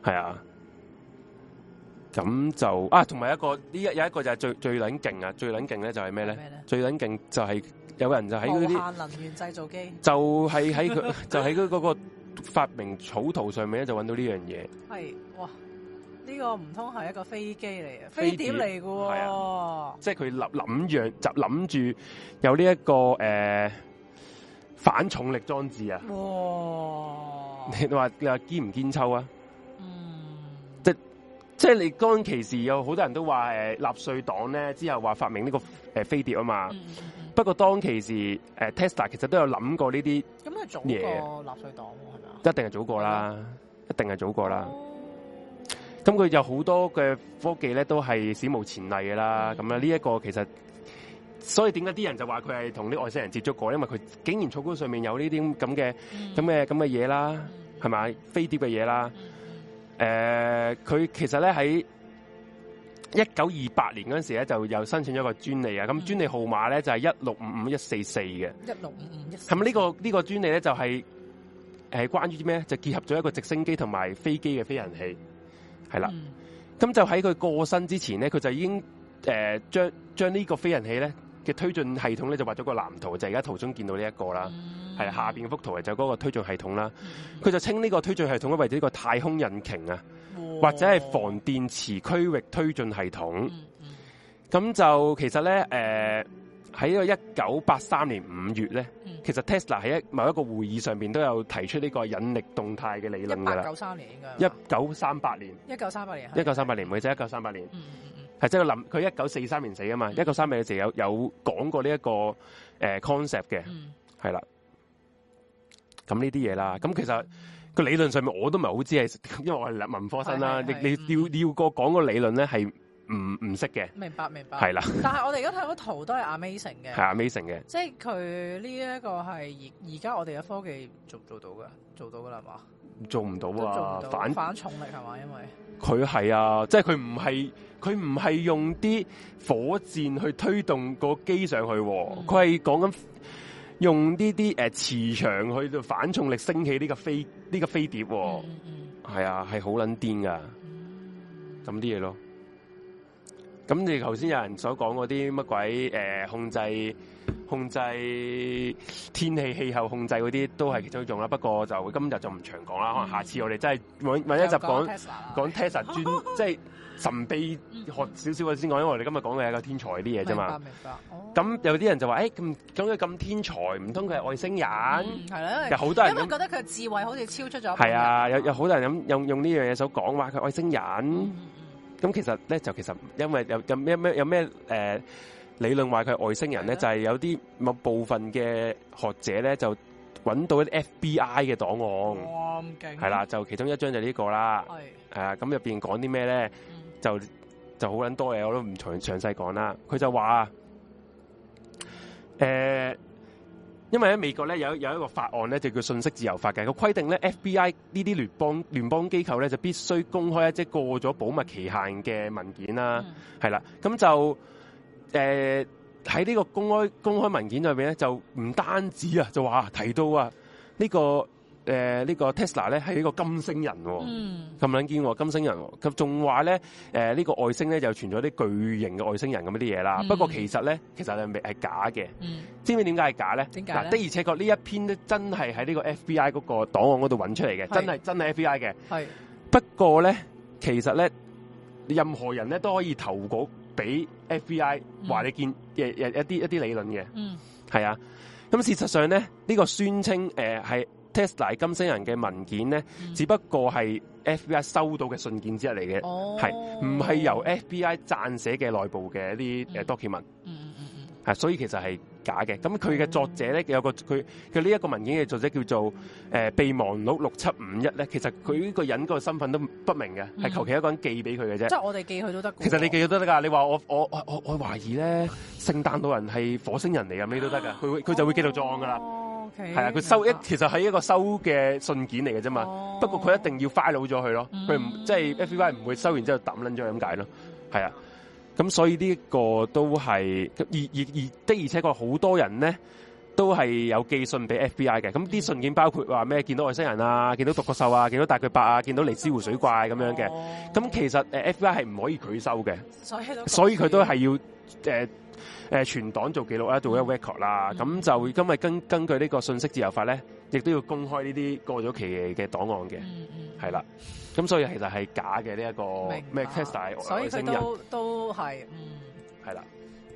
係啊。咁就啊，同埋一個呢，有一個就係最最撚勁啊，最撚勁咧就係咩咧？最撚勁就係有個人就喺嗰啲能源製造機，就係喺佢，就喺、是、嗰、就係嗰個、 [LAUGHS] 個發明草圖上面咧，就揾到呢樣嘢。係，哇！呢、這個唔通係一個飛機嚟嘅，飛碟嚟嘅、啊啊，即係佢諗諗樣就諗住有呢、這、一個誒、呃、反重力裝置啊！哇！你話你話堅唔堅抽啊？嗯，即即係你當其時有好多人都話誒，納粹黨咧之後話發明呢、這個誒、呃、飛碟啊嘛、嗯嗯。不過當其時誒 Tesla、呃、其實都有諗過呢啲咁嘅嘢。那早過納粹黨係、啊、咪一定係早過啦，嗯、一定係早過啦。嗯咁佢有好多嘅科技咧，都係史無前例嘅啦。咁啊，呢一個其實，所以點解啲人就話佢係同啲外星人接觸過呢？因為佢竟然草稿上面有呢啲咁嘅咁嘅咁嘅嘢啦，係、嗯、咪飛碟嘅嘢啦。誒、嗯，佢、呃、其實咧喺一九二八年嗰陣時咧，就又申請咗個專利啊。咁、嗯、專利號碼咧就係一六五五一四四嘅。一六五五一四四。係咪、這個這個、呢個、就是、呢個專利咧就係誒關於啲咩咧？就結合咗一個直升機同埋飛機嘅飛人器。係啦，咁就喺佢過身之前咧，佢就已經誒將將呢個飛人器咧嘅推進系統咧就畫咗個藍圖，就係而家圖中見到呢一個啦，係、嗯、下邊嗰幅圖就嗰個推進系統啦。佢、嗯、就稱呢個推進系統咧為咗個太空引擎啊、哦，或者係防電池區域推進系統。咁、嗯、就其實咧誒。呃喺呢個一九八三年五月咧，其實 Tesla 喺一某一個會議上面都有提出呢個引力動態嘅理論噶、嗯嗯這個呃嗯、啦。一九三年應該一九三八年，一九三八年，一九三八年，唔係即係一九三八年。嗯係即係諗佢一九四三年死啊嘛，一九三八年佢就有有講過呢一個誒 concept 嘅，係啦。咁呢啲嘢啦，咁其實個理論上面我都唔係好知係，因為我係文科生啦，是是是你是是你要要過講個理論咧係。唔唔識嘅，明白明白，係啦。但係我哋而家睇到圖都係 Amazing 嘅，係 Amazing 嘅。即係佢呢一個係而而家我哋嘅科技做做到嘅，做到噶啦嘛？做唔到啊？做唔到反反重力係嘛？因為佢係啊，即係佢唔係佢唔係用啲火箭去推動個機上去，啊，佢係講緊用呢啲誒磁場去到反重力升起呢個飛呢個飛碟。係啊，係好捻癲噶，咁啲嘢咯。咁、嗯、你頭先有人所講嗰啲乜鬼控制、控制天氣氣候控制嗰啲，都係其中一種啦、嗯。不過就今日就唔長講啦，可能下次我哋真係揾、嗯、一集講講 Tesla 專，即係神秘學少少嘅先講，因為我哋今日講嘅係個天才啲嘢啫嘛。明白，明白。咁、哦嗯、有啲人就話，誒、欸、咁，咁佢咁天才，唔通佢係外星人？係、嗯、啦，因為好多人咁覺得佢智慧好似超出咗。係啊，有有好多人咁用用呢樣嘢所講話佢外星人。嗯咁其實咧就其實，因為有有咩咩有咩誒、呃、理論話佢係外星人咧，就係、是、有啲某部分嘅學者咧就揾到一啲 FBI 嘅檔案，哇咁勁！係啦，就其中一張就呢個啦，係係啊，咁入邊講啲咩咧？就就好撚多嘢，我都唔詳詳細講啦。佢就話誒。呃因為喺美國咧有有一個法案咧就叫信息自由法嘅佢規定咧，FBI 呢啲聯邦聯邦機構咧就必須公開一即係過咗保密期限嘅文件啦、啊，係、嗯、啦，咁就誒喺呢個公開公開文件裏邊咧就唔單止啊，就話提到啊呢、這個。誒、呃、呢、這個 Tesla 咧係呢一個金星人、哦，咁、嗯、琴晚見過金星人、哦，咁仲話咧誒呢、呃這個外星咧就存咗啲巨型嘅外星人咁啲嘢啦、嗯。不過其實咧，其實係係假嘅、嗯，知唔知點解係假咧？點解嗱的而且確呢一篇咧真係喺呢個 FBI 嗰個檔案嗰度揾出嚟嘅，真係真係 FBI 嘅。係不過咧，其實咧任何人咧都可以投稿俾 FBI，話你見嘅一啲一啲理論嘅。嗯，係、嗯、啊。咁事實上咧，呢、這個宣稱誒係。呃 Tesla 金星人嘅文件咧、嗯，只不過係 FBI 收到嘅信件之一嚟嘅，係唔係由 FBI 撰寫嘅內部嘅一啲誒 document？係、嗯嗯嗯嗯、所以其實係假嘅。咁佢嘅作者咧有個佢佢呢一個文件嘅作者叫做誒備、呃、忘錄六七五一咧，其實佢呢個人個身份都不明嘅，係求其一個人寄俾佢嘅啫。即係我哋寄佢都得。其實你寄佢都得㗎，你話我我我我懷疑咧聖誕老人係火星人嚟啊咩都得㗎，佢佢就會繼續裝㗎啦。哦。係、okay. 啊，佢收一其實係一個收嘅信件嚟嘅啫嘛，oh. 不過佢一定要 file 咗佢咯，佢唔即係 FBI 唔會收完之後抌甩咗咁解咯，係啊，咁所以呢個都係，而而而的而且確好多人咧都係有寄信俾 FBI 嘅，咁啲信件包括話咩見到外星人啊，見到獨角獸啊，見到大腳八、啊、伯啊，見到尼斯湖水怪咁、啊、樣嘅，咁、oh. 其實誒 FBI 係唔可以拒收嘅，所以佢都係要誒。呃誒、呃，全黨做記錄、嗯、做一 record 啦，咁、嗯、就今日根根據呢個信息自由法咧，亦都要公開呢啲過咗期嘅檔案嘅，係、嗯嗯、啦，咁、嗯、所以其實係假嘅呢一個咩 test 啊，所以佢都都係，嗯，係啦，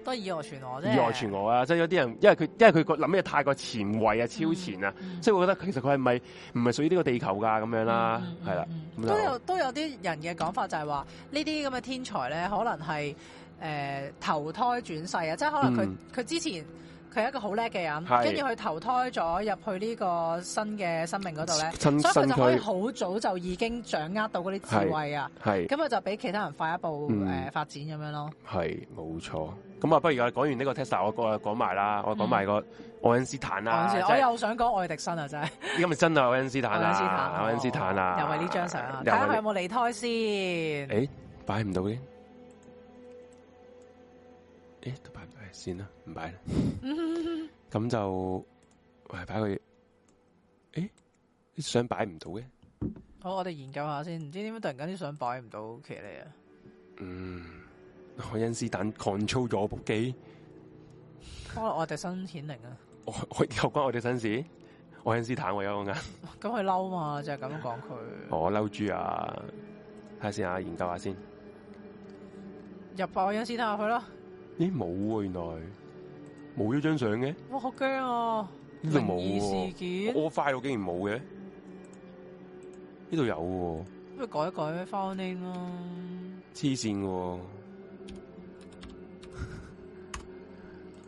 都以訛傳訛啫，以訛傳訛啊，即、就、係、是、有啲人因為佢因為佢個諗嘢太過前衛啊，超前啊，即、嗯、係我覺得其實佢係唔係唔係屬於呢個地球噶咁樣啦，係、嗯、啦、嗯嗯嗯，都有都有啲人嘅講法就係話呢啲咁嘅天才咧，可能係。誒、呃、投胎轉世啊！即係可能佢佢、嗯、之前佢係一個好叻嘅人，跟住佢投胎咗入去呢個新嘅生命嗰度咧，所以佢就可以好早就已經掌握到嗰啲智慧啊！係咁佢就俾其他人快一步誒、嗯呃、發展咁樣咯。係冇錯。咁啊，不如啊講完呢個 Tesla，我講埋啦，我講埋個愛因斯坦啦。我又想講愛迪生啊，真係、那個。依家咪真係，愛因斯坦啊，愛因斯坦啊，又係呢張相啊，睇下佢有冇離胎先。誒擺唔到嘅。誒、欸，都擺唔埋，先啦，唔擺啦。咁 [LAUGHS] 就，喂，擺佢。誒、欸，啲相擺唔到嘅。好，我哋研究下先，唔知點解突然間啲相擺唔到，騎呢啊？嗯，愛因斯坦 control 咗部機。可能我哋新顯靈啊？我我又關，我哋新事？愛因斯坦我有講噶。咁佢嬲嘛？就係咁講佢。我嬲住啊！睇下先啊，研究下先。入愛因斯坦入去咯。咦，冇喎，原來冇咗張相嘅。哇，好驚啊！呢度冇喎，我快，我竟然冇嘅，啊。呢度有喎，啊。不如改一改咩 funny 黐線嘅。啊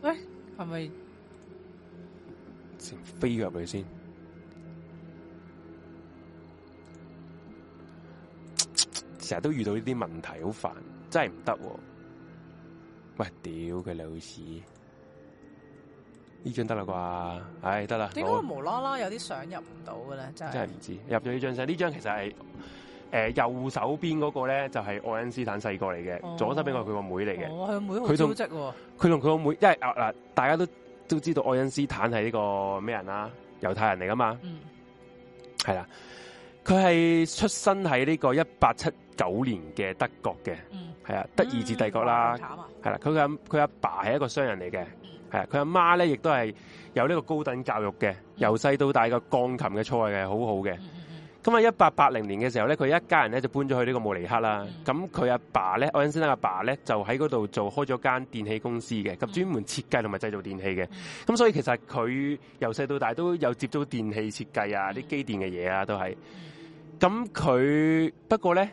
啊、 [LAUGHS] 喂，係咪？先飛入嚟先。成日 [COUGHS] 都遇到呢啲問題，好煩，真係唔得。喂，屌佢老屎！呢張得啦啩，唉得啦。點解無啦啦有啲相入唔到嘅咧？真真係唔知。入咗呢張相！呢、嗯、張其實係誒、呃、右手邊嗰個咧，就係、是、愛因斯坦細個嚟嘅。左手邊個係佢個妹嚟嘅。佢、哦、妹好超值喎，佢同佢個妹，即係嗱，大家都都知道愛因斯坦係呢個咩人啦、啊，猶太人嚟噶嘛。嗯。係啦，佢係出生喺呢個一八七九年嘅德國嘅。嗯係啊，德意志帝國啦，係、嗯、啦，佢佢阿爸係一個商人嚟嘅，係啊，佢阿媽咧亦都係有呢個高等教育嘅，由、嗯、細到大一個鋼琴嘅素養係好好嘅。咁、嗯、啊，一八八零年嘅時候咧，佢一家人咧就搬咗去呢個慕尼黑啦。咁佢阿爸咧，愛因斯坦阿爸咧就喺嗰度做開咗間電器公司嘅，咁、嗯、專門設計同埋製造電器嘅。咁、嗯、所以其實佢由細到大都有接觸電器設計啊，啲、嗯、機電嘅嘢啊都係。咁、嗯、佢不過咧。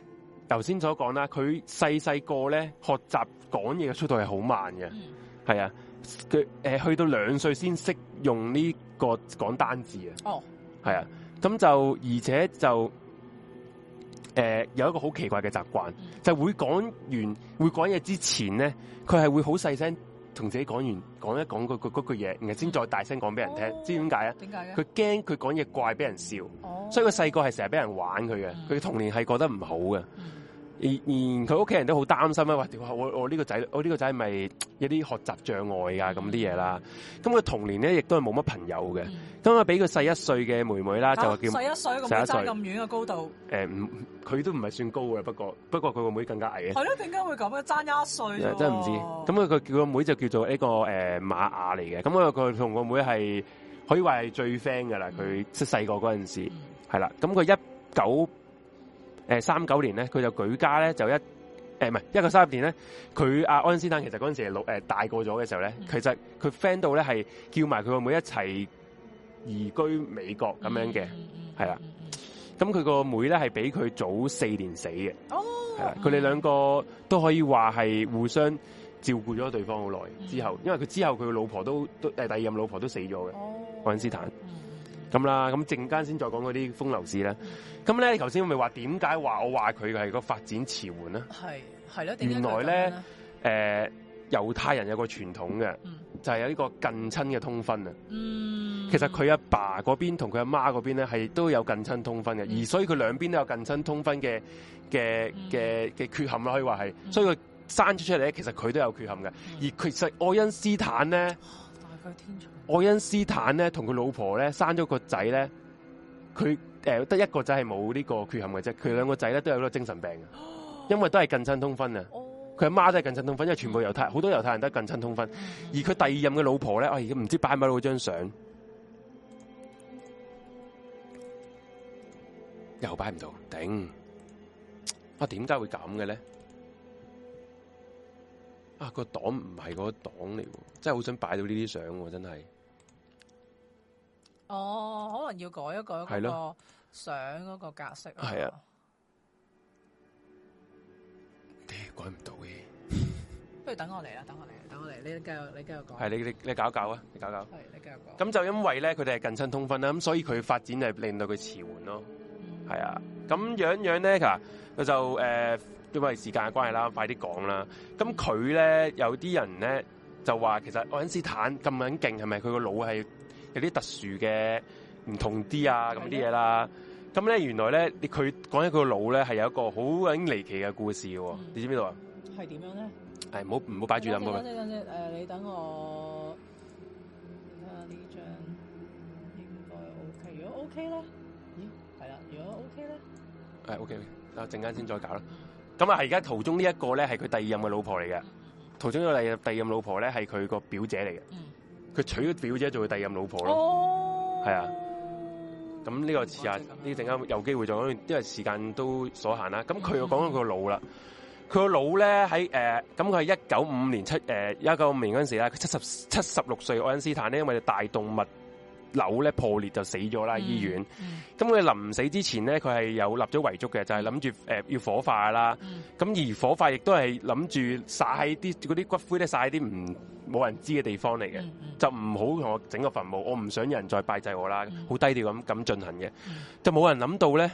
頭先所講啦，佢細細個咧學習講嘢嘅速度係好慢嘅，係、嗯、啊，佢誒去到兩歲先識用呢個講單字啊，哦，係啊，咁就而且就誒、呃、有一個好奇怪嘅習慣，就係、會講完會講嘢之前咧，佢係會好細聲同自己講完講一講個個句嘢，然後先再大聲講俾人聽，哦、知點解啊？點解？佢驚佢講嘢怪俾人笑，哦，所以佢細個係成日俾人玩佢嘅，佢、嗯、童年係覺得唔好嘅。而而佢屋企人都好擔心啦，話，哇啊，我我呢個仔，我呢個仔係咪有啲學習障礙㗎，咁啲嘢啦。咁佢童年咧，亦都係冇乜朋友嘅。咁佢俾佢細一歲嘅妹妹啦、啊，就叫細一歲咁爭咁遠嘅高度。誒、嗯，唔，佢都唔係算高嘅，不過不過佢個妹，妹更加矮啊。係咯，點解會咁啊？爭一,一歲、嗯，真係唔知。咁、嗯、啊，佢佢個妹就叫做一個誒、呃、馬雅嚟嘅。咁佢同個妹係可以話係最 friend 㗎啦。佢即係細個嗰陣時係啦。咁佢一九。誒、呃，三九年咧，佢就舉家咧就一誒，唔係一九三十年咧，佢阿、啊、愛因斯坦其實嗰陣時係老，誒、呃、大過咗嘅時候咧，mm-hmm. 其實佢 friend 到咧係叫埋佢個妹一齊移居美國咁樣嘅，係、mm-hmm. 啦。咁佢個妹咧係比佢早四年死嘅，係、oh, 啦。佢哋兩個都可以話係互相照顧咗對方好耐之後，mm-hmm. 因為佢之後佢個老婆都都誒第二任老婆都死咗嘅，愛、oh. 因斯坦。咁啦，咁陣間先再講嗰啲風流事咧。咁、嗯、咧，你頭先咪話點解話我話佢係個發展遲緩咧？係係咯，原來咧，誒、呃、猶太人有個傳統嘅、嗯，就係、是、有呢個近親嘅通婚啊。嗯，其實佢阿爸嗰邊同佢阿媽嗰邊咧，係都有近親通婚嘅、嗯，而所以佢兩邊都有近親通婚嘅嘅嘅嘅缺陷啦，可以話係、嗯。所以佢生咗出嚟咧，其實佢都有缺陷嘅、嗯，而其實愛因斯坦咧，大概天愛因斯坦咧，同佢老婆咧生咗個仔咧，佢誒得一個仔係冇呢個缺陷嘅啫，佢兩個仔咧都有呢個精神病嘅，因為都係近親通婚啊。佢阿媽都係近親通婚，因為全部猶太好多猶太人都係近親通婚。而佢第二任嘅老婆咧，我而家唔知擺唔到嗰張相，又擺唔到，頂啊！點解會咁嘅咧？啊，個黨唔係嗰黨嚟，真係好想擺到呢啲相，真係。哦，可能要改一改嗰個，那個相嗰個格式。係啊，你改唔到嘅。不如等我嚟啦， [LAUGHS] 等我嚟，等我嚟。你繼續，你繼續講。係你你搞搞啊，你搞搞。係，你繼續講。咁就因為咧，佢哋係近親通婚啦，咁所以佢發展係令到佢遲緩咯。係啊，咁樣樣咧，佢就誒、呃，因為時間嘅關係啦，快啲講啦。咁佢咧有啲人咧就話，其實愛因斯坦咁樣勁，係咪佢個腦係？有啲特殊嘅唔同啲啊咁啲嘢啦，咁咧、啊、原來咧，佢講起講緊佢個腦咧係有一個好緊離奇嘅故事、啊嗯，你知邊度啊？係點樣咧？係，唔好唔好擺住等我，等一等先，誒、呃，你等我睇下呢張應該 O K，如果 O K 咧，咦，係啦，如果 O K 咧，係 O K，啊，陣間先再搞啦。咁啊，係而家途中這呢一個咧係佢第二任嘅老婆嚟嘅，途中嘅第二第二任老婆咧係佢個表姐嚟嘅。嗯佢娶咗表姐做佢第二任老婆咯，係、哦、啊，咁呢、呢個遲啊，呢陣間有機會再講，因為時間都所限啦。咁佢又講緊佢個腦啦，佢個腦咧喺誒，咁佢係一九五年七誒，一九五年陣時啦，佢七十七十六歲，愛因斯坦咧因為大動物。樓咧破裂就死咗啦。醫院咁佢、嗯嗯、臨死之前咧，佢係有立咗遺囑嘅，就係諗住要火化啦。咁、嗯、而火化亦都係諗住晒喺啲嗰啲骨灰咧晒喺啲唔冇人知嘅地方嚟嘅、嗯嗯，就唔好同我整個墳墓，我唔想有人再拜祭我啦。好、嗯、低調咁咁進行嘅、嗯，就冇人諗到咧。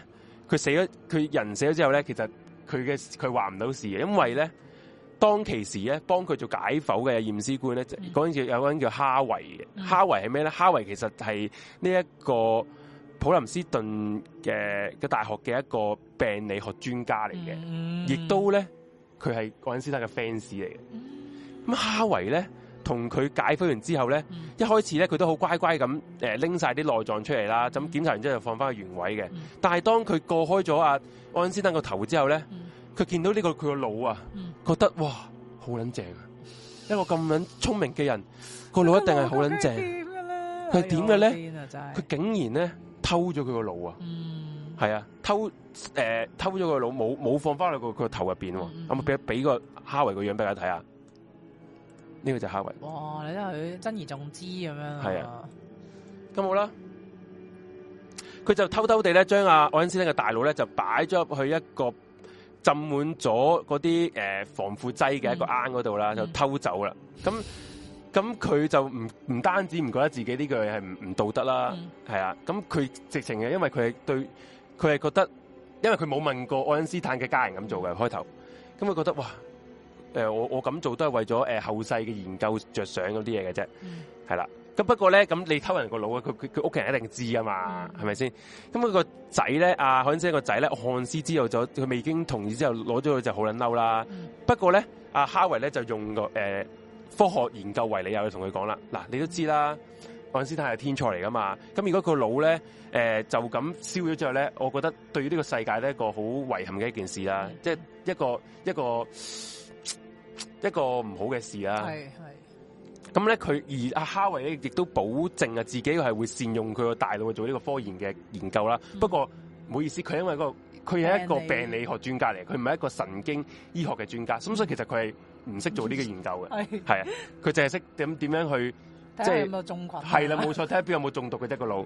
佢死咗，佢人死咗之後咧，其實佢嘅佢話唔到事嘅，因為咧。當其時咧，幫佢做解剖嘅驗屍官咧，嗰陣時有個人叫哈維嘅、嗯。哈維係咩咧？哈維其實係呢一個普林斯頓嘅個大學嘅一個病理學專家嚟嘅、嗯嗯，亦都咧佢係愛因斯坦嘅 fans 嚟嘅。咁、嗯、哈維咧同佢解剖完之後咧、嗯，一開始咧佢都好乖乖咁誒拎晒啲內臟出嚟啦，咁、嗯、檢查完之後就放翻去原位嘅、嗯。但係當佢鋸開咗阿愛因斯坦個頭之後咧。嗯嗯佢見到呢、這個佢個腦啊，嗯、覺得哇好撚正啊！一個咁撚聰明嘅人，個腦一定係好撚正。佢點嘅咧？佢竟然咧偷咗佢個腦啊！係、嗯、啊，偷誒、呃、偷咗個腦冇冇放翻去個佢個頭入邊喎？有冇俾俾個哈維個樣俾我睇下！呢、這個就係哈維。哇！你睇下佢珍而重之咁樣。係啊，咁好啦。佢就偷偷地咧將阿愛恩先生嘅大腦咧就擺咗入去一個。浸滿咗嗰啲誒防腐劑嘅一個罌嗰度啦，就偷走啦。咁咁佢就唔唔單止唔覺得自己呢句嘢係唔唔道德啦，係、嗯、啊。咁佢直情係，因為佢係對佢係覺得，因為佢冇問過愛因斯坦嘅家人咁做嘅開頭，咁佢覺得哇誒、呃，我我咁做都係為咗誒、呃、後世嘅研究着想嗰啲嘢嘅啫，係、嗯、啦。咁不過咧，咁你偷人個腦啊？佢佢佢屋企人一定知啊嘛，係咪先？咁、那、佢個仔咧，阿海欣姐個仔咧，漢斯之後就佢未經同意之後攞咗佢就好撚嬲啦。嗯、不過咧，阿哈維咧就用個、呃、科學研究為理由去同佢講啦。嗱，你都知啦，漢斯太係天才嚟噶嘛。咁如果佢個腦咧、呃、就咁燒咗之後咧，我覺得對於呢個世界咧一個好遺憾嘅一件事啦，即係一個一個一個唔好嘅事啦。係係。咁、嗯、咧，佢而阿哈維咧，亦都保證啊，自己係會善用佢個大腦去做呢個科研嘅研究啦、嗯。不過唔好意思，佢因為一個佢係一個病理學專家嚟，佢唔係一個神經醫學嘅專家，咁、嗯、所以其實佢係唔識做呢個研究嘅。係、嗯、啊，佢淨係識點點樣去，即係係啦，冇、就、錯、是。睇下邊有冇中毒嘅、啊、得個腦。咁、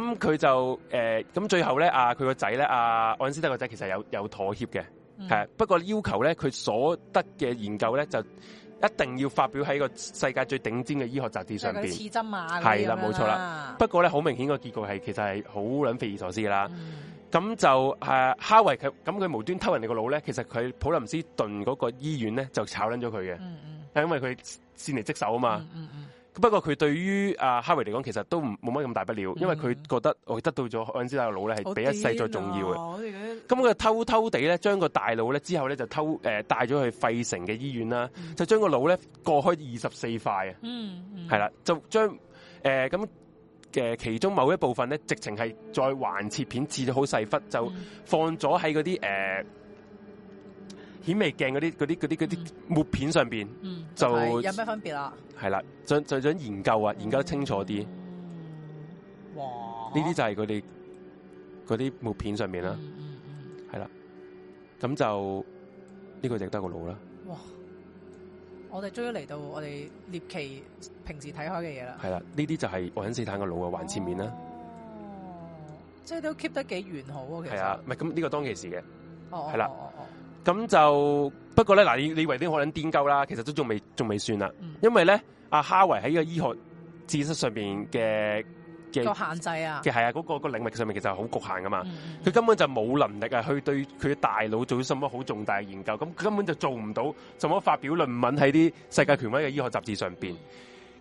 嗯、佢就誒咁、呃、最後咧，佢個仔咧，阿、啊、愛因斯坦個仔其實有有妥協嘅，係、嗯、不過要求咧，佢所得嘅研究咧就。一定要發表喺個世界最頂尖嘅醫學雜誌上邊，刺針啊，係啦，冇的這樣 錯啦。不過咧，好明顯個結局係其實係好撚匪夷所思啦。咁、嗯、就誒、啊，哈維佢咁佢無端偷人哋個腦咧，其實佢普林斯頓嗰個醫院咧就炒撚咗佢嘅，係、嗯嗯、因為佢擅離職守啊嘛。嗯嗯嗯不過佢對於阿哈維嚟講，啊、其實都唔冇乜咁大不了，因為佢覺得、嗯、我覺得,得到咗安之大個腦咧，係比一世再重要嘅。咁佢、啊、偷偷地咧，將個大腦咧之後咧就偷誒、呃、帶咗去費城嘅醫院啦、嗯嗯嗯，就將個腦咧割開二十四塊啊，係、呃、啦，就將誒咁嘅其中某一部分咧，直情係再橫切片切咗好細忽，就放咗喺嗰啲誒。呃顯微鏡嗰啲、嗰啲、嗰啲、嗰啲木片上邊就有咩分別啦？係啦，就、啊、就想研究啊，研究得清楚啲、嗯。哇！呢啲就係佢哋嗰啲木片上面啦、啊。係、嗯、啦，咁、嗯、就呢、呢個就得個腦啦。哇！我哋終於嚟到我哋獵奇平時睇開嘅嘢啦。係啦，呢啲就係愛因斯坦個腦嘅橫切面啦、啊。哦，即係都 keep 得幾完好啊！係啊，唔係咁呢個當其時嘅。哦，係啦。哦哦哦咁就不過咧，嗱你你為啲可能癲鳩啦，其實都仲未仲未算啦，嗯、因為咧阿哈維喺個醫學知識上面嘅嘅個限制啊，嘅係啊，嗰、嗰個個領域上面其實係好局限噶嘛，佢、嗯嗯、根本就冇能力啊去對佢大腦做啲什麼好重大嘅研究，咁根本就做唔到，什麼發表論文喺啲世界權威嘅醫學雜誌上邊，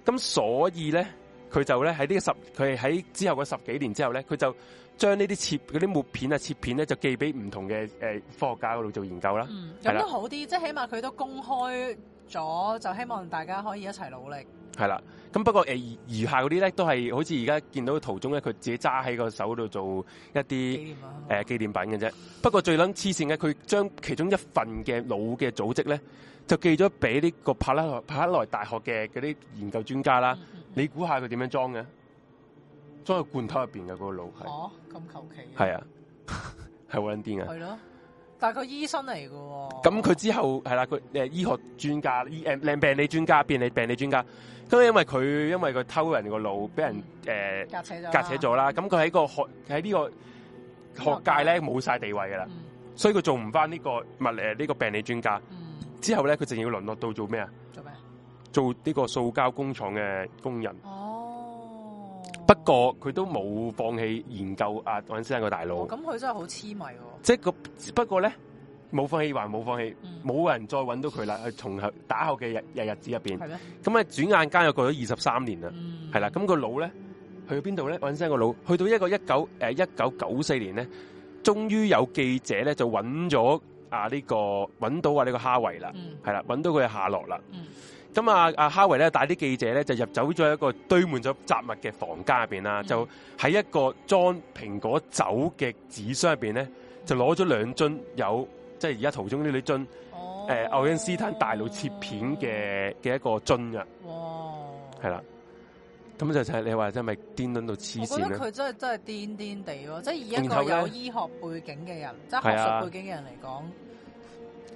咁所以咧佢就咧喺呢十佢喺之後嗰十幾年之後咧佢就。將呢啲切嗰啲木片啊、切片咧，就寄俾唔同嘅、呃、科學家嗰度做研究啦。咁、嗯、都好啲，即係起碼佢都公開咗，就希望大家可以一齊努力。係啦，咁不過誒餘、呃、下嗰啲咧，都係好似而家見到圖中咧，佢自己揸喺個手度做一啲誒紀、啊呃、紀念品嘅啫。 [LAUGHS] 不過最撚黐線嘅，佢將其中一份嘅腦嘅組織咧，就寄咗俾呢個帕拉帕克萊大學嘅嗰啲研究專家啦。嗯、你估下佢點樣裝嘅？裝喺罐頭入邊嘅嗰個腦係，哦咁求其，係啊，係好捻癲啊！係咯、啊啊。但係佢醫生嚟㗎、哦、咁、嗯、佢、嗯、之後係啦，佢誒、啊、醫學專家，醫誒靚病理專家變你病理專家。因為佢因為佢偷人個腦，俾人誒隔扯咗，隔扯咗啦。咁佢喺個學喺呢個學界咧冇晒地位噶啦，所以佢做唔翻呢個物理、呢、呃這個病理專家、嗯。之後咧佢仲要淪落到做咩啊？做咩？做呢、這個塑膠工廠嘅工人。哦。不過佢都冇放棄研究啊，搵翻個大腦，咁佢、哦、真係好痴迷喎、哦。即係個不過咧，冇放棄，還冇放棄，冇人再搵到佢啦。從打後嘅日日日子入邊，咁啊，轉眼間又過咗二十三年啦。係、嗯、啦，咁個腦咧去到邊度咧？搵翻個腦去到一個一九誒一九九四年咧，終於有記者咧就搵咗啊呢、這個搵到啊呢、這個哈維啦，係啦，搵到佢嘅下落啦。嗯咁啊，阿哈維咧帶啲記者咧就入走咗一個堆滿咗雜物嘅房間入面啦、嗯，就喺一個裝蘋果酒嘅紙箱入面咧、嗯，就攞咗兩樽有即係而家途中呢啲樽，誒愛因斯坦大腦切片嘅嘅一個樽哇，係啦，咁就就係你話真係咪癲到黐線？我覺得佢真係真係癲癲地咯，即係以一個有醫學背景嘅人，即係學術背景嘅人嚟講。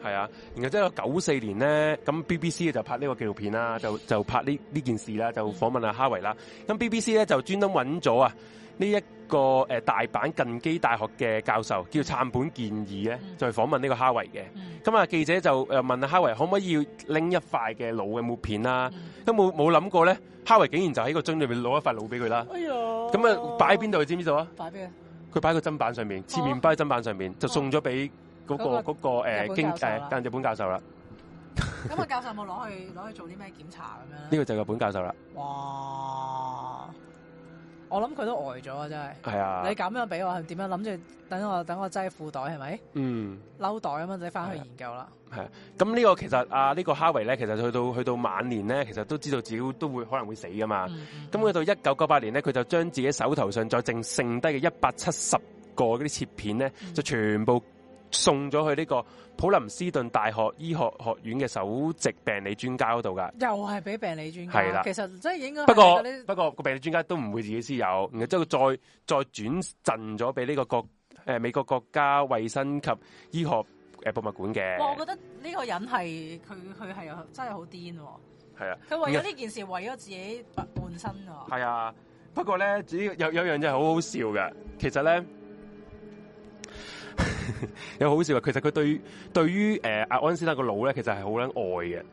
係啊，然後即係九四年咧，咁 BBC 就拍呢個紀錄片啦，嗯、就就拍呢呢件事啦，就訪問阿哈維啦。咁 BBC 咧就專登揾咗啊呢一個、呃、大阪近畿大學嘅教授叫杉本建二咧、嗯，就去訪問呢個哈維嘅。咁、嗯、啊記者就問阿哈維可唔可以要拎一塊嘅腦嘅抹片啦？咁冇冇諗過咧？哈維竟然就喺個樽裏邊攞一塊腦俾佢啦。哎咁啊擺喺邊度？知唔知道啊？擺邊佢擺喺個砧板上面，切麵包擺喺砧板上面，哦、就送咗俾。嗰、那個嗰、那個誒經誒鄧本教授啦，咁啊教授有冇攞去攞去做啲咩檢查咁樣？呢個就係個本教授啦。 [LAUGHS] 這個、授哇！我諗佢都呆咗啊，真係。係啊！你咁樣俾我，係點樣諗住等我等我擠褲袋係咪？嗯，摟袋咁樣仔翻去研究啦、啊。咁呢、啊、個其實啊呢、這個哈維咧，其實去到去到晚年咧，其實都知道自己都會可能會死噶嘛。咁、嗯、佢、嗯、到一九九八年咧，佢就將自己手頭上再剩剩低嘅一百七十個嗰啲切片咧，嗯、就全部。送咗去呢個普林斯頓大學醫學學院嘅首席病理專家嗰度㗎，又係俾病理專家。係啦，其實真係應該。不過不過個病理專家都唔會自己私有，然之後再再轉贈咗俾呢個國誒、呃、美國國家衛生及醫學誒、呃、博物館嘅。我覺得呢個人係佢佢係真係好癲。係啊。佢為咗呢件事，為咗自己白半身啊、哦。係啊，不過咧，有有一樣嘢好好笑嘅，其實咧。 [LAUGHS] 有好笑啊！其實佢，對對於誒、呃、阿愛恩斯坦個腦咧，其實係好捻愛嘅，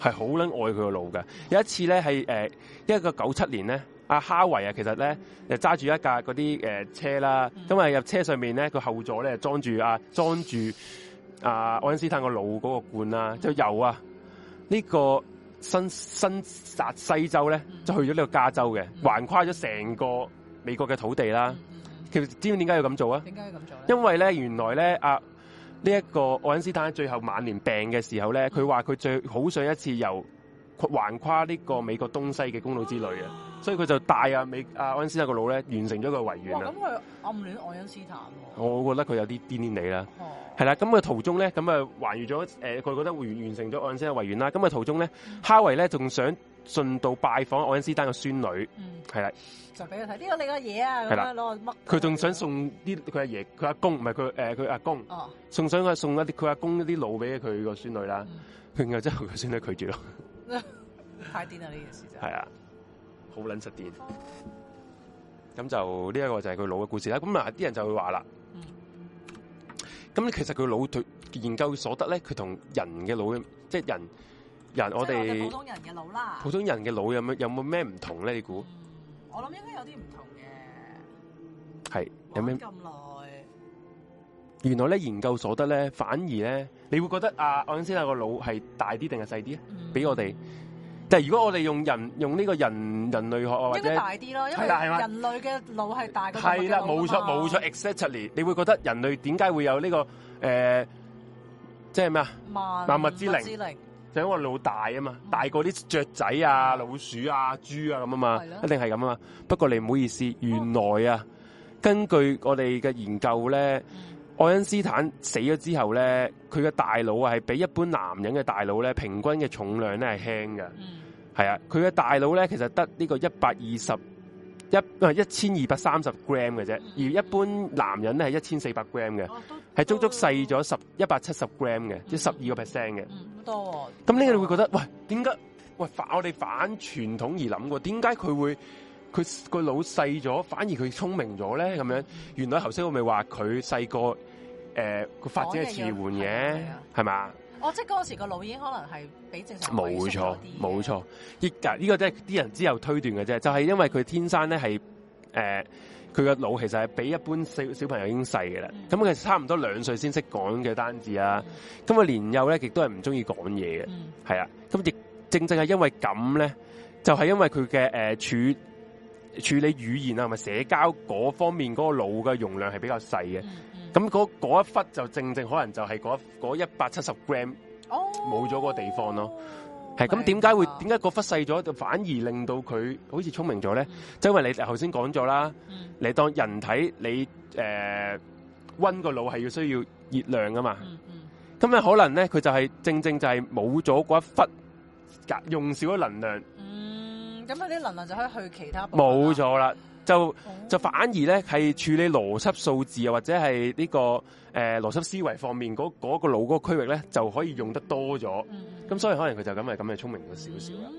係好捻愛佢個腦嘅。有一次咧係誒一個九七年咧，阿哈維啊，其實咧就揸住一架嗰啲誒車啦，咁啊入車上面咧佢後座咧裝住阿裝住阿愛恩斯坦個腦嗰個罐啦，就由啊呢、這個新新澤西州咧就去咗呢個加州嘅，橫跨咗成個美國嘅土地啦。其實知唔知點解要咁做啊？點解要咁做呢？因為咧，原來咧，阿呢一個愛因斯坦喺最後晚年病嘅時候咧，佢話佢最好想一次由橫跨呢個美國東西嘅公路之旅啊，所以佢就帶啊美啊愛因斯坦個腦咧，完成咗個遺願啦。咁佢暗戀愛因斯坦喎、啊。我覺得佢有啲癲癲地啦。哦、啊。係啦，咁嘅途中咧，咁啊環完咗，誒，佢、呃、覺得完完成咗愛因斯坦遺願啦。咁嘅途中咧、嗯，哈維咧仲想。順道拜訪愛因斯坦嘅孫女，係、嗯、啦，就俾佢睇呢個你個嘢啊！係啦，攞乜，佢仲想送啲佢阿爺、佢阿公，唔係佢誒佢阿公，哦、想送想佢送一啲佢阿公一啲腦俾佢個孫女啦、嗯。然後之後佢孫女拒絕咯，太癲啦，呢件事就係啊，好撚失癲！咁就呢一個就係佢腦嘅故事啦。咁 [LAUGHS] 嗱，啲人就會話啦，咁其實佢腦退研究所得咧，佢同人嘅腦即係人。人我哋普通人嘅腦啦，普通人嘅腦有咩有冇咩唔同咧？你估？我諗應該有啲唔同嘅。係有咩咁耐？原來咧，研究所得咧，反而咧你會覺得阿愛因斯坦個腦係大啲定係細啲啊？俾我哋，但、嗯、係、就是、如果我哋用人用呢個人人類學啊，應該大啲咯，因為人類嘅腦係大腦。係啦，冇錯冇錯，exactly。你會覺得人類點解會有呢、這個誒，即係咩啊？萬物之靈。就因為腦大啊嘛，大過啲雀仔啊、老鼠啊、豬啊咁啊嘛，一定係咁啊嘛。不過你唔好意思，原來啊，根據我哋嘅研究咧，愛因斯坦死咗之後咧，佢嘅大腦係比一般男人嘅大腦咧平均嘅重量咧係輕嘅，嗯、係啊，佢嘅大腦咧其實得呢個一百二十。一唔係一千二百三十 gram 嘅啫，而一般男人咧係一千四百 gram 嘅，係、哦、足足細咗十一百七十 gram 嘅，即十二個 percent 嘅。咁、嗯、多咁呢個你會覺得，哦、喂，點解？喂，反我哋反傳統而諗過，點解佢會，佢個腦細咗，反而佢聰明咗咧？咁樣、嗯，原來頭先我咪、呃、話佢細個誒個發展係遲緩嘅，係咪？是哦，即係嗰時個腦已經可能係比正常細咗冇錯，冇錯，依、這個、家呢個都係啲人之後推斷嘅啫，就係、是、因為佢天生咧係，誒、呃，佢個腦其實係比一般小，小朋友已經細嘅啦。咁其實差唔多兩歲先識講嘅單字啊。咁、嗯、佢年幼咧，亦都係唔中意講嘢嘅。係、嗯、啊，咁亦正正係因為咁咧，就係、是、因為佢嘅誒處處理語言啊，同埋社交嗰方面嗰個腦嘅容量係比較細嘅。嗯咁嗰嗰一忽就正正可能就係嗰嗰一百七十 gram 冇咗個地方咯，係咁，點解會點解嗰忽細咗，就反而令到佢好似聰明咗咧？即、嗯、係、就是、因為你頭先講咗啦，你當人體你誒溫、呃、個腦係要需要熱量噶嘛，咁、嗯、咧、嗯、可能咧佢就係、是、正正就係冇咗嗰一忽，用少咗能量。嗯，咁佢啲能量就可以去其他部分。冇咗啦。就就反而咧，係處理邏輯數字啊，或者係呢、這個誒、呃、邏輯思維方面嗰嗰、那個腦嗰個區域咧，就可以用得多咗。咁、嗯、所以可能佢就咁係咁係聰明咗少少啦。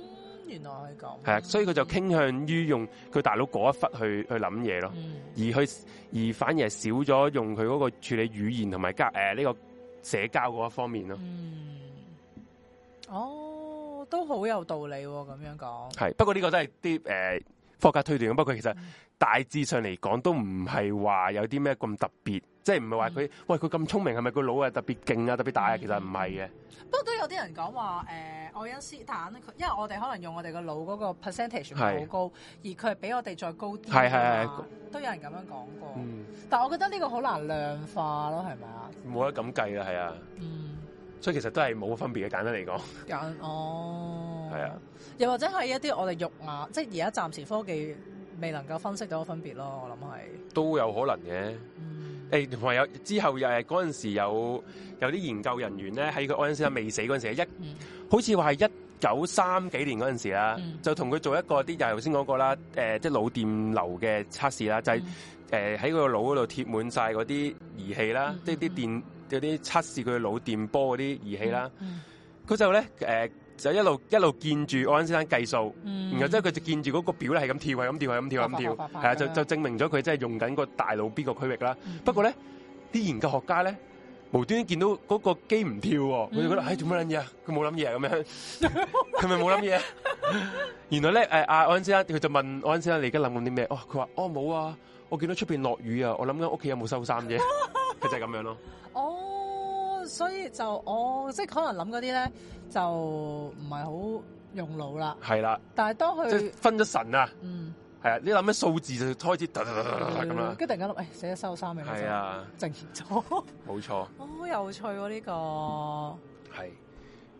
原來係咁。係啊，所以佢就傾向於用佢大腦嗰一忽去去諗嘢咯，嗯、而去而反而係少咗用佢嗰個處理語言同埋交誒呢個社交嗰一方面咯。嗯、哦，都好有道理咁樣講。係，不過呢個都係啲誒。呃科學家推斷咁，不過其實大致上嚟講都唔係話有啲咩咁特別，即係唔係話佢喂佢咁聰明，係咪個腦係特別勁啊，特別大啊？其實唔係嘅。不過都有啲人講話誒，愛因斯坦，因為我哋可能用我哋個腦嗰個 percentage 好高，而佢係比我哋再高啲。係係係，都有人咁樣講過。嗯、但係我覺得呢個好難量化咯，係咪啊？冇得咁計啦，係啊。嗯。所以其實都係冇分別嘅，簡單嚟講。咁、嗯，哦。係啊，又或者係一啲我哋肉眼，即係而家暫時科技未能夠分析到嘅分別咯，我諗係都有可能嘅。誒、嗯、朋、欸、有之後又係嗰陣時有有啲研究人員咧，喺佢愛因斯坦未死嗰陣時候，一、嗯、好似話係一九三幾年嗰陣時啊、嗯，就同佢做一個啲又頭先講過啦，誒、那個呃，即係腦電流嘅測試啦，就係誒喺佢個腦嗰度貼滿晒嗰啲儀器啦、嗯，即係啲電嗰啲測試佢腦電波嗰啲儀器啦，佢、嗯、就咧誒。呃就一路一路見住安先生計數，嗯、然後即係佢就見住嗰個表咧係咁跳，係咁跳，係咁跳，係咁跳，係啊，就就證明咗佢真係用緊個大腦邊個區域啦。嗯、不過咧，啲研究學家咧無端端見到嗰個機唔跳喎，佢就覺得唉做乜撚嘢啊？佢冇諗嘢啊咁樣，佢咪冇諗嘢。原來咧誒阿安先生佢就問安先生你而家諗緊啲咩？哦佢話哦冇啊，我見到出邊落雨啊，我諗緊屋企有冇收衫啫。佢就係咁樣咯。哈哈哈哈哦。所以就我即係可能諗嗰啲咧，就唔係好用腦啦。係啦，但係當佢即分咗神啊。嗯，係啊，你諗咩數字就開始咁啦，跟住突然間諗，哎，寫咗三十三名，係啊，正咗，冇錯，好、哦、有趣喎、啊，呢、這個係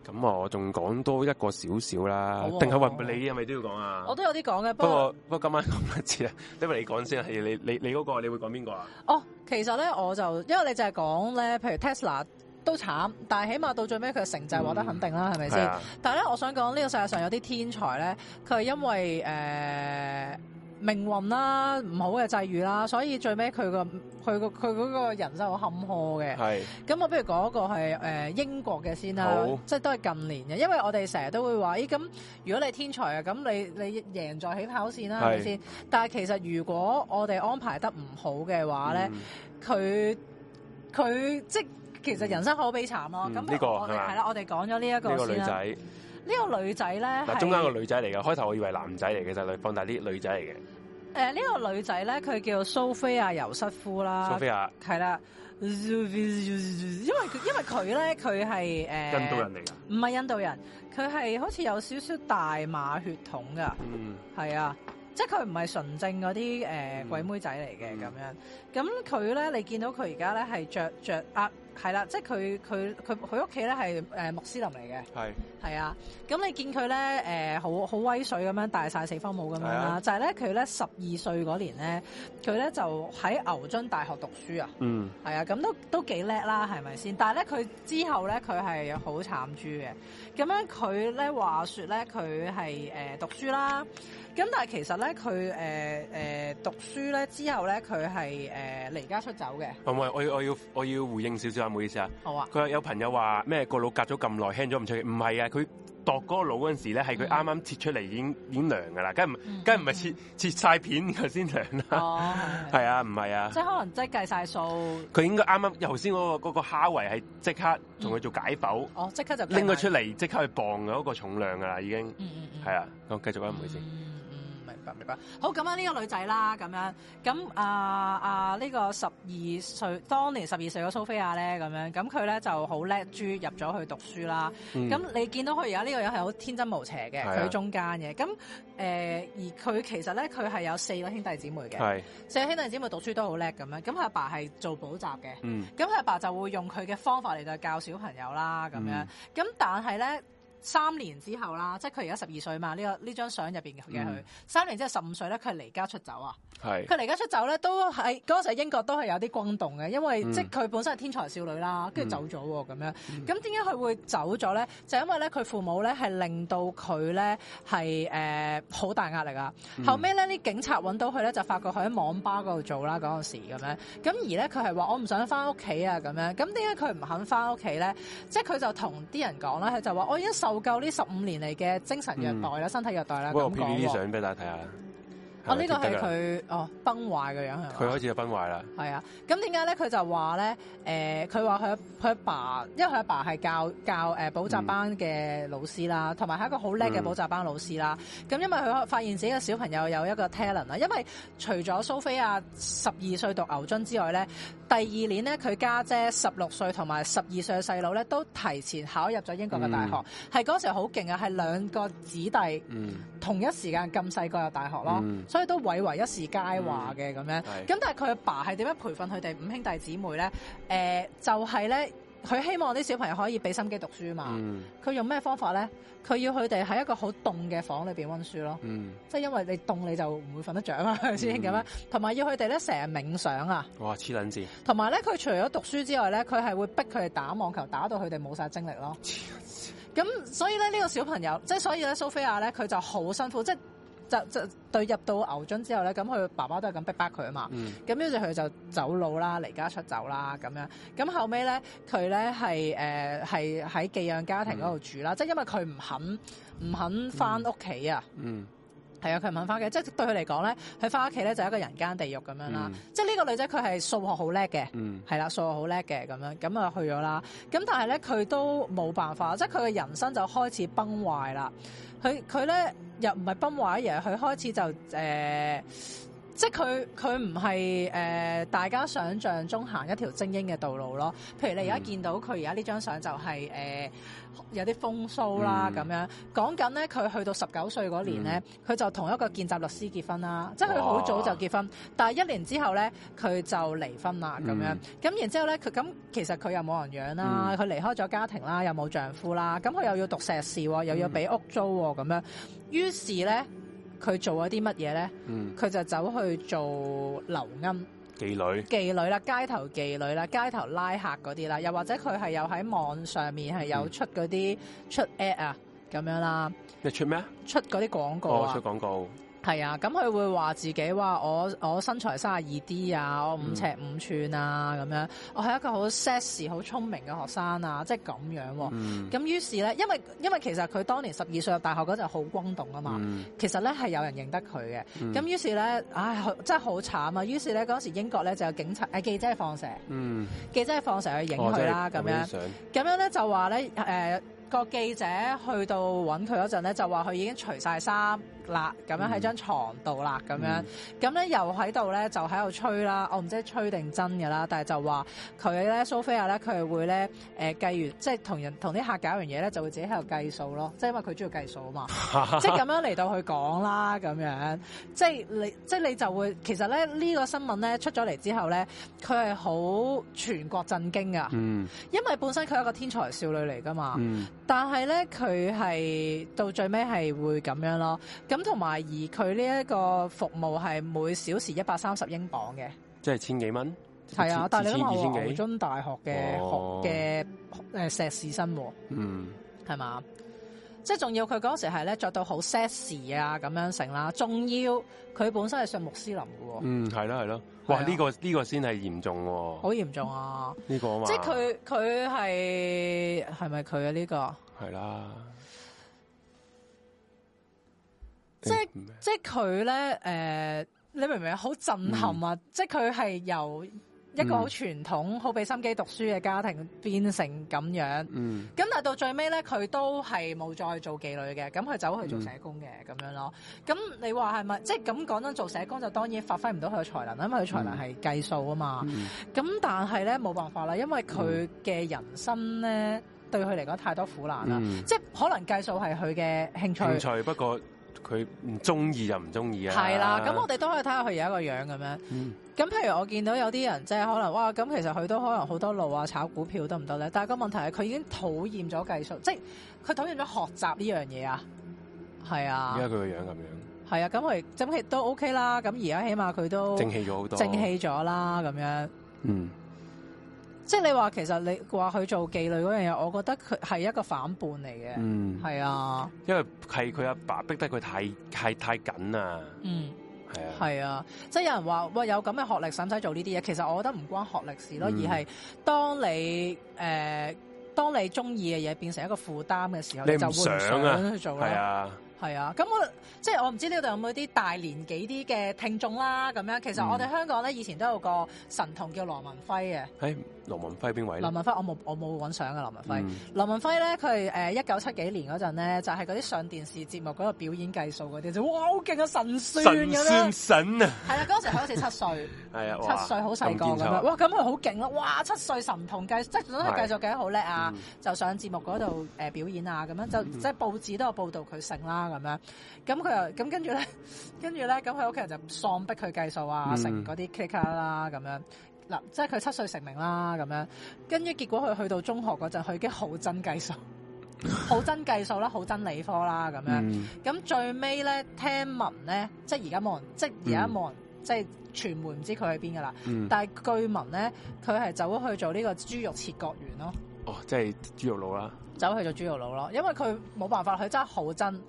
咁我仲講多一個少少啦，定係云你係咪都要講啊？我都有啲講嘅，不過不過今晚講一次啊，因為、okay. 你講先啊，你嗰、那個，你會講邊個啊？哦，其實呢，我就因為你淨係講呢，譬如 Tesla。都慘，但係起碼到最尾佢嘅成就獲得肯定啦，係咪先？啊、但係咧，我想講呢、呢個世界上有啲天才咧，佢係因為誒、呃、命運啦、唔好嘅際遇啦，所以最尾佢個佢個佢嗰個人生好坎坷嘅。係，咁我不如講一個係誒、呃、英國嘅先啦，即係都係近年嘅。因為我哋成日都會話，咦、哎、咁如果你係天才啊，咁你你贏在起跑線啦、啊，係咪先？但係其實如果我哋安排得唔好嘅話咧，佢、嗯、佢即其實人生好悲慘咯，咁係啦，我哋講咗呢一個女仔，呢個女仔咧係中間個女仔嚟嘅，開頭我以為男仔嚟嘅，但係放大啲女仔嚟嘅。呢、呃呢個女仔咧，佢叫蘇菲亞尤瑟夫啦。蘇菲亞係啦，因為因為佢咧，佢係、呃、印度人嚟㗎。唔係印度人，佢係好似有少少大馬血統㗎。嗯，係啊，即係佢唔係純正嗰啲、呃嗯、鬼妹仔嚟嘅咁樣。咁佢咧，你見到佢而家咧係着着。係啦、啊，即係佢佢佢佢屋企咧係誒穆斯林嚟嘅，係，係啊，咁你見佢咧誒好好威水咁樣帶晒四方帽咁樣啦，就係咧佢咧十二歲嗰年咧，佢咧就喺牛津大學讀書啊，嗯，係啊，咁都都幾叻啦，係咪先？但係咧佢之後咧佢係好慘豬嘅，咁樣佢咧話說咧佢係誒讀書啦。咁但係其實咧，佢誒誒讀書咧之後咧，佢係誒離家出走嘅。唔係，我要我要我要回應少少啊，唔好意思好啊。我啊，佢有朋友話咩個，個腦隔咗咁耐，輕咗唔出奇唔係啊，佢度嗰個腦嗰陣時咧，係佢啱啱切出嚟已經、嗯、已經涼噶啦，梗唔梗唔係切、嗯、切晒片佢先涼啦。哦，係啊，唔係啊，即係可能即係計晒數。佢應該啱啱頭先嗰個嗰、嗰個哈維係即刻同佢做解剖。嗯、哦，即刻就拎佢出嚟，即刻去磅嗰個重量噶啦，已經。嗯係啊，我繼續啊，唔好意思。好，咁啊呢個女仔啦，咁樣，咁啊啊呢、呢個十二歲，當年十二歲嘅蘇菲亞咧，咁樣，咁佢咧就好叻豬，入咗去讀書啦。咁、嗯、你見到佢而家呢個人係好天真無邪嘅，佢喺、啊、中間嘅。咁誒、呃，而佢其實咧，佢係有四個兄弟姊妹嘅，四個兄弟姊妹讀書都好叻咁樣。咁佢阿爸係做補習嘅，咁佢阿爸就會用佢嘅方法嚟到教小朋友啦，咁樣。咁、嗯、但係咧。三年之後啦，即係佢而家十二歲嘛？呢、呢個呢張相入邊嘅佢，三年之後十五歲咧，佢係離家出走啊！係佢離家出走咧，都係嗰陣英國都係有啲轟動嘅，因為、嗯、即係佢本身係天才少女啦，跟住走咗喎咁樣。咁點解佢會走咗咧？就因為咧佢父母咧係令到佢咧係誒好大壓力啊、嗯！後尾咧啲警察揾到佢咧，就發覺佢喺網吧嗰度做啦嗰陣時咁樣。咁而咧佢係話：我唔想翻屋企啊！咁樣咁點解佢唔肯翻屋企咧？即係佢就同啲人講啦，佢就話：我已經受受夠呢十五年嚟嘅精神虐待啦、嗯，身體虐待啦，咁相片畀大家睇下。嗯。啊這個、哦，呢個係佢哦崩壞嘅樣，佢開始就崩壞啦。係啊，咁點解咧？佢就話咧，誒、呃，佢話佢佢阿爸，因為佢阿爸係教教誒補習班嘅老師啦，同埋係一個好叻嘅補習班老師啦。咁、嗯、因為佢發現自己嘅小朋友有一個 talent 啦，因為除咗蘇菲亞十二歲讀牛津之外咧，第二年咧佢家姐十六歲，同埋十二歲嘅細佬咧都提前考入咗英國嘅大學，係、嗯、嗰時好勁啊！係兩個子弟，嗯、同一時間咁細個入大學咯。嗯所以都蔚為一時佳話嘅咁、嗯、樣，咁但係佢阿爸係點樣培訓佢哋五兄弟姊妹咧？誒、呃，就係、是、咧，佢希望啲小朋友可以俾心機讀書嘛。佢、嗯、用咩方法咧？佢要佢哋喺一個好凍嘅房裏邊溫書咯，即、嗯、係因為你凍你就唔會瞓得着啊嘛先咁樣。同埋要佢哋咧成日冥想啊！哇，黐撚線！同埋咧，佢除咗讀書之外咧，佢係會逼佢哋打網球，打到佢哋冇晒精力咯。咁所以咧呢、呢個小朋友，即係所以咧蘇菲亞咧，佢就好辛苦即就對入到牛津之後咧，咁佢爸爸都係咁逼迫佢啊嘛。咁跟住佢就走佬啦，離家出走啦咁樣。咁後尾咧，佢咧係誒係喺寄養家庭嗰度住啦。即係因為佢唔肯唔肯翻屋企啊。嗯，係啊，佢唔肯翻屋企。即、嗯、係、嗯就是、對佢嚟講咧，佢翻屋企咧就一個人間地獄咁樣啦、嗯。即係呢個女仔佢係數學好叻嘅，係、嗯、啦，數學好叻嘅咁樣就。咁啊去咗啦。咁但係咧，佢都冇辦法，即係佢嘅人生就開始崩壞啦。佢佢咧又唔係崩壞嘢，佢開始就誒。呃即係佢佢唔係誒大家想象中行一條精英嘅道路咯。譬如你而家見到佢而家呢張相就係、是、誒、呃、有啲風騷啦咁、嗯、樣。講緊咧佢去到十九歲嗰年咧，佢、嗯、就同一個見習律師結婚啦。即係佢好早就結婚，但係一年之後咧佢就離婚啦咁、嗯、樣。咁然之後咧佢咁其實佢又冇人養啦，佢、嗯、離開咗家庭啦，又冇丈夫啦，咁佢又要讀碩士喎、哦嗯，又要俾屋租喎、哦、咁樣。於是咧。佢做咗啲乜嘢咧？佢、嗯、就走去做留音妓女，妓女啦，街頭妓女啦，街頭拉客嗰啲啦，又或者佢係又喺網上面係有出嗰啲、嗯、出 ad 啊咁樣啦。你出咩啊？出嗰啲廣告、啊 oh，出廣告。係啊，咁佢會話自己話我我身材三十二 D 啊，我五尺五寸啊，咁、嗯、樣，我係一個好 sexy、好聰明嘅學生啊，即係咁樣喎、啊。咁、嗯、於是咧，因為因為其實佢當年十二歲入大學嗰陣好轟動啊嘛、嗯，其實咧係有人認得佢嘅。咁、嗯、於是咧，唉、哎，真係好慘啊！於是咧嗰時英國咧就有警察，誒、啊、記者放蛇、嗯，記者放蛇去影佢啦，咁、哦、樣，咁樣咧就話咧誒個記者去到揾佢嗰陣咧，就話佢已經除晒衫。啦，咁樣喺張、嗯、床度啦，咁樣、嗯、樣，咁咧又喺度咧，就喺度吹啦，我唔知吹定真噶啦，但係就話佢咧，蘇菲亞咧，佢會咧，誒、呃、計完，即係同人同啲客搞完嘢咧，就會自己喺度計數咯，即係因為佢中意計數啊嘛，即係咁樣嚟到去講啦，咁樣，即係你，即係你就會，其實咧呢、呢個新聞咧出咗嚟之後咧，佢係好全國震驚噶，嗯，因為本身佢係一個天才少女嚟噶嘛，嗯，但係咧佢係到最尾係會咁樣咯。咁同埋，而佢呢一個服務係每小時一百三十英鎊嘅，即係千幾蚊。係啊，但係你諗下，話牛津大學嘅學嘅誒碩士生，嗯，係嘛？即係仲要佢嗰時係咧着到好 sexy 啊咁樣成啦。仲要佢本身係上穆斯林嘅喎。嗯，係啦係咯。哇！呢個呢個先係嚴重喎。好嚴重啊！呢個嘛。即係佢佢係係咪佢啊？呢個係啦。即係即係佢咧，誒、呃，你明唔明啊？好震撼啊！嗯、即係佢係由一個好傳統、好、嗯、俾心機讀書嘅家庭變成咁樣。嗯。咁但係到最尾咧，佢都係冇再做妓女嘅，咁佢走去做社工嘅咁、嗯、樣咯。咁你話係咪？即係咁講，真做社工就當然發揮唔到佢嘅才能，因為佢才能係計數啊嘛。咁、嗯、但係咧冇辦法啦，因為佢嘅人生咧，對佢嚟講太多苦難啦、嗯。即係可能計數係佢嘅興趣。興趣不過，佢唔中意就唔中意啊！係啦，咁我哋都可以睇下佢而家個樣咁樣。咁、嗯、譬如我見到有啲人即係可能哇，咁其實佢都可能好多路啊，炒股票得唔得咧？但係個問題係佢已經討厭咗計數，即係佢討厭咗學習呢樣嘢啊！係啊，啊，依家佢個樣咁樣。係啊，咁佢真係都 OK 啦。咁而家起碼佢都正氣咗好多，正氣咗啦咁樣。嗯。即係你話，其實你話佢做妓女嗰樣嘢，我覺得佢係一個反叛嚟嘅。係、嗯、啊。因為係佢阿爸逼得佢太太太緊啊。嗯，係啊，係啊。即係有人話喂，有咁嘅學歷使唔使做呢啲嘢？其實我覺得唔關學歷事咯，嗯，而係當你誒、呃、當你中意嘅嘢變成一個負擔嘅時候，你唔想啊你就會想去做咯。係、嗯、啊，係啊。咁我即係我唔知呢度有冇啲大年紀啲嘅聽眾啦。咁樣其實我哋香港咧以前都有個神童叫羅文輝嘅。係、嗯。林文輝邊位咧？林文、啊、文輝，我冇我冇揾相啊！林文輝，林文輝咧，佢係誒一九七幾年嗰陣咧，就係嗰啲上電視節目嗰個表演計數嗰啲，哇！好勁啊，神算咁神，神啊！係啊，嗰時好似七歲，啊、 [LAUGHS] 哎，七歲好細個咁樣。哇！咁佢好勁咯！哇，七歲神童計即係總之計數計得好叻啊、嗯！就上節目嗰度表演啊咁樣，就嗯嗯即係報紙都有報導佢成啦咁樣。咁佢又咁跟住咧，跟住咧，咁佢屋企人就喪逼佢計數啊，嗯、成嗰啲 k i c k r 啦咁樣。即係佢七歲成名啦，咁樣，跟住結果佢去到中學嗰陣，佢已經好真計數，好 [LAUGHS] 真計數啦，好真理科啦，咁樣，咁、嗯、最尾咧，聽聞咧，即係而家冇人，即係而家冇人，即係傳媒唔知佢喺邊噶啦，但係據聞咧，佢係走去做呢個豬肉切割員咯。哦，即係豬肉佬啦、啊，走去做豬肉佬咯，因為佢冇辦法，佢真係好真。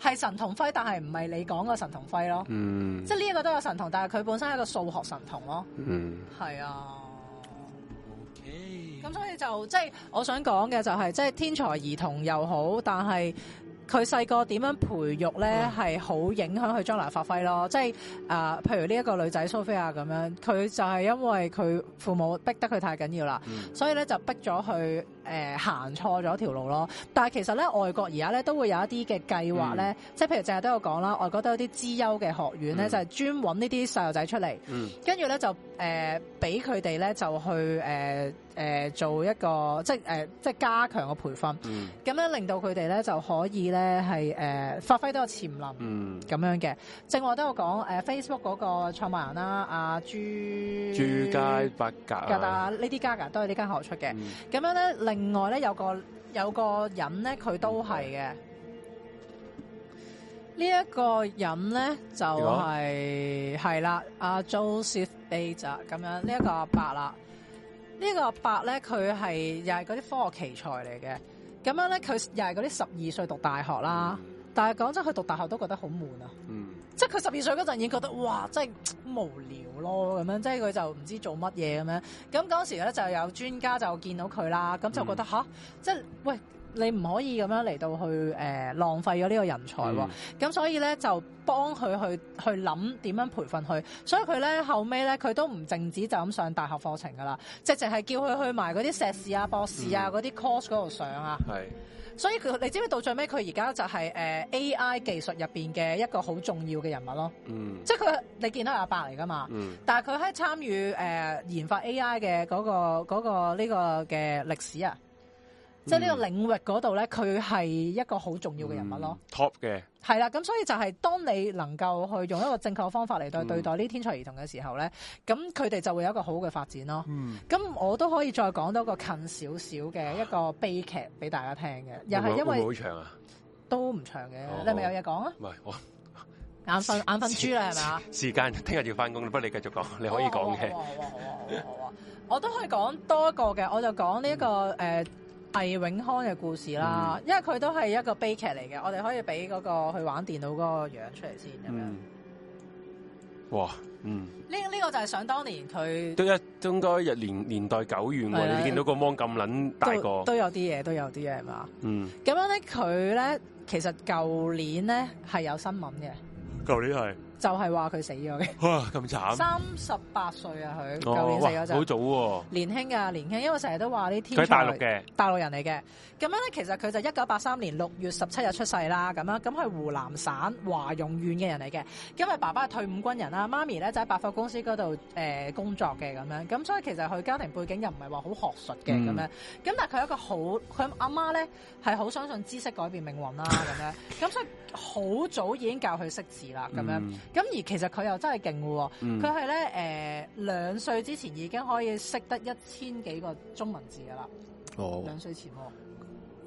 係神童輝，但係唔係你講個神童輝咯，嗯、即係呢一個都有神童，但係佢本身係個數學神童咯，係、嗯、啊，咁、Okay. 所以就即係我想講嘅就係、是、即係天才兒童又好，但係佢細個點樣培育咧，係、嗯、好影響佢將來發揮咯。即係誒、呃，譬如呢一個女仔蘇菲亞咁樣，佢就係因為佢父母逼得佢太緊要啦、嗯，所以咧就逼咗佢。誒、呃、行錯咗條路咯，但其實咧，外國而家咧都會有一啲嘅計劃咧、嗯，即係譬如成日都有講啦，外國都有啲資優嘅學院咧、嗯，就係、是、專揾、嗯、呢啲細路仔出嚟，跟住咧就誒俾佢哋咧就去誒、呃呃、做一個即係、呃、即係加強嘅培訓，咁、嗯、樣令到佢哋咧就可以咧係誒發揮到個潛能，咁樣嘅。正話都有講 Facebook 嗰個創辦人啦，阿朱朱家伯格，啊呢啲 Gaga 都係呢間學校出嘅，咁樣咧令。另外咧有個有個人咧佢都係嘅，呢、這、一個人咧就係係啦，阿、這個啊、Joseph Bates 咁樣呢一、這個阿伯啦，呢、這個阿伯咧佢係又係嗰啲科學奇才嚟嘅，咁樣咧佢又係嗰啲十二歲讀大學啦，嗯、但係講真佢讀大學都覺得好悶啊。嗯即係佢十二歲嗰陣已經覺得哇，真係無聊咯咁樣，即係佢就唔知做乜嘢咁樣。咁當時咧就有專家就見到佢啦，咁就覺得吓、嗯，即係喂，你唔可以咁樣嚟到去誒、呃、浪費咗呢個人才。咁、嗯、所以咧就幫佢去去諗點樣培訓佢。所以佢咧後尾咧佢都唔淨止就咁上大學課程噶啦，直直係叫佢去埋嗰啲碩士啊、博士啊嗰啲、嗯、course 嗰度上啊。所以佢，你知唔知到最尾佢而家就係、是、誒、呃、AI 技術入邊嘅一個好重要嘅人物咯。嗯、mm.，即係佢，你見到是阿伯嚟噶嘛？嗯、mm.，但係佢喺參與誒研發 AI 嘅嗰、那個嗰、那個呢個嘅歷史啊。即係呢個領域嗰度咧，佢係一個好重要嘅人物咯。Top 嘅係啦，咁所以就係當你能夠去用一個正確嘅方法嚟對待呢、嗯、天才兒童嘅時候咧，咁佢哋就會有一個好嘅發展咯。咁、嗯、我都可以再講多個近少少嘅一個悲劇俾大家聽嘅，又係因為好長啊，都唔長嘅，你咪有嘢講啊？唔係、哦哦、眼瞓眼瞓豬啦，係咪？時間聽日要翻工，不如你繼續講，你可以講嘅。我都可以講多一個嘅，我就講呢一個、嗯呃魏永康嘅故事啦，嗯、因為佢都係一個悲劇嚟嘅。我哋可以俾嗰、嗰個去玩電腦嗰個樣子出嚟先咁樣、嗯。哇，嗯。呢呢、呢個就係想當年佢都一應該一年年代久遠，你見到嗰個芒咁捻大個，都有啲嘢都有啲嘢係嘛。嗯。咁樣咧，佢咧其實舊年咧係有新聞嘅。舊年係。就係話佢死咗嘅，哇咁慘！三十八歲啊，佢舊、哦、年死咗就，好早喎、哦！年輕啊，年輕，因為成日都話啲天才喺大陸嘅，大陸人嚟嘅。咁樣咧，其實佢就一九八三年六月十七日出世啦。咁啊，咁係湖南省華容縣嘅人嚟嘅。咁啊，爸爸係退伍軍人啦，媽咪咧就喺百貨公司嗰度誒工作嘅咁樣。咁所以其實佢家庭背景又唔係話好學術嘅咁樣。咁但係佢一個好，佢阿媽咧係好相信知識改變命運啦咁樣。咁 [LAUGHS] 所以好早已經教佢識字啦咁樣。嗯。咁而其實佢又真係勁喎，佢係咧誒兩歲之前已經可以識得一千幾個中文字㗎啦，哦、兩歲前喎、哦。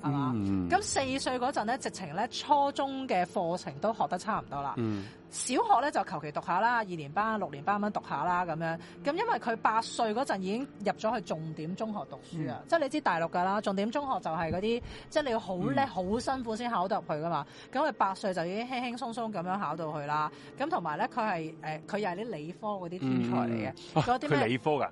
係嘛？咁、嗯、四歲嗰陣咧，直情咧初中嘅課程都學得差唔多啦、嗯。小學咧就求其讀下啦，二年班、六年班咁讀讀下啦咁樣。咁因為佢八歲嗰陣已經入咗去重點中學讀書啊、嗯，即係你知大陸噶啦，重點中學就係嗰啲，即係你要好叻、好、嗯、辛苦先考得入去噶嘛。咁佢八歲就已經輕輕鬆鬆咁樣考到去啦。咁同埋咧，佢係誒，佢又係啲理科嗰啲天才嚟嘅。佢、嗯嗯啊、理科噶？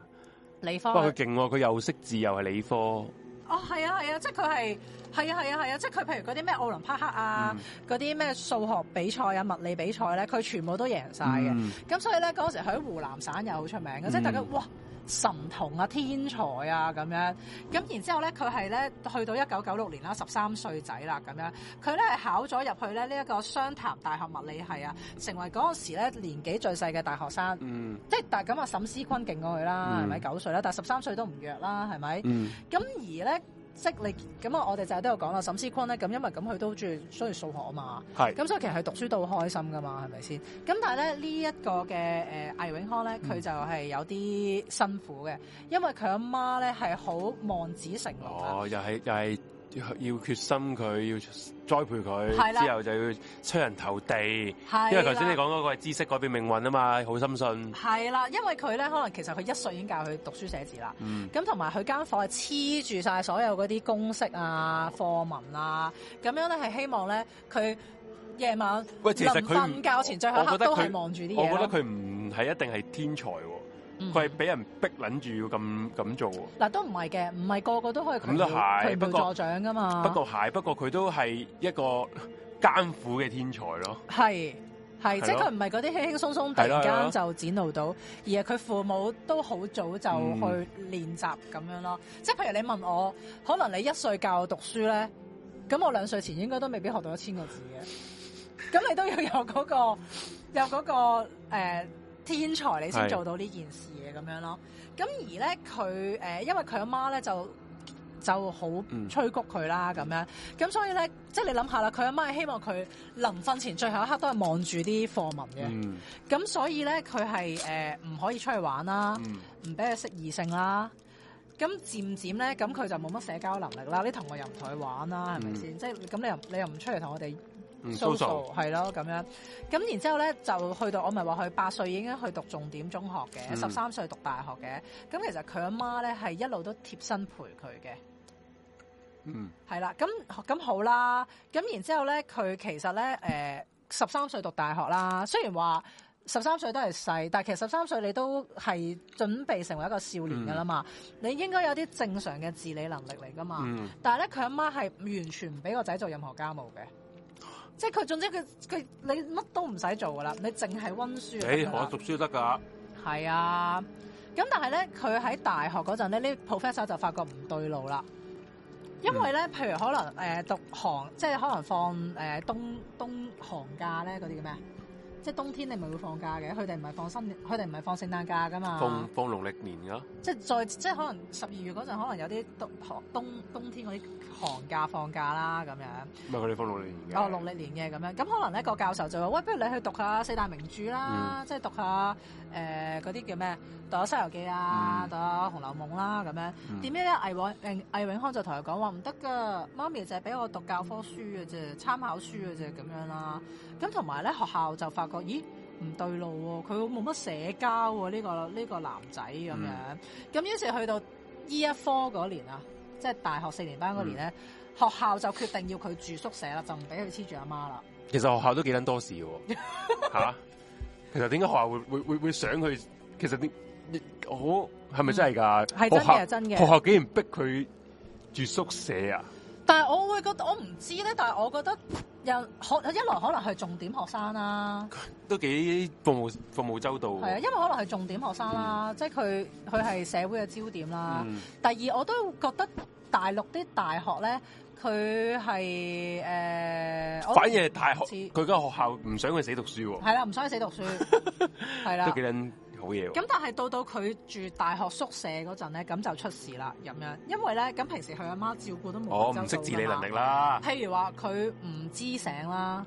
理科。哇，佢勁！佢、啊、又識字又係理科。哦，係啊，係啊，即係佢係，係啊，係啊，係啊，即係佢，譬如嗰啲咩奧林匹克啊，嗰啲咩數學比賽啊、物理比賽咧，佢全部都贏晒嘅、嗯。咁所以咧，嗰陣時佢喺湖南省又好出名嘅，即、嗯、係大家哇！神童啊，天才啊，咁樣咁然之後咧，佢係咧去到一九九六年啦，十三歲仔啦，咁樣佢咧係考咗入去咧呢一、這個湘潭大學物理系啊，成為嗰陣時咧年紀最細嘅大學生。嗯，即係但係咁啊，沈詩鈞勁過佢啦，係咪九歲啦？但係十三歲都唔弱啦，係咪？嗯，咁、嗯、而咧。即你咁啊，我哋就喺度講啦。沈思坤咧，咁因為咁佢都中意，中意數學啊嘛。係。咁所以其實佢讀書都好開心噶嘛，係咪先？咁但係咧呢一個嘅誒魏永康咧，佢就係有啲辛苦嘅，嗯，因為佢阿媽咧係好望子成龍哦，又係又係要決心佢，要栽培佢，係啦，之後就要出人頭地。係，因為頭先你講嗰個係知識改變命運啊嘛，好深信。係啦，因為佢咧，可能其實佢一歲已經教佢讀書寫字啦。嗯。咁同埋佢間房係黐住晒所有嗰啲公式啊、課文啊，咁樣咧係希望咧佢夜晚喂，其實佢瞓覺前最後刻都係望住啲嘢。我覺得佢唔係一定係天才、哦。佢係俾人逼撚住要咁咁做喎。嗱、嗯，都唔係嘅，唔係個個都可以咁做。咁都係，拒不過助獎噶嘛。不過係，不過佢都係一個艱苦嘅天才咯。係係，即係佢唔係嗰啲輕輕鬆鬆突然間就展露到，而係佢父母都好早就去練習咁樣咯、嗯。即係譬如你問我，可能你一歲教我讀書咧，咁我兩歲前應該都未必學到一千個字嘅。咁你都要有嗰個有嗰個、呃天才你先做到呢件事嘅，咁樣咯，咁而咧佢、呃、因為佢阿媽咧就就好催谷佢啦咁、嗯、樣，咁所以咧即係你諗下啦，佢阿媽係希望佢臨瞓前最後一刻都係望住啲課文嘅，咁、嗯、所以咧佢係唔可以出去玩啦，唔俾佢識異性啦，咁漸漸咧咁佢就冇乜社交能力啦，你同我又唔同佢玩啦，係咪先？即係咁你又你又唔出嚟同我哋？Social 係咯咁樣，咁然之後呢就去到我咪話佢八歲已經去讀重點中學嘅，十、嗯、三歲讀大學嘅。咁其實佢阿媽呢，係一路都貼身陪佢嘅。嗯，係啦，咁咁好啦。咁然之後呢佢其實呢，誒、呃，十三歲讀大學啦。雖然話十三歲都係細，但係其實十三歲你都係準備成為一個少年噶啦嘛、嗯。你應該有啲正常嘅自理能力嚟噶嘛。嗯、但係呢，佢阿媽係完全唔俾個仔做任何家務嘅。即係佢，總之佢，佢你乜都唔使做噶啦，你淨係溫書。誒、欸，我讀書得㗎。係啊，咁但係咧，佢喺大學嗰陣咧，啲 professor 就發覺唔對路啦，因為咧、嗯，譬如可能誒、呃、讀行，即係可能放誒冬冬寒假咧，嗰啲叫咩啊？冬天，你咪會放假嘅。佢哋唔係放新年，佢哋唔係放聖誕假噶嘛？放放農曆年噶、啊。即係再即係可能十二月嗰陣，可能有啲冬寒冬冬天嗰啲寒假放假啦，咁樣。唔係佢哋放農曆年嘅、啊。哦，農曆年嘅咁樣，咁可能呢個教授就話：喂，不如你去讀下四大名著啦，嗯、即係讀下誒嗰啲叫咩？讀下呃、讀下《西遊記》啊，嗯、讀下《紅樓夢》啦，咁樣。點知咧？魏永魏永康就同佢講話：唔得噶，媽咪就係俾我讀教科書嘅啫，參考書嘅啫，咁樣啦。咁同埋咧，學校就發覺。咦，唔對路喎、啊！佢冇乜社交喎、啊，呢、這個呢、這個、男仔咁樣。咁、嗯、於是去到 year four 嗰年啊，即、就、係、是、大學四年班嗰年咧，嗯、學校就決定要佢住宿舍啦，就唔俾佢黐住阿媽啦。其實學校都幾撚多事喎、哦 [LAUGHS] 啊、其實點解學校會會會會想佢？其實你好我係咪真係㗎、啊？係真嘅，係真嘅。學校竟然逼佢住宿舍啊！但係我會覺得我唔知咧，但係我覺得。又可一來可能係重點學生啦、啊，都幾服務服務周到、啊。係啊，因為可能係重點學生啦、啊嗯，即係佢佢係社會嘅焦點啦、啊嗯。第二，我都覺得大陸啲大學咧，佢係誒，反而係大學佢間學校唔想佢死讀書喎、啊。係啦、啊，唔想佢死讀書，係 [LAUGHS] 啦、啊。都咁但係到到佢住大學宿舍嗰陣咧，咁就出事啦咁樣，因為咧咁平時佢阿媽，媽照顧都冇，哦唔識自理能力啦。譬如話佢唔知醒啦，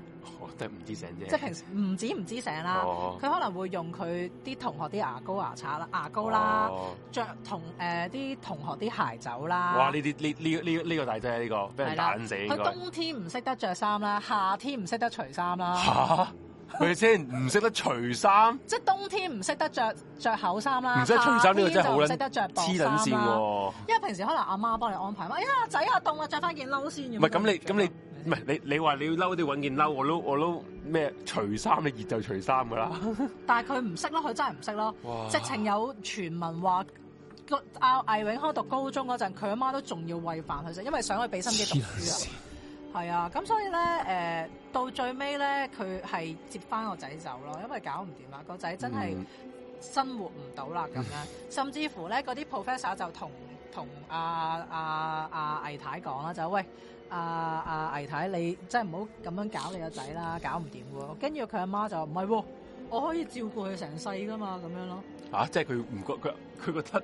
得、哦、唔知醒啫。即係平時唔止唔知醒啦，佢、哦、可能會用佢啲同學啲牙膏牙刷啦、牙膏啦，着、哦、同啲、呃、同學啲鞋走啦。哇！呢啲呢呢呢呢個大劑呢、這個，俾人打死。佢冬天唔識得着衫啦，夏天唔識得除衫啦。嚇！佢先唔識得除衫，即係冬天唔識得着著厚衫啦。唔識除衫呢個真係好撚黐撚線喎！因為平時可能阿媽幫你安排，哎呀仔啊，凍啊，着翻件褸先。唔係咁你咁你唔係你你話你要褸都要搵件褸，我都我都咩除衫咧，熱就除衫噶啦。 [LAUGHS] 但係佢唔識咯，佢真係唔識咯。哇！直情有傳聞話個阿魏永康讀高中嗰陣，佢阿媽都仲要餵飯佢食，因為想去俾心機讀書啊。係啊，咁所以咧，誒到最尾咧，佢係接翻個仔走咯，因為搞唔掂啦，個仔真係生活唔到啦咁樣，甚至乎咧，嗰啲 professor 就同同阿阿阿魏太講啦，就喂阿阿魏太，你真係唔好咁樣搞你個仔啦，搞唔掂喎，跟住佢阿媽就唔係喎。我可以照顧佢成世噶嘛，咁樣咯。啊，即係佢唔覺佢佢覺得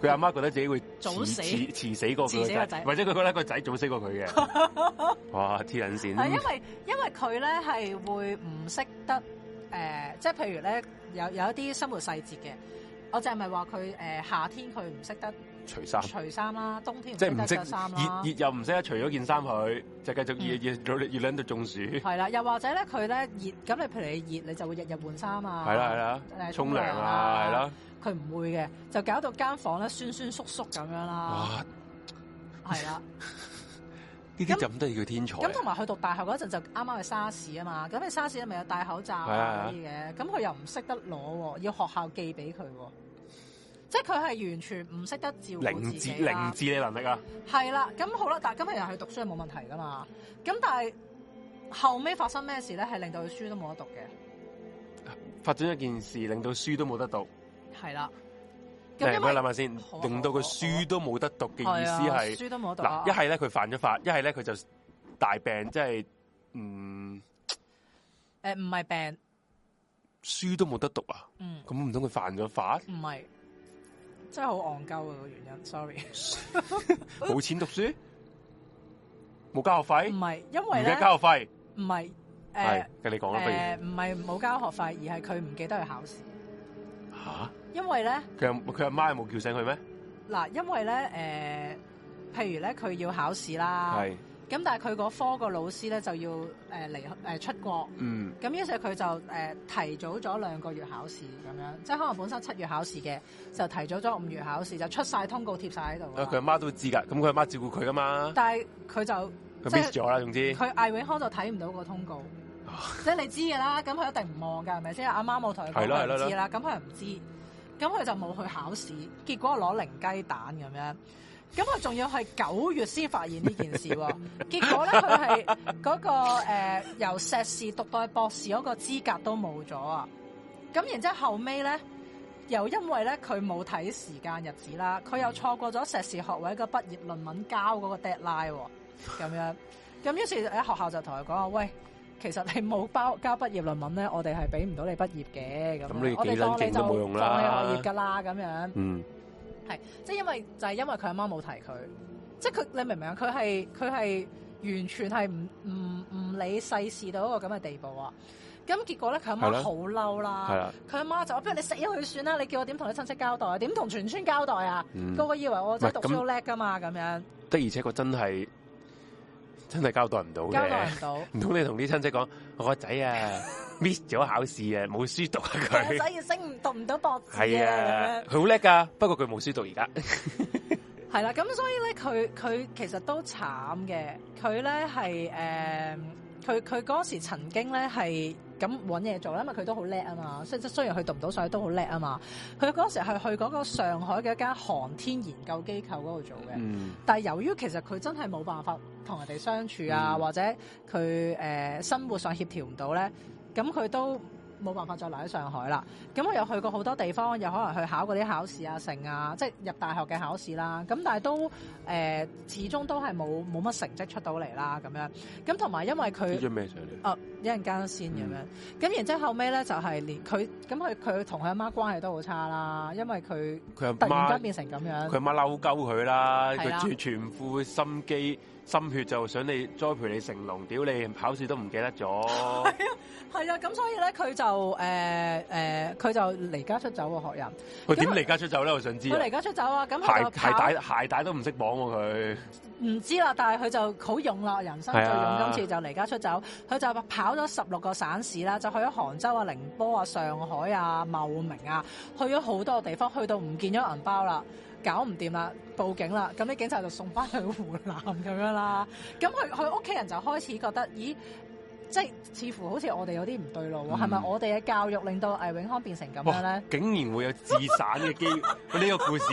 佢阿 [LAUGHS] 媽，媽覺得自己會早死，遲，遲死過佢仔，或者佢覺得個仔早死過佢嘅。 [LAUGHS] 哇，黐撚線。係因為因為佢咧係會唔識得誒、呃，即係譬如咧有有一啲生活細節嘅。我就係咪話佢誒夏天佢唔識得除衫，除衫啦，冬天唔得着衫啦。熱熱又唔識得除咗件衫佢，就繼續熱熱，努力熱，諗到中暑。係啦，又或者咧，佢咧熱，咁你譬如你熱，你就會日日換衫啊。係啦係啦，沖涼啊，係啦。佢唔會嘅，就搞到間房咧酸酸縮縮咁樣啦。係啦，呢啲咁都要叫天才。咁同埋去讀大學嗰陣就啱啱去沙士啊嘛，咁你沙士咪有戴口罩呢啲嘅，咁佢又唔識得攞，要學校寄俾佢。即係佢係完全唔識得照顧自己啦。零智零智力能力啊是。係啦，咁好啦，但係今日人去讀書係冇問題噶嘛。咁但係後尾發生咩事咧，係令到佢書都冇得讀嘅。發生咗一件事，令到書都冇得讀。係啦。咁點解？諗下先，令到佢書都冇得讀嘅意思係書都冇得讀。一係咧佢犯咗法，一係咧佢就大病，即係嗯誒唔係病。書都冇得讀啊。嗯。咁唔通佢犯咗法？唔係。真係好戇鳩啊個原因，sorry，冇 [LAUGHS] 錢讀書，冇 [LAUGHS] 交學費，唔係因為咧，唔記得交學費，唔係，係、呃，跟你講啦、呃，不如，唔係冇交學費，而係佢唔記得去考試，吓、啊，因為咧，佢佢阿媽冇叫醒佢咩？嗱，因為咧，誒、呃，譬如咧，佢要考試啦，係。咁但係佢嗰科個老師咧就要誒離出國，咁、嗯、於是佢就誒提早咗兩個月考試咁樣，即係可能本身七月考試嘅，就提早咗五月考試，就出晒通告貼晒喺度。佢、啊、阿媽都知㗎，咁佢阿媽照顧佢㗎嘛。但係佢就佢 miss 咗啦，總之佢魏永康就睇唔到個通告，啊、即係你知㗎啦，咁佢一定唔望㗎，係咪先？阿媽冇同佢講，佢知啦，咁佢又唔知，咁佢就冇去考試，結果攞零雞蛋咁樣。咁我仲要係九月先發現呢件事，哦， [LAUGHS] 結果咧佢係嗰個、呃、由碩士讀到博士嗰個資格都冇咗啊！咁然之後後尾咧，又因為咧佢冇睇時間日子啦，佢又錯過咗碩士學位個畢業論文交嗰個 deadline 咁、哦、樣，咁於是喺學校就同佢講話：喂，其實你冇包交畢業論文咧，我哋係俾唔到你畢業嘅。咁，我當你就放棄畢業噶啦，咁樣，樣。嗯。係，即係因為就係、是、因為佢阿媽冇提佢，即係佢你明唔明啊？佢係佢係完全係唔唔唔理世事到一個咁嘅地步啊！咁結果咧，佢阿媽好嬲啦，佢阿媽就了我不如你死咗佢算啦！你叫我點同你親戚交代啊？點同全村交代啊？個、嗯、個以為我真係讀書叻噶嘛？咁、嗯、樣，的而且確真係真係交代唔到，交代唔到，唔 [LAUGHS] 通你同啲親戚講我個仔啊？ [LAUGHS] miss 咗考試啊！冇書讀啊佢，所以升唔讀唔到博士。係啊，佢好叻噶， [LAUGHS] 不過佢冇書讀而家 [LAUGHS] 。係啦，咁所以咧，佢佢其實都慘嘅。佢咧係誒，佢佢嗰時曾經咧係咁搵嘢做啦，因為佢都好叻啊嘛。雖然佢讀唔到，上去都好叻啊嘛。佢嗰時係去嗰個上海嘅一間航天研究機構嗰度做嘅，嗯、但由於其實佢真係冇辦法同人哋相處啊，嗯、或者佢誒、呃、生活上協調唔到咧。咁佢都冇辦法再留喺上海啦。咁佢又去過好多地方，又可能去考嗰啲考試啊、成啊，即係入大學嘅考試啦。咁但係都誒，始終都係冇冇乜成績出到嚟啦。咁樣咁同埋因為佢，啊，一陣間先咁樣。咁然之後尾咧就係連佢，咁佢佢同佢阿媽關係都好差啦，因為佢佢突然間變成咁樣，佢阿媽嬲鳩佢啦，佢全全副心機。心血就想你栽培你成龍，屌你考試都唔記得咗。係啊，係啊，咁所以咧，佢就誒誒，佢、呃呃、就離家出走喎，學人。佢點離家出走咧？我想知。佢離家出走啊！咁佢鞋帶，鞋帶都唔識綁喎、啊、佢。唔知啦，但係佢就好勇啦，人生最勇，啊、就用今次就離家出走。佢就跑咗十六個省市啦，就去咗杭州啊、寧波啊、上海啊、茂名啊，去咗好多地方，去到唔見咗銀包啦。搞唔掂啦，報警啦，咁啲警察就送翻去湖南咁樣啦。咁佢佢屋企人就開始覺得，咦，即似乎好似我哋有啲唔對路喎。係、嗯、咪我哋嘅教育令到魏永康變成咁樣咧、哦？竟然會有自殺嘅機會，呢 [LAUGHS] 個故事。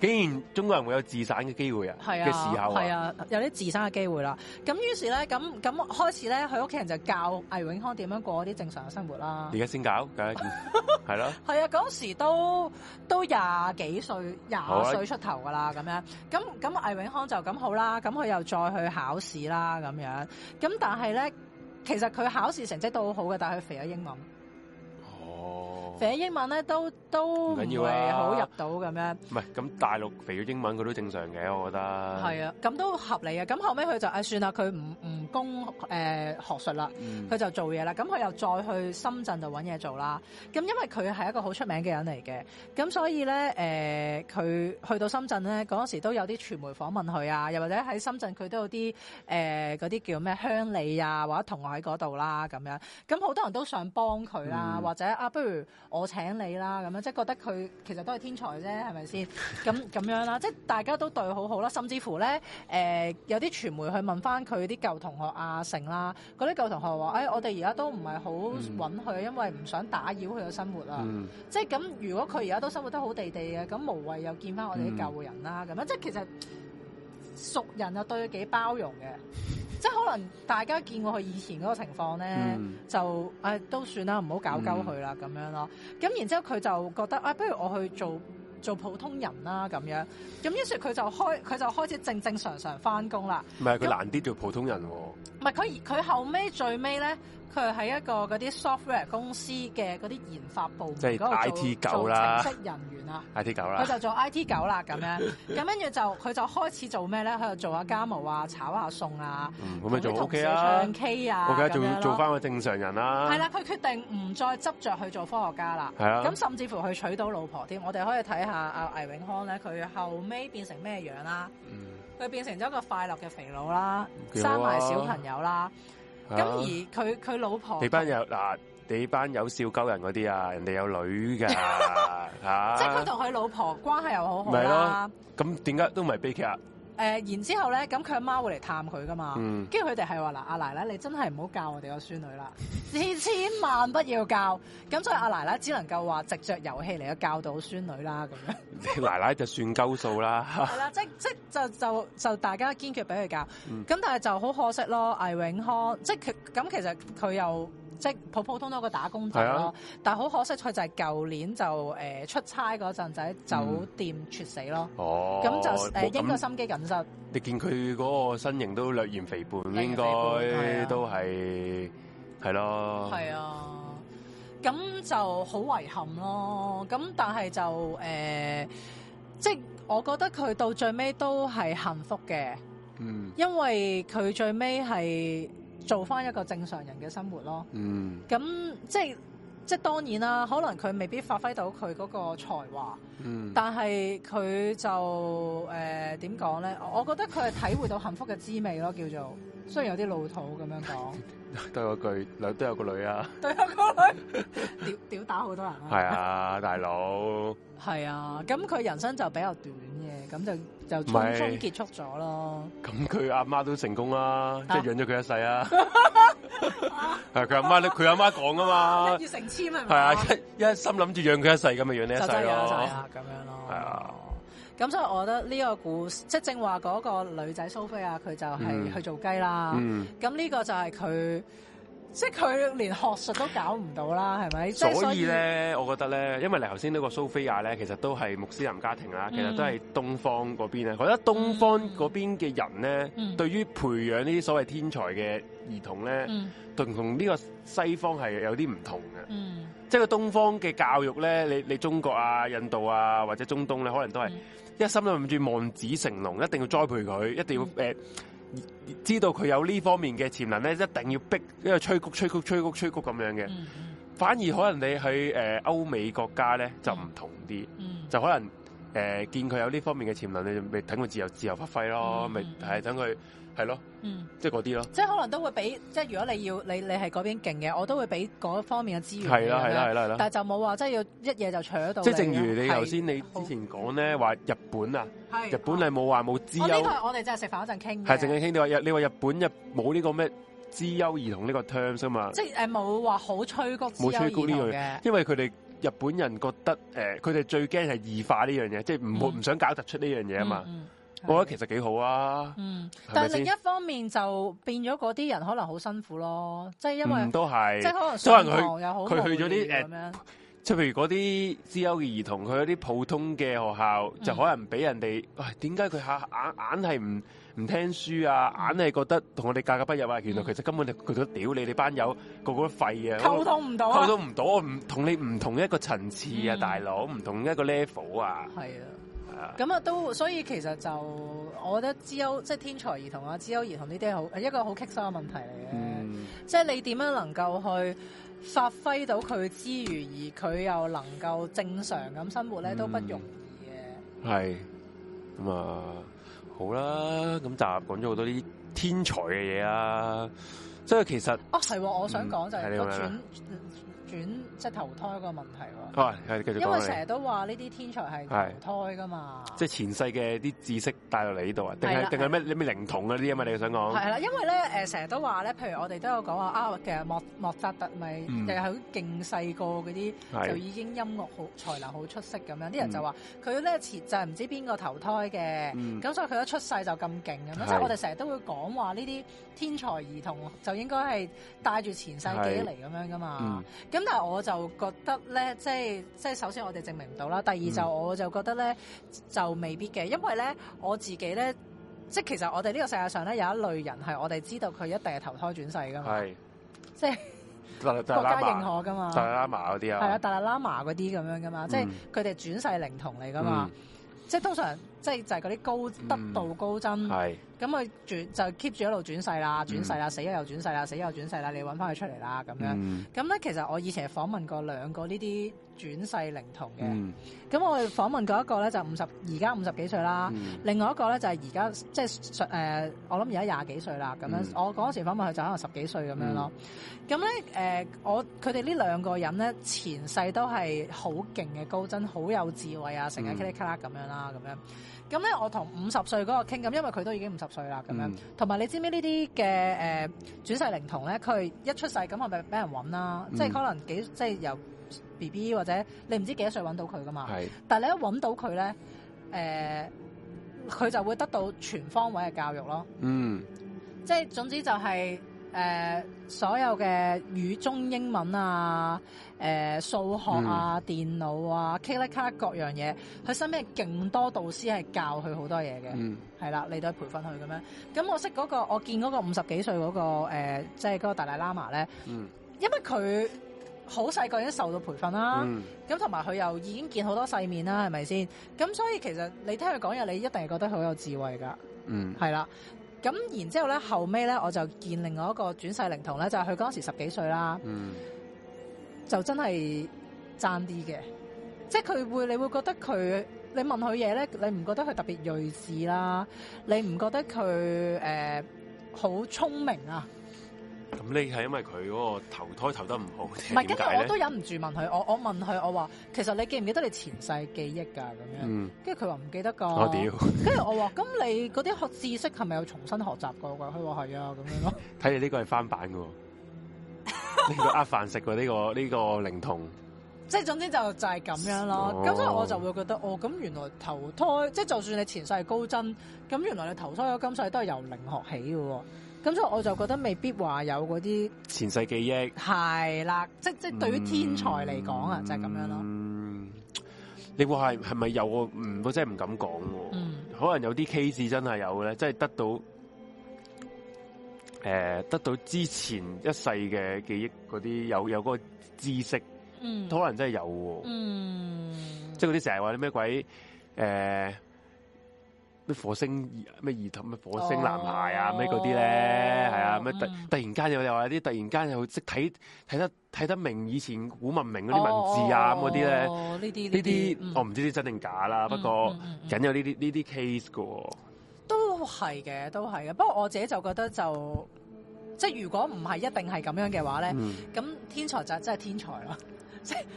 竟然中國人會有自省嘅機會啊！係啊，嘅時候啊，係啊，有啲自省嘅機會啦。咁於是咧，咁咁開始咧，佢屋企人就教魏永康點樣過啲正常嘅生活啦。而家先搞，搞係係咯。係啊，嗰時都都廿幾歲、廿歲出頭㗎啦。咁樣，咁咁魏永康就咁好啦。咁佢又再去考試啦。咁樣，咁但係咧，其實佢考試成績都好嘅，但係佢肥咗英文。肥英文咧都都緊要，啊、好入到咁樣。唔係咁大陸肥咗英文佢都正常嘅，我覺得。係啊，咁都合理啊。咁後尾佢就誒算啦，佢唔唔攻誒學術啦，佢、嗯、就做嘢啦。咁佢又再去深圳度搵嘢做啦。咁因為佢係一個好出名嘅人嚟嘅，咁所以咧誒佢去到深圳咧嗰陣時都有啲傳媒訪問佢啊，又或者喺深圳佢都有啲誒嗰啲叫咩鄉里啊或者同學喺嗰度啦咁樣。咁好多人都想幫佢啦，嗯、或者啊不如。我請你啦，咁樣即係覺得佢其實都係天才啫，係咪先？咁咁樣啦，即係大家都對好好啦，甚至乎咧誒、呃，有啲傳媒去問翻佢啲舊同學阿成啦，嗰啲舊同學話：誒、哎，我哋而家都唔係好搵佢，因為唔想打擾佢嘅生活啊、嗯。即係咁，如果佢而家都生活得好地地嘅，咁無謂又見翻我哋啲舊人啦。咁樣即係其實。熟人啊對佢幾包容嘅，即係可能大家見過佢以前嗰個情況咧、嗯，就誒都算啦，唔好搞鳩佢啦咁樣咯。咁然之後佢就覺得誒，不如我去做做普通人啦咁樣。咁於是佢就開佢就開始正正常常翻工啦。唔係佢難啲做普通人喎、哦。唔係佢佢後尾最尾咧。佢喺一個嗰啲 software 公司嘅嗰啲研發部門，即係 IT 九啦，程式人員啦，IT 九啦，佢 [LAUGHS] 就做 IT 九啦咁樣，咁跟住就佢就開始做咩咧？喺度做下家務啊，炒下餸啊，咁、嗯、咪做 OK 啊唱 K 啊，我做做翻個正常人啦、啊。係啦，佢決定唔再執着去做科學家啦。係啦，咁甚至乎去娶到老婆添。我哋可以睇下阿魏永康咧，佢後尾變成咩樣啦、啊？佢、嗯、變成咗一個快樂嘅肥佬啦，生埋小朋友啦。嗯咁而佢佢、啊、老婆，你班有嗱，你班有笑鳩人嗰啲 [LAUGHS] 啊，人哋有女㗎吓，即係佢同佢老婆關係又好好啦。咁點解都唔係悲劇啊？誒、呃，然之後咧，咁佢阿媽會嚟探佢噶嘛？跟住佢哋係話：嗱，阿、啊、奶奶，你真係唔好教我哋個孫女啦，你千萬不要教。咁所以阿、啊、奶奶只能夠話，直着遊戲嚟到教到孫女啦，咁樣。你奶奶就算鳩數啦。係 [LAUGHS] 啦，即即就就就，就大家堅決俾佢教。咁、嗯、但係就好可惜咯，魏永康，即佢咁其實佢又。即普普通通一個打工仔咯、啊，但係好可惜，佢就係舊年就誒、呃、出差嗰陣就喺酒店猝死咯、嗯。哦，咁就、哦呃、應該心肌梗塞。你見佢嗰個身形都略嫌肥胖，應該都係係咯。係啊，咁、啊、就好遺憾咯。咁但係就誒、呃，即係我覺得佢到最尾都係幸福嘅。嗯，因為佢最尾係。做翻一個正常人嘅生活咯，咁、嗯、即係即係當然啦，可能佢未必發揮到佢嗰個才華，嗯、但係佢就誒點講咧？我覺得佢係體會到幸福嘅滋味咯，叫做雖然有啲老土咁樣講。對我句女都有個女啊，對啊個女屌屌 [LAUGHS] 打好多人啊，係啊大佬，係 [LAUGHS] 啊咁佢人生就比較短嘅，咁就。就匆匆結束咗咯。咁佢阿媽都成功啦，即係養咗佢一世啊。係佢阿媽咧，佢阿媽講噶嘛，要成千係咪？係啊，一心諗住養佢一世咁咪養你一世咯。咁、就係、樣咯。啊、嗯。咁所以，我覺得呢個故事，即係正話嗰個女仔蘇菲啊，佢就係去做雞啦。咁、嗯、呢、嗯、個就係佢。即係佢連學術都搞唔到啦，係咪？所以咧，我覺得咧，因為你頭先呢個蘇菲亞咧，其實都係穆斯林家庭啦，嗯、其實都係東方嗰邊。我覺得東方嗰邊嘅人咧，嗯、對於培養呢啲所謂天才嘅兒童咧，同同呢個西方係有啲唔同嘅。嗯，即係個東方嘅教育咧，你你中國啊、印度啊或者中東咧，可能都係一心都諗住望子成龍，一定要栽培佢，一定要、嗯呃知道佢有呢方面嘅潛能咧，一定要逼，因為催谷，催谷，催谷，催谷，催谷、催谷、催谷、催谷咁樣嘅。反而可能你喺誒、呃、歐美國家咧就唔同啲，mm-hmm. 就可能。誒、呃、見佢有呢方面嘅潛能，你就咪等佢自由自由發揮咯，咪係等佢係咯，嗯、即係嗰啲咯。即係可能都會俾，即係如果你要你你係嗰邊勁嘅，我都會俾嗰方面嘅資源。係啦係啦係啦係啦。但係就冇話即係要一嘢就得到。即係正如你頭先你之前講咧，話日本啊，日本係冇話冇資優。哦這個、我呢個我哋就係食飯嗰陣傾嘅。係淨係傾你話日，你話日本日冇呢個咩資優兒童呢個 terms 啊嘛。即係誒冇話好催谷冇催谷呢嘅，因為佢哋。日本人覺得誒，佢、呃、哋最驚係異化呢樣嘢，即係唔會唔想搞突出呢樣嘢啊嘛。嗯嗯、我覺得其實幾好啊。嗯，但係另一方面就變咗嗰啲人可能好辛苦咯，即係因為、嗯、都係，即係可能所。所人去，佢去咗啲誒，即係譬如嗰啲資優嘅兒童，佢有啲普通嘅學校就可能俾人哋，哇、嗯！點解佢嚇眼眼係唔？唔聽書啊，硬係覺得同我哋格格不入啊！原來其實根本就佢都屌你哋班友個個都廢啊！溝通唔到、啊，溝通唔到，唔同你唔同一個層次啊，嗯、大佬唔同一個 level 啊，係啊，咁啊都所以其實就我覺得資優即係天才兒童啊，資優兒童呢啲係好一個好棘手嘅問題嚟嘅，即、嗯、係、就是、你點樣能夠去發揮到佢之餘，而佢又能夠正常咁生活咧、嗯，都不容易嘅。係咁啊！嗯好啦，咁就講咗好多啲天才嘅嘢啦。即係其實哦係、哦，我想講就係個轉、嗯轉即係、就是、投胎個問題喎，啊，因為成日都話呢啲天才係投胎噶嘛，即係前世嘅啲知識帶到嚟呢度啊，定係定係咩？你咩靈童嗰啲啊嘛？你想講？係啦，因為咧誒，成日都話咧，譬如我哋都有講話啊，其、啊、實、啊啊啊、莫莫扎特咪又係好勁細個嗰啲，就已經音樂好才能好出色咁樣。啲人就話佢咧前就係、是、唔知邊個投胎嘅，咁、嗯、所以佢一出世就咁勁咁樣。即係我哋成日都會講話呢啲天才兒童就應該係帶住前世記憶嚟咁樣噶嘛。嗯。咁但係我就覺得咧，即係即係首先我哋證明唔到啦，第二就我就覺得咧就未必嘅，因為咧我自己咧，即係其實我哋呢個世界上咧有一類人係我哋知道佢一定係投胎轉世噶嘛，即係國家認可噶嘛，達賴喇嘛嗰啲啊，係啊，達賴喇嘛嗰啲咁樣噶嘛，嗯、即係佢哋轉世靈童嚟噶嘛，嗯、即係通常。即係就係嗰啲高得道、嗯、高僧，咁佢轉就 keep 住一路轉世啦，轉世啦、嗯，死咗又轉世啦，死又轉世啦，你搵翻佢出嚟啦咁樣。咁、嗯、咧其實我以前係訪問過兩個呢啲。轉世靈童嘅、嗯，咁我訪問過一個咧就五十，而家五十幾歲啦、嗯。另外一個咧就係而家即係誒、呃，我諗而家廿幾歲啦。咁、嗯、樣我嗰陣時訪問佢就可能十幾歲咁樣咯。咁咧誒，我佢哋呢兩個人咧前世都係好勁嘅高僧，好有智慧啊，成日咔哩咔啦咁樣啦，咁、嗯、樣。咁咧我同五十歲嗰個傾咁，因為佢都已經五十歲啦，咁、嗯、樣。同埋你知唔知呢啲嘅誒轉世靈童咧，佢一出世咁係咪俾人揾啦？嗯、即係可能幾即係由。B B 或者你唔知幾多歲揾到佢噶嘛？係，但係你一揾到佢咧，誒、呃，佢就會得到全方位嘅教育咯。嗯，即係總之就係、是、誒、呃，所有嘅語中英文啊，誒、呃，數學啊，嗯、電腦啊 calculator 各樣嘢，佢身邊勁多導師係教佢好多嘢嘅。嗯，係啦，你都係培訓佢咁樣。咁我識嗰、那個，我見嗰個五十幾歲嗰個誒，即係嗰個達賴喇嘛咧。嗯，因為佢。好細個已經受到培訓啦，咁同埋佢又已經見好多世面啦，係咪先？咁所以其實你聽佢講嘢，你一定係覺得好有智慧噶，係、嗯、啦。咁然之後咧，後尾咧我就見另外一個轉世靈童咧，就係佢嗰時十幾歲啦、嗯，就真係爭啲嘅，即係佢會你會覺得佢，你問佢嘢咧，你唔覺得佢特別睿智啦？你唔覺得佢誒好聰明啊？咁你係因為佢嗰個投胎投得唔好，唔係，跟住我都忍唔住問佢，我我問佢，我話其實你記唔記得你前世記憶噶咁樣？嗯，跟住佢話唔記得噶。哦、我屌！跟住我話咁你嗰啲學知識係咪有重新學習過噶？佢話係啊咁樣咯。睇你呢個係翻版噶，呢 [LAUGHS] 個呃飯食噶呢個呢、這個靈童。即係總之就就係咁樣咯。咁所以我就會覺得哦，咁原來投胎即係就算你前世係高僧，咁原來你投胎咗今世都係由零學起噶。咁所以我就覺得未必話有嗰啲前世記憶，係啦，即即對於天才嚟講、嗯、啊，就係、係、咁樣咯。你話係係咪有？嗯，我真係唔敢講喎、嗯。可能有啲 case 真係有咧，即、就、係、係、得到誒、呃，得到之前一世嘅記憶嗰啲，有有嗰個知識，嗯、可能真係有喎。嗯，即係嗰啲成日話啲咩鬼誒？呃火星咩兒童咩火星男孩啊咩嗰啲咧，係、哦哦、啊咩突突然間又又話啲突然間又識睇睇得睇得明以前古文明嗰啲文字啊咁嗰啲咧，哦、些呢啲呢啲我唔知啲真定假啦、嗯，不過緊、嗯嗯嗯、有呢啲呢啲 case 噶、哦，都係嘅，都係嘅。不過我自己就覺得就即係如果唔係一定係咁樣嘅話咧，咁、嗯、天才就真係天才咯。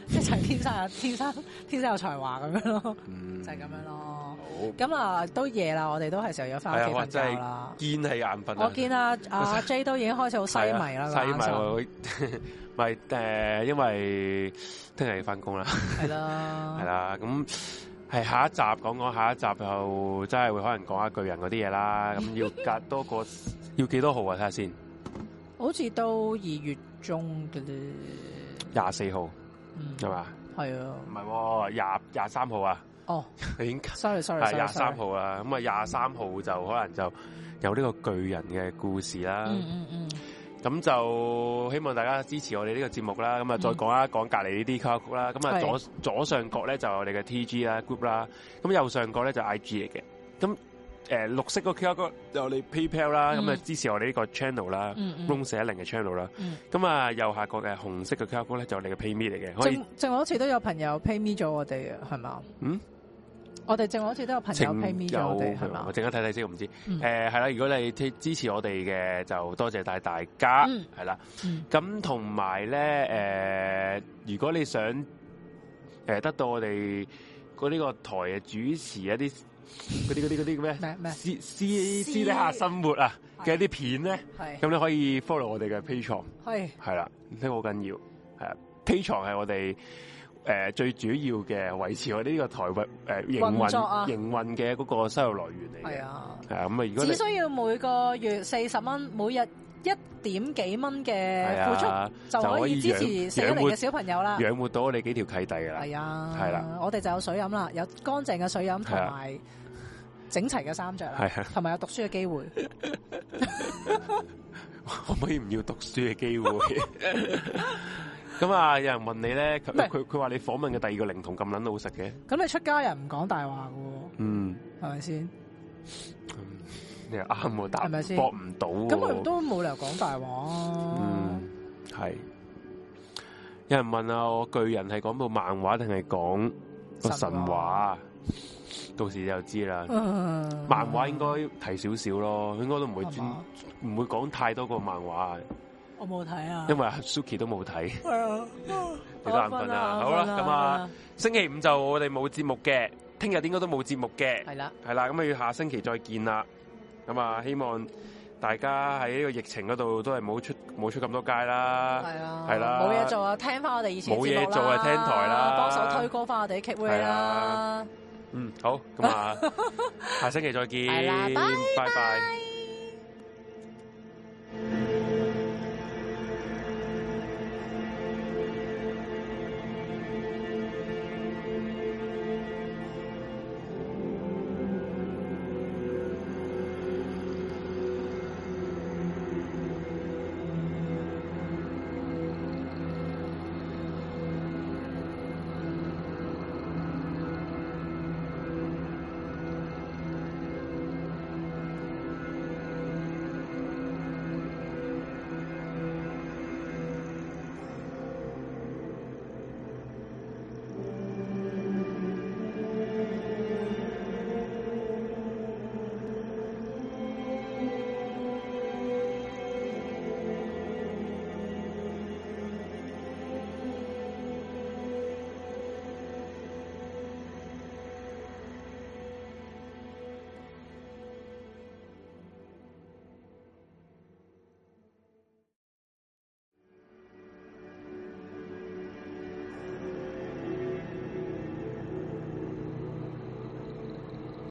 即 [LAUGHS] 係天生有天生天生有才華咁樣咯，嗯、就係、是、咁樣咯。好咁啊，都夜啦，我哋都係時候要翻屋企瞓覺啦。我見係眼瞓，我見阿阿 J 都已經開始好西迷啦、啊。西迷咪誒、啊，因為聽日、呃、要翻工啦。係 [LAUGHS] 啦，係啦。咁係下一集講講下一集就真係會可能講下巨人嗰啲嘢啦。咁 [LAUGHS] 要隔多個要幾多號啊？睇下先，好似到二月中嘅咧，廿四號。係、嗯、咪？係啊，唔係喎，廿廿三號啊，哦，已 [LAUGHS] 經，sorry sorry，係廿三號啊，咁啊廿三號就可能就有呢個巨人嘅故事啦，咁、嗯嗯嗯、就希望大家支持我哋呢個節目啦，咁啊再講一、嗯、講隔籬呢啲歌曲啦，咁啊左對左上角咧就有我哋嘅 T G 啦，group 啦，咁右上角咧就 I G 嚟嘅，咁。誒、呃、綠色個 QR code 就你 PayPal 啦，咁、嗯、啊支持我哋呢個 channel 啦，Room 410嘅 channel 啦。咁、嗯、啊、嗯嗯、右下角嘅紅色嘅 QR code 咧，就你嘅 PayMe 嚟嘅。正正好似都有朋友 PayMe 咗我哋啊，係嘛？嗯，我哋正我好似都有朋友 PayMe 咗我哋係嘛？我陣間睇睇先，我唔知。誒係啦，如果你支持我哋嘅，就多謝大家。係、嗯、啦，咁同埋咧如果你想得到我哋嗰呢個台嘅主持一啲。嗰啲嗰啲嗰啲嘅咩私私私底下生活啊嘅一啲片咧，咁你可以 follow 我哋嘅 Patreon，係係啦，呢個好緊要係 Patreon，係我哋誒、呃、最主要嘅，維持我哋呢個台域誒營運營運嘅嗰個收入來源嚟係，係啊係啊咁啊，如果只需要每個月四十蚊，每日一點幾蚊嘅付出就可以支持四一零嘅小朋友啦，養活到我哋幾條契弟噶啦係啊係啦，我哋就有水飲啦，有乾淨嘅水飲同埋。整齊嘅衫着啦，同埋、啊、有讀書嘅機會，可唔可以唔要讀書嘅機會？咁 [LAUGHS] [LAUGHS] 啊，有人問你咧，唔，佢佢話你訪問嘅第二個靈童咁撚老實嘅，咁你出家人唔講大話嘅，嗯，係咪先？你又啱喎，答係咪先搏唔到？咁佢都冇理由講大話。嗯，係。有人問啊，巨人係講部漫畫定係講個神話？到時就知啦、嗯。漫畫應該提少少咯，應該都唔會專，唔會講太多個漫畫。我冇睇啊。因為 Suki 都冇睇。係、哎、啊，眼瞓啊，啊？好啦，咁啊，啊，星期五就我哋冇節目嘅，聽日應該都冇節目嘅。係啦，係啦，咁啊，啊要下星期再見啦。咁啊，希望大家喺呢個疫情嗰度都係冇出冇出咁多街啦。係啊，係啦、啊，冇嘢做啊，聽翻我哋以前冇嘢做啊，聽台啦，幫手推高翻我哋嘅劇會啦。嗯，好，咁啊，下星期再見，拜拜，拜拜。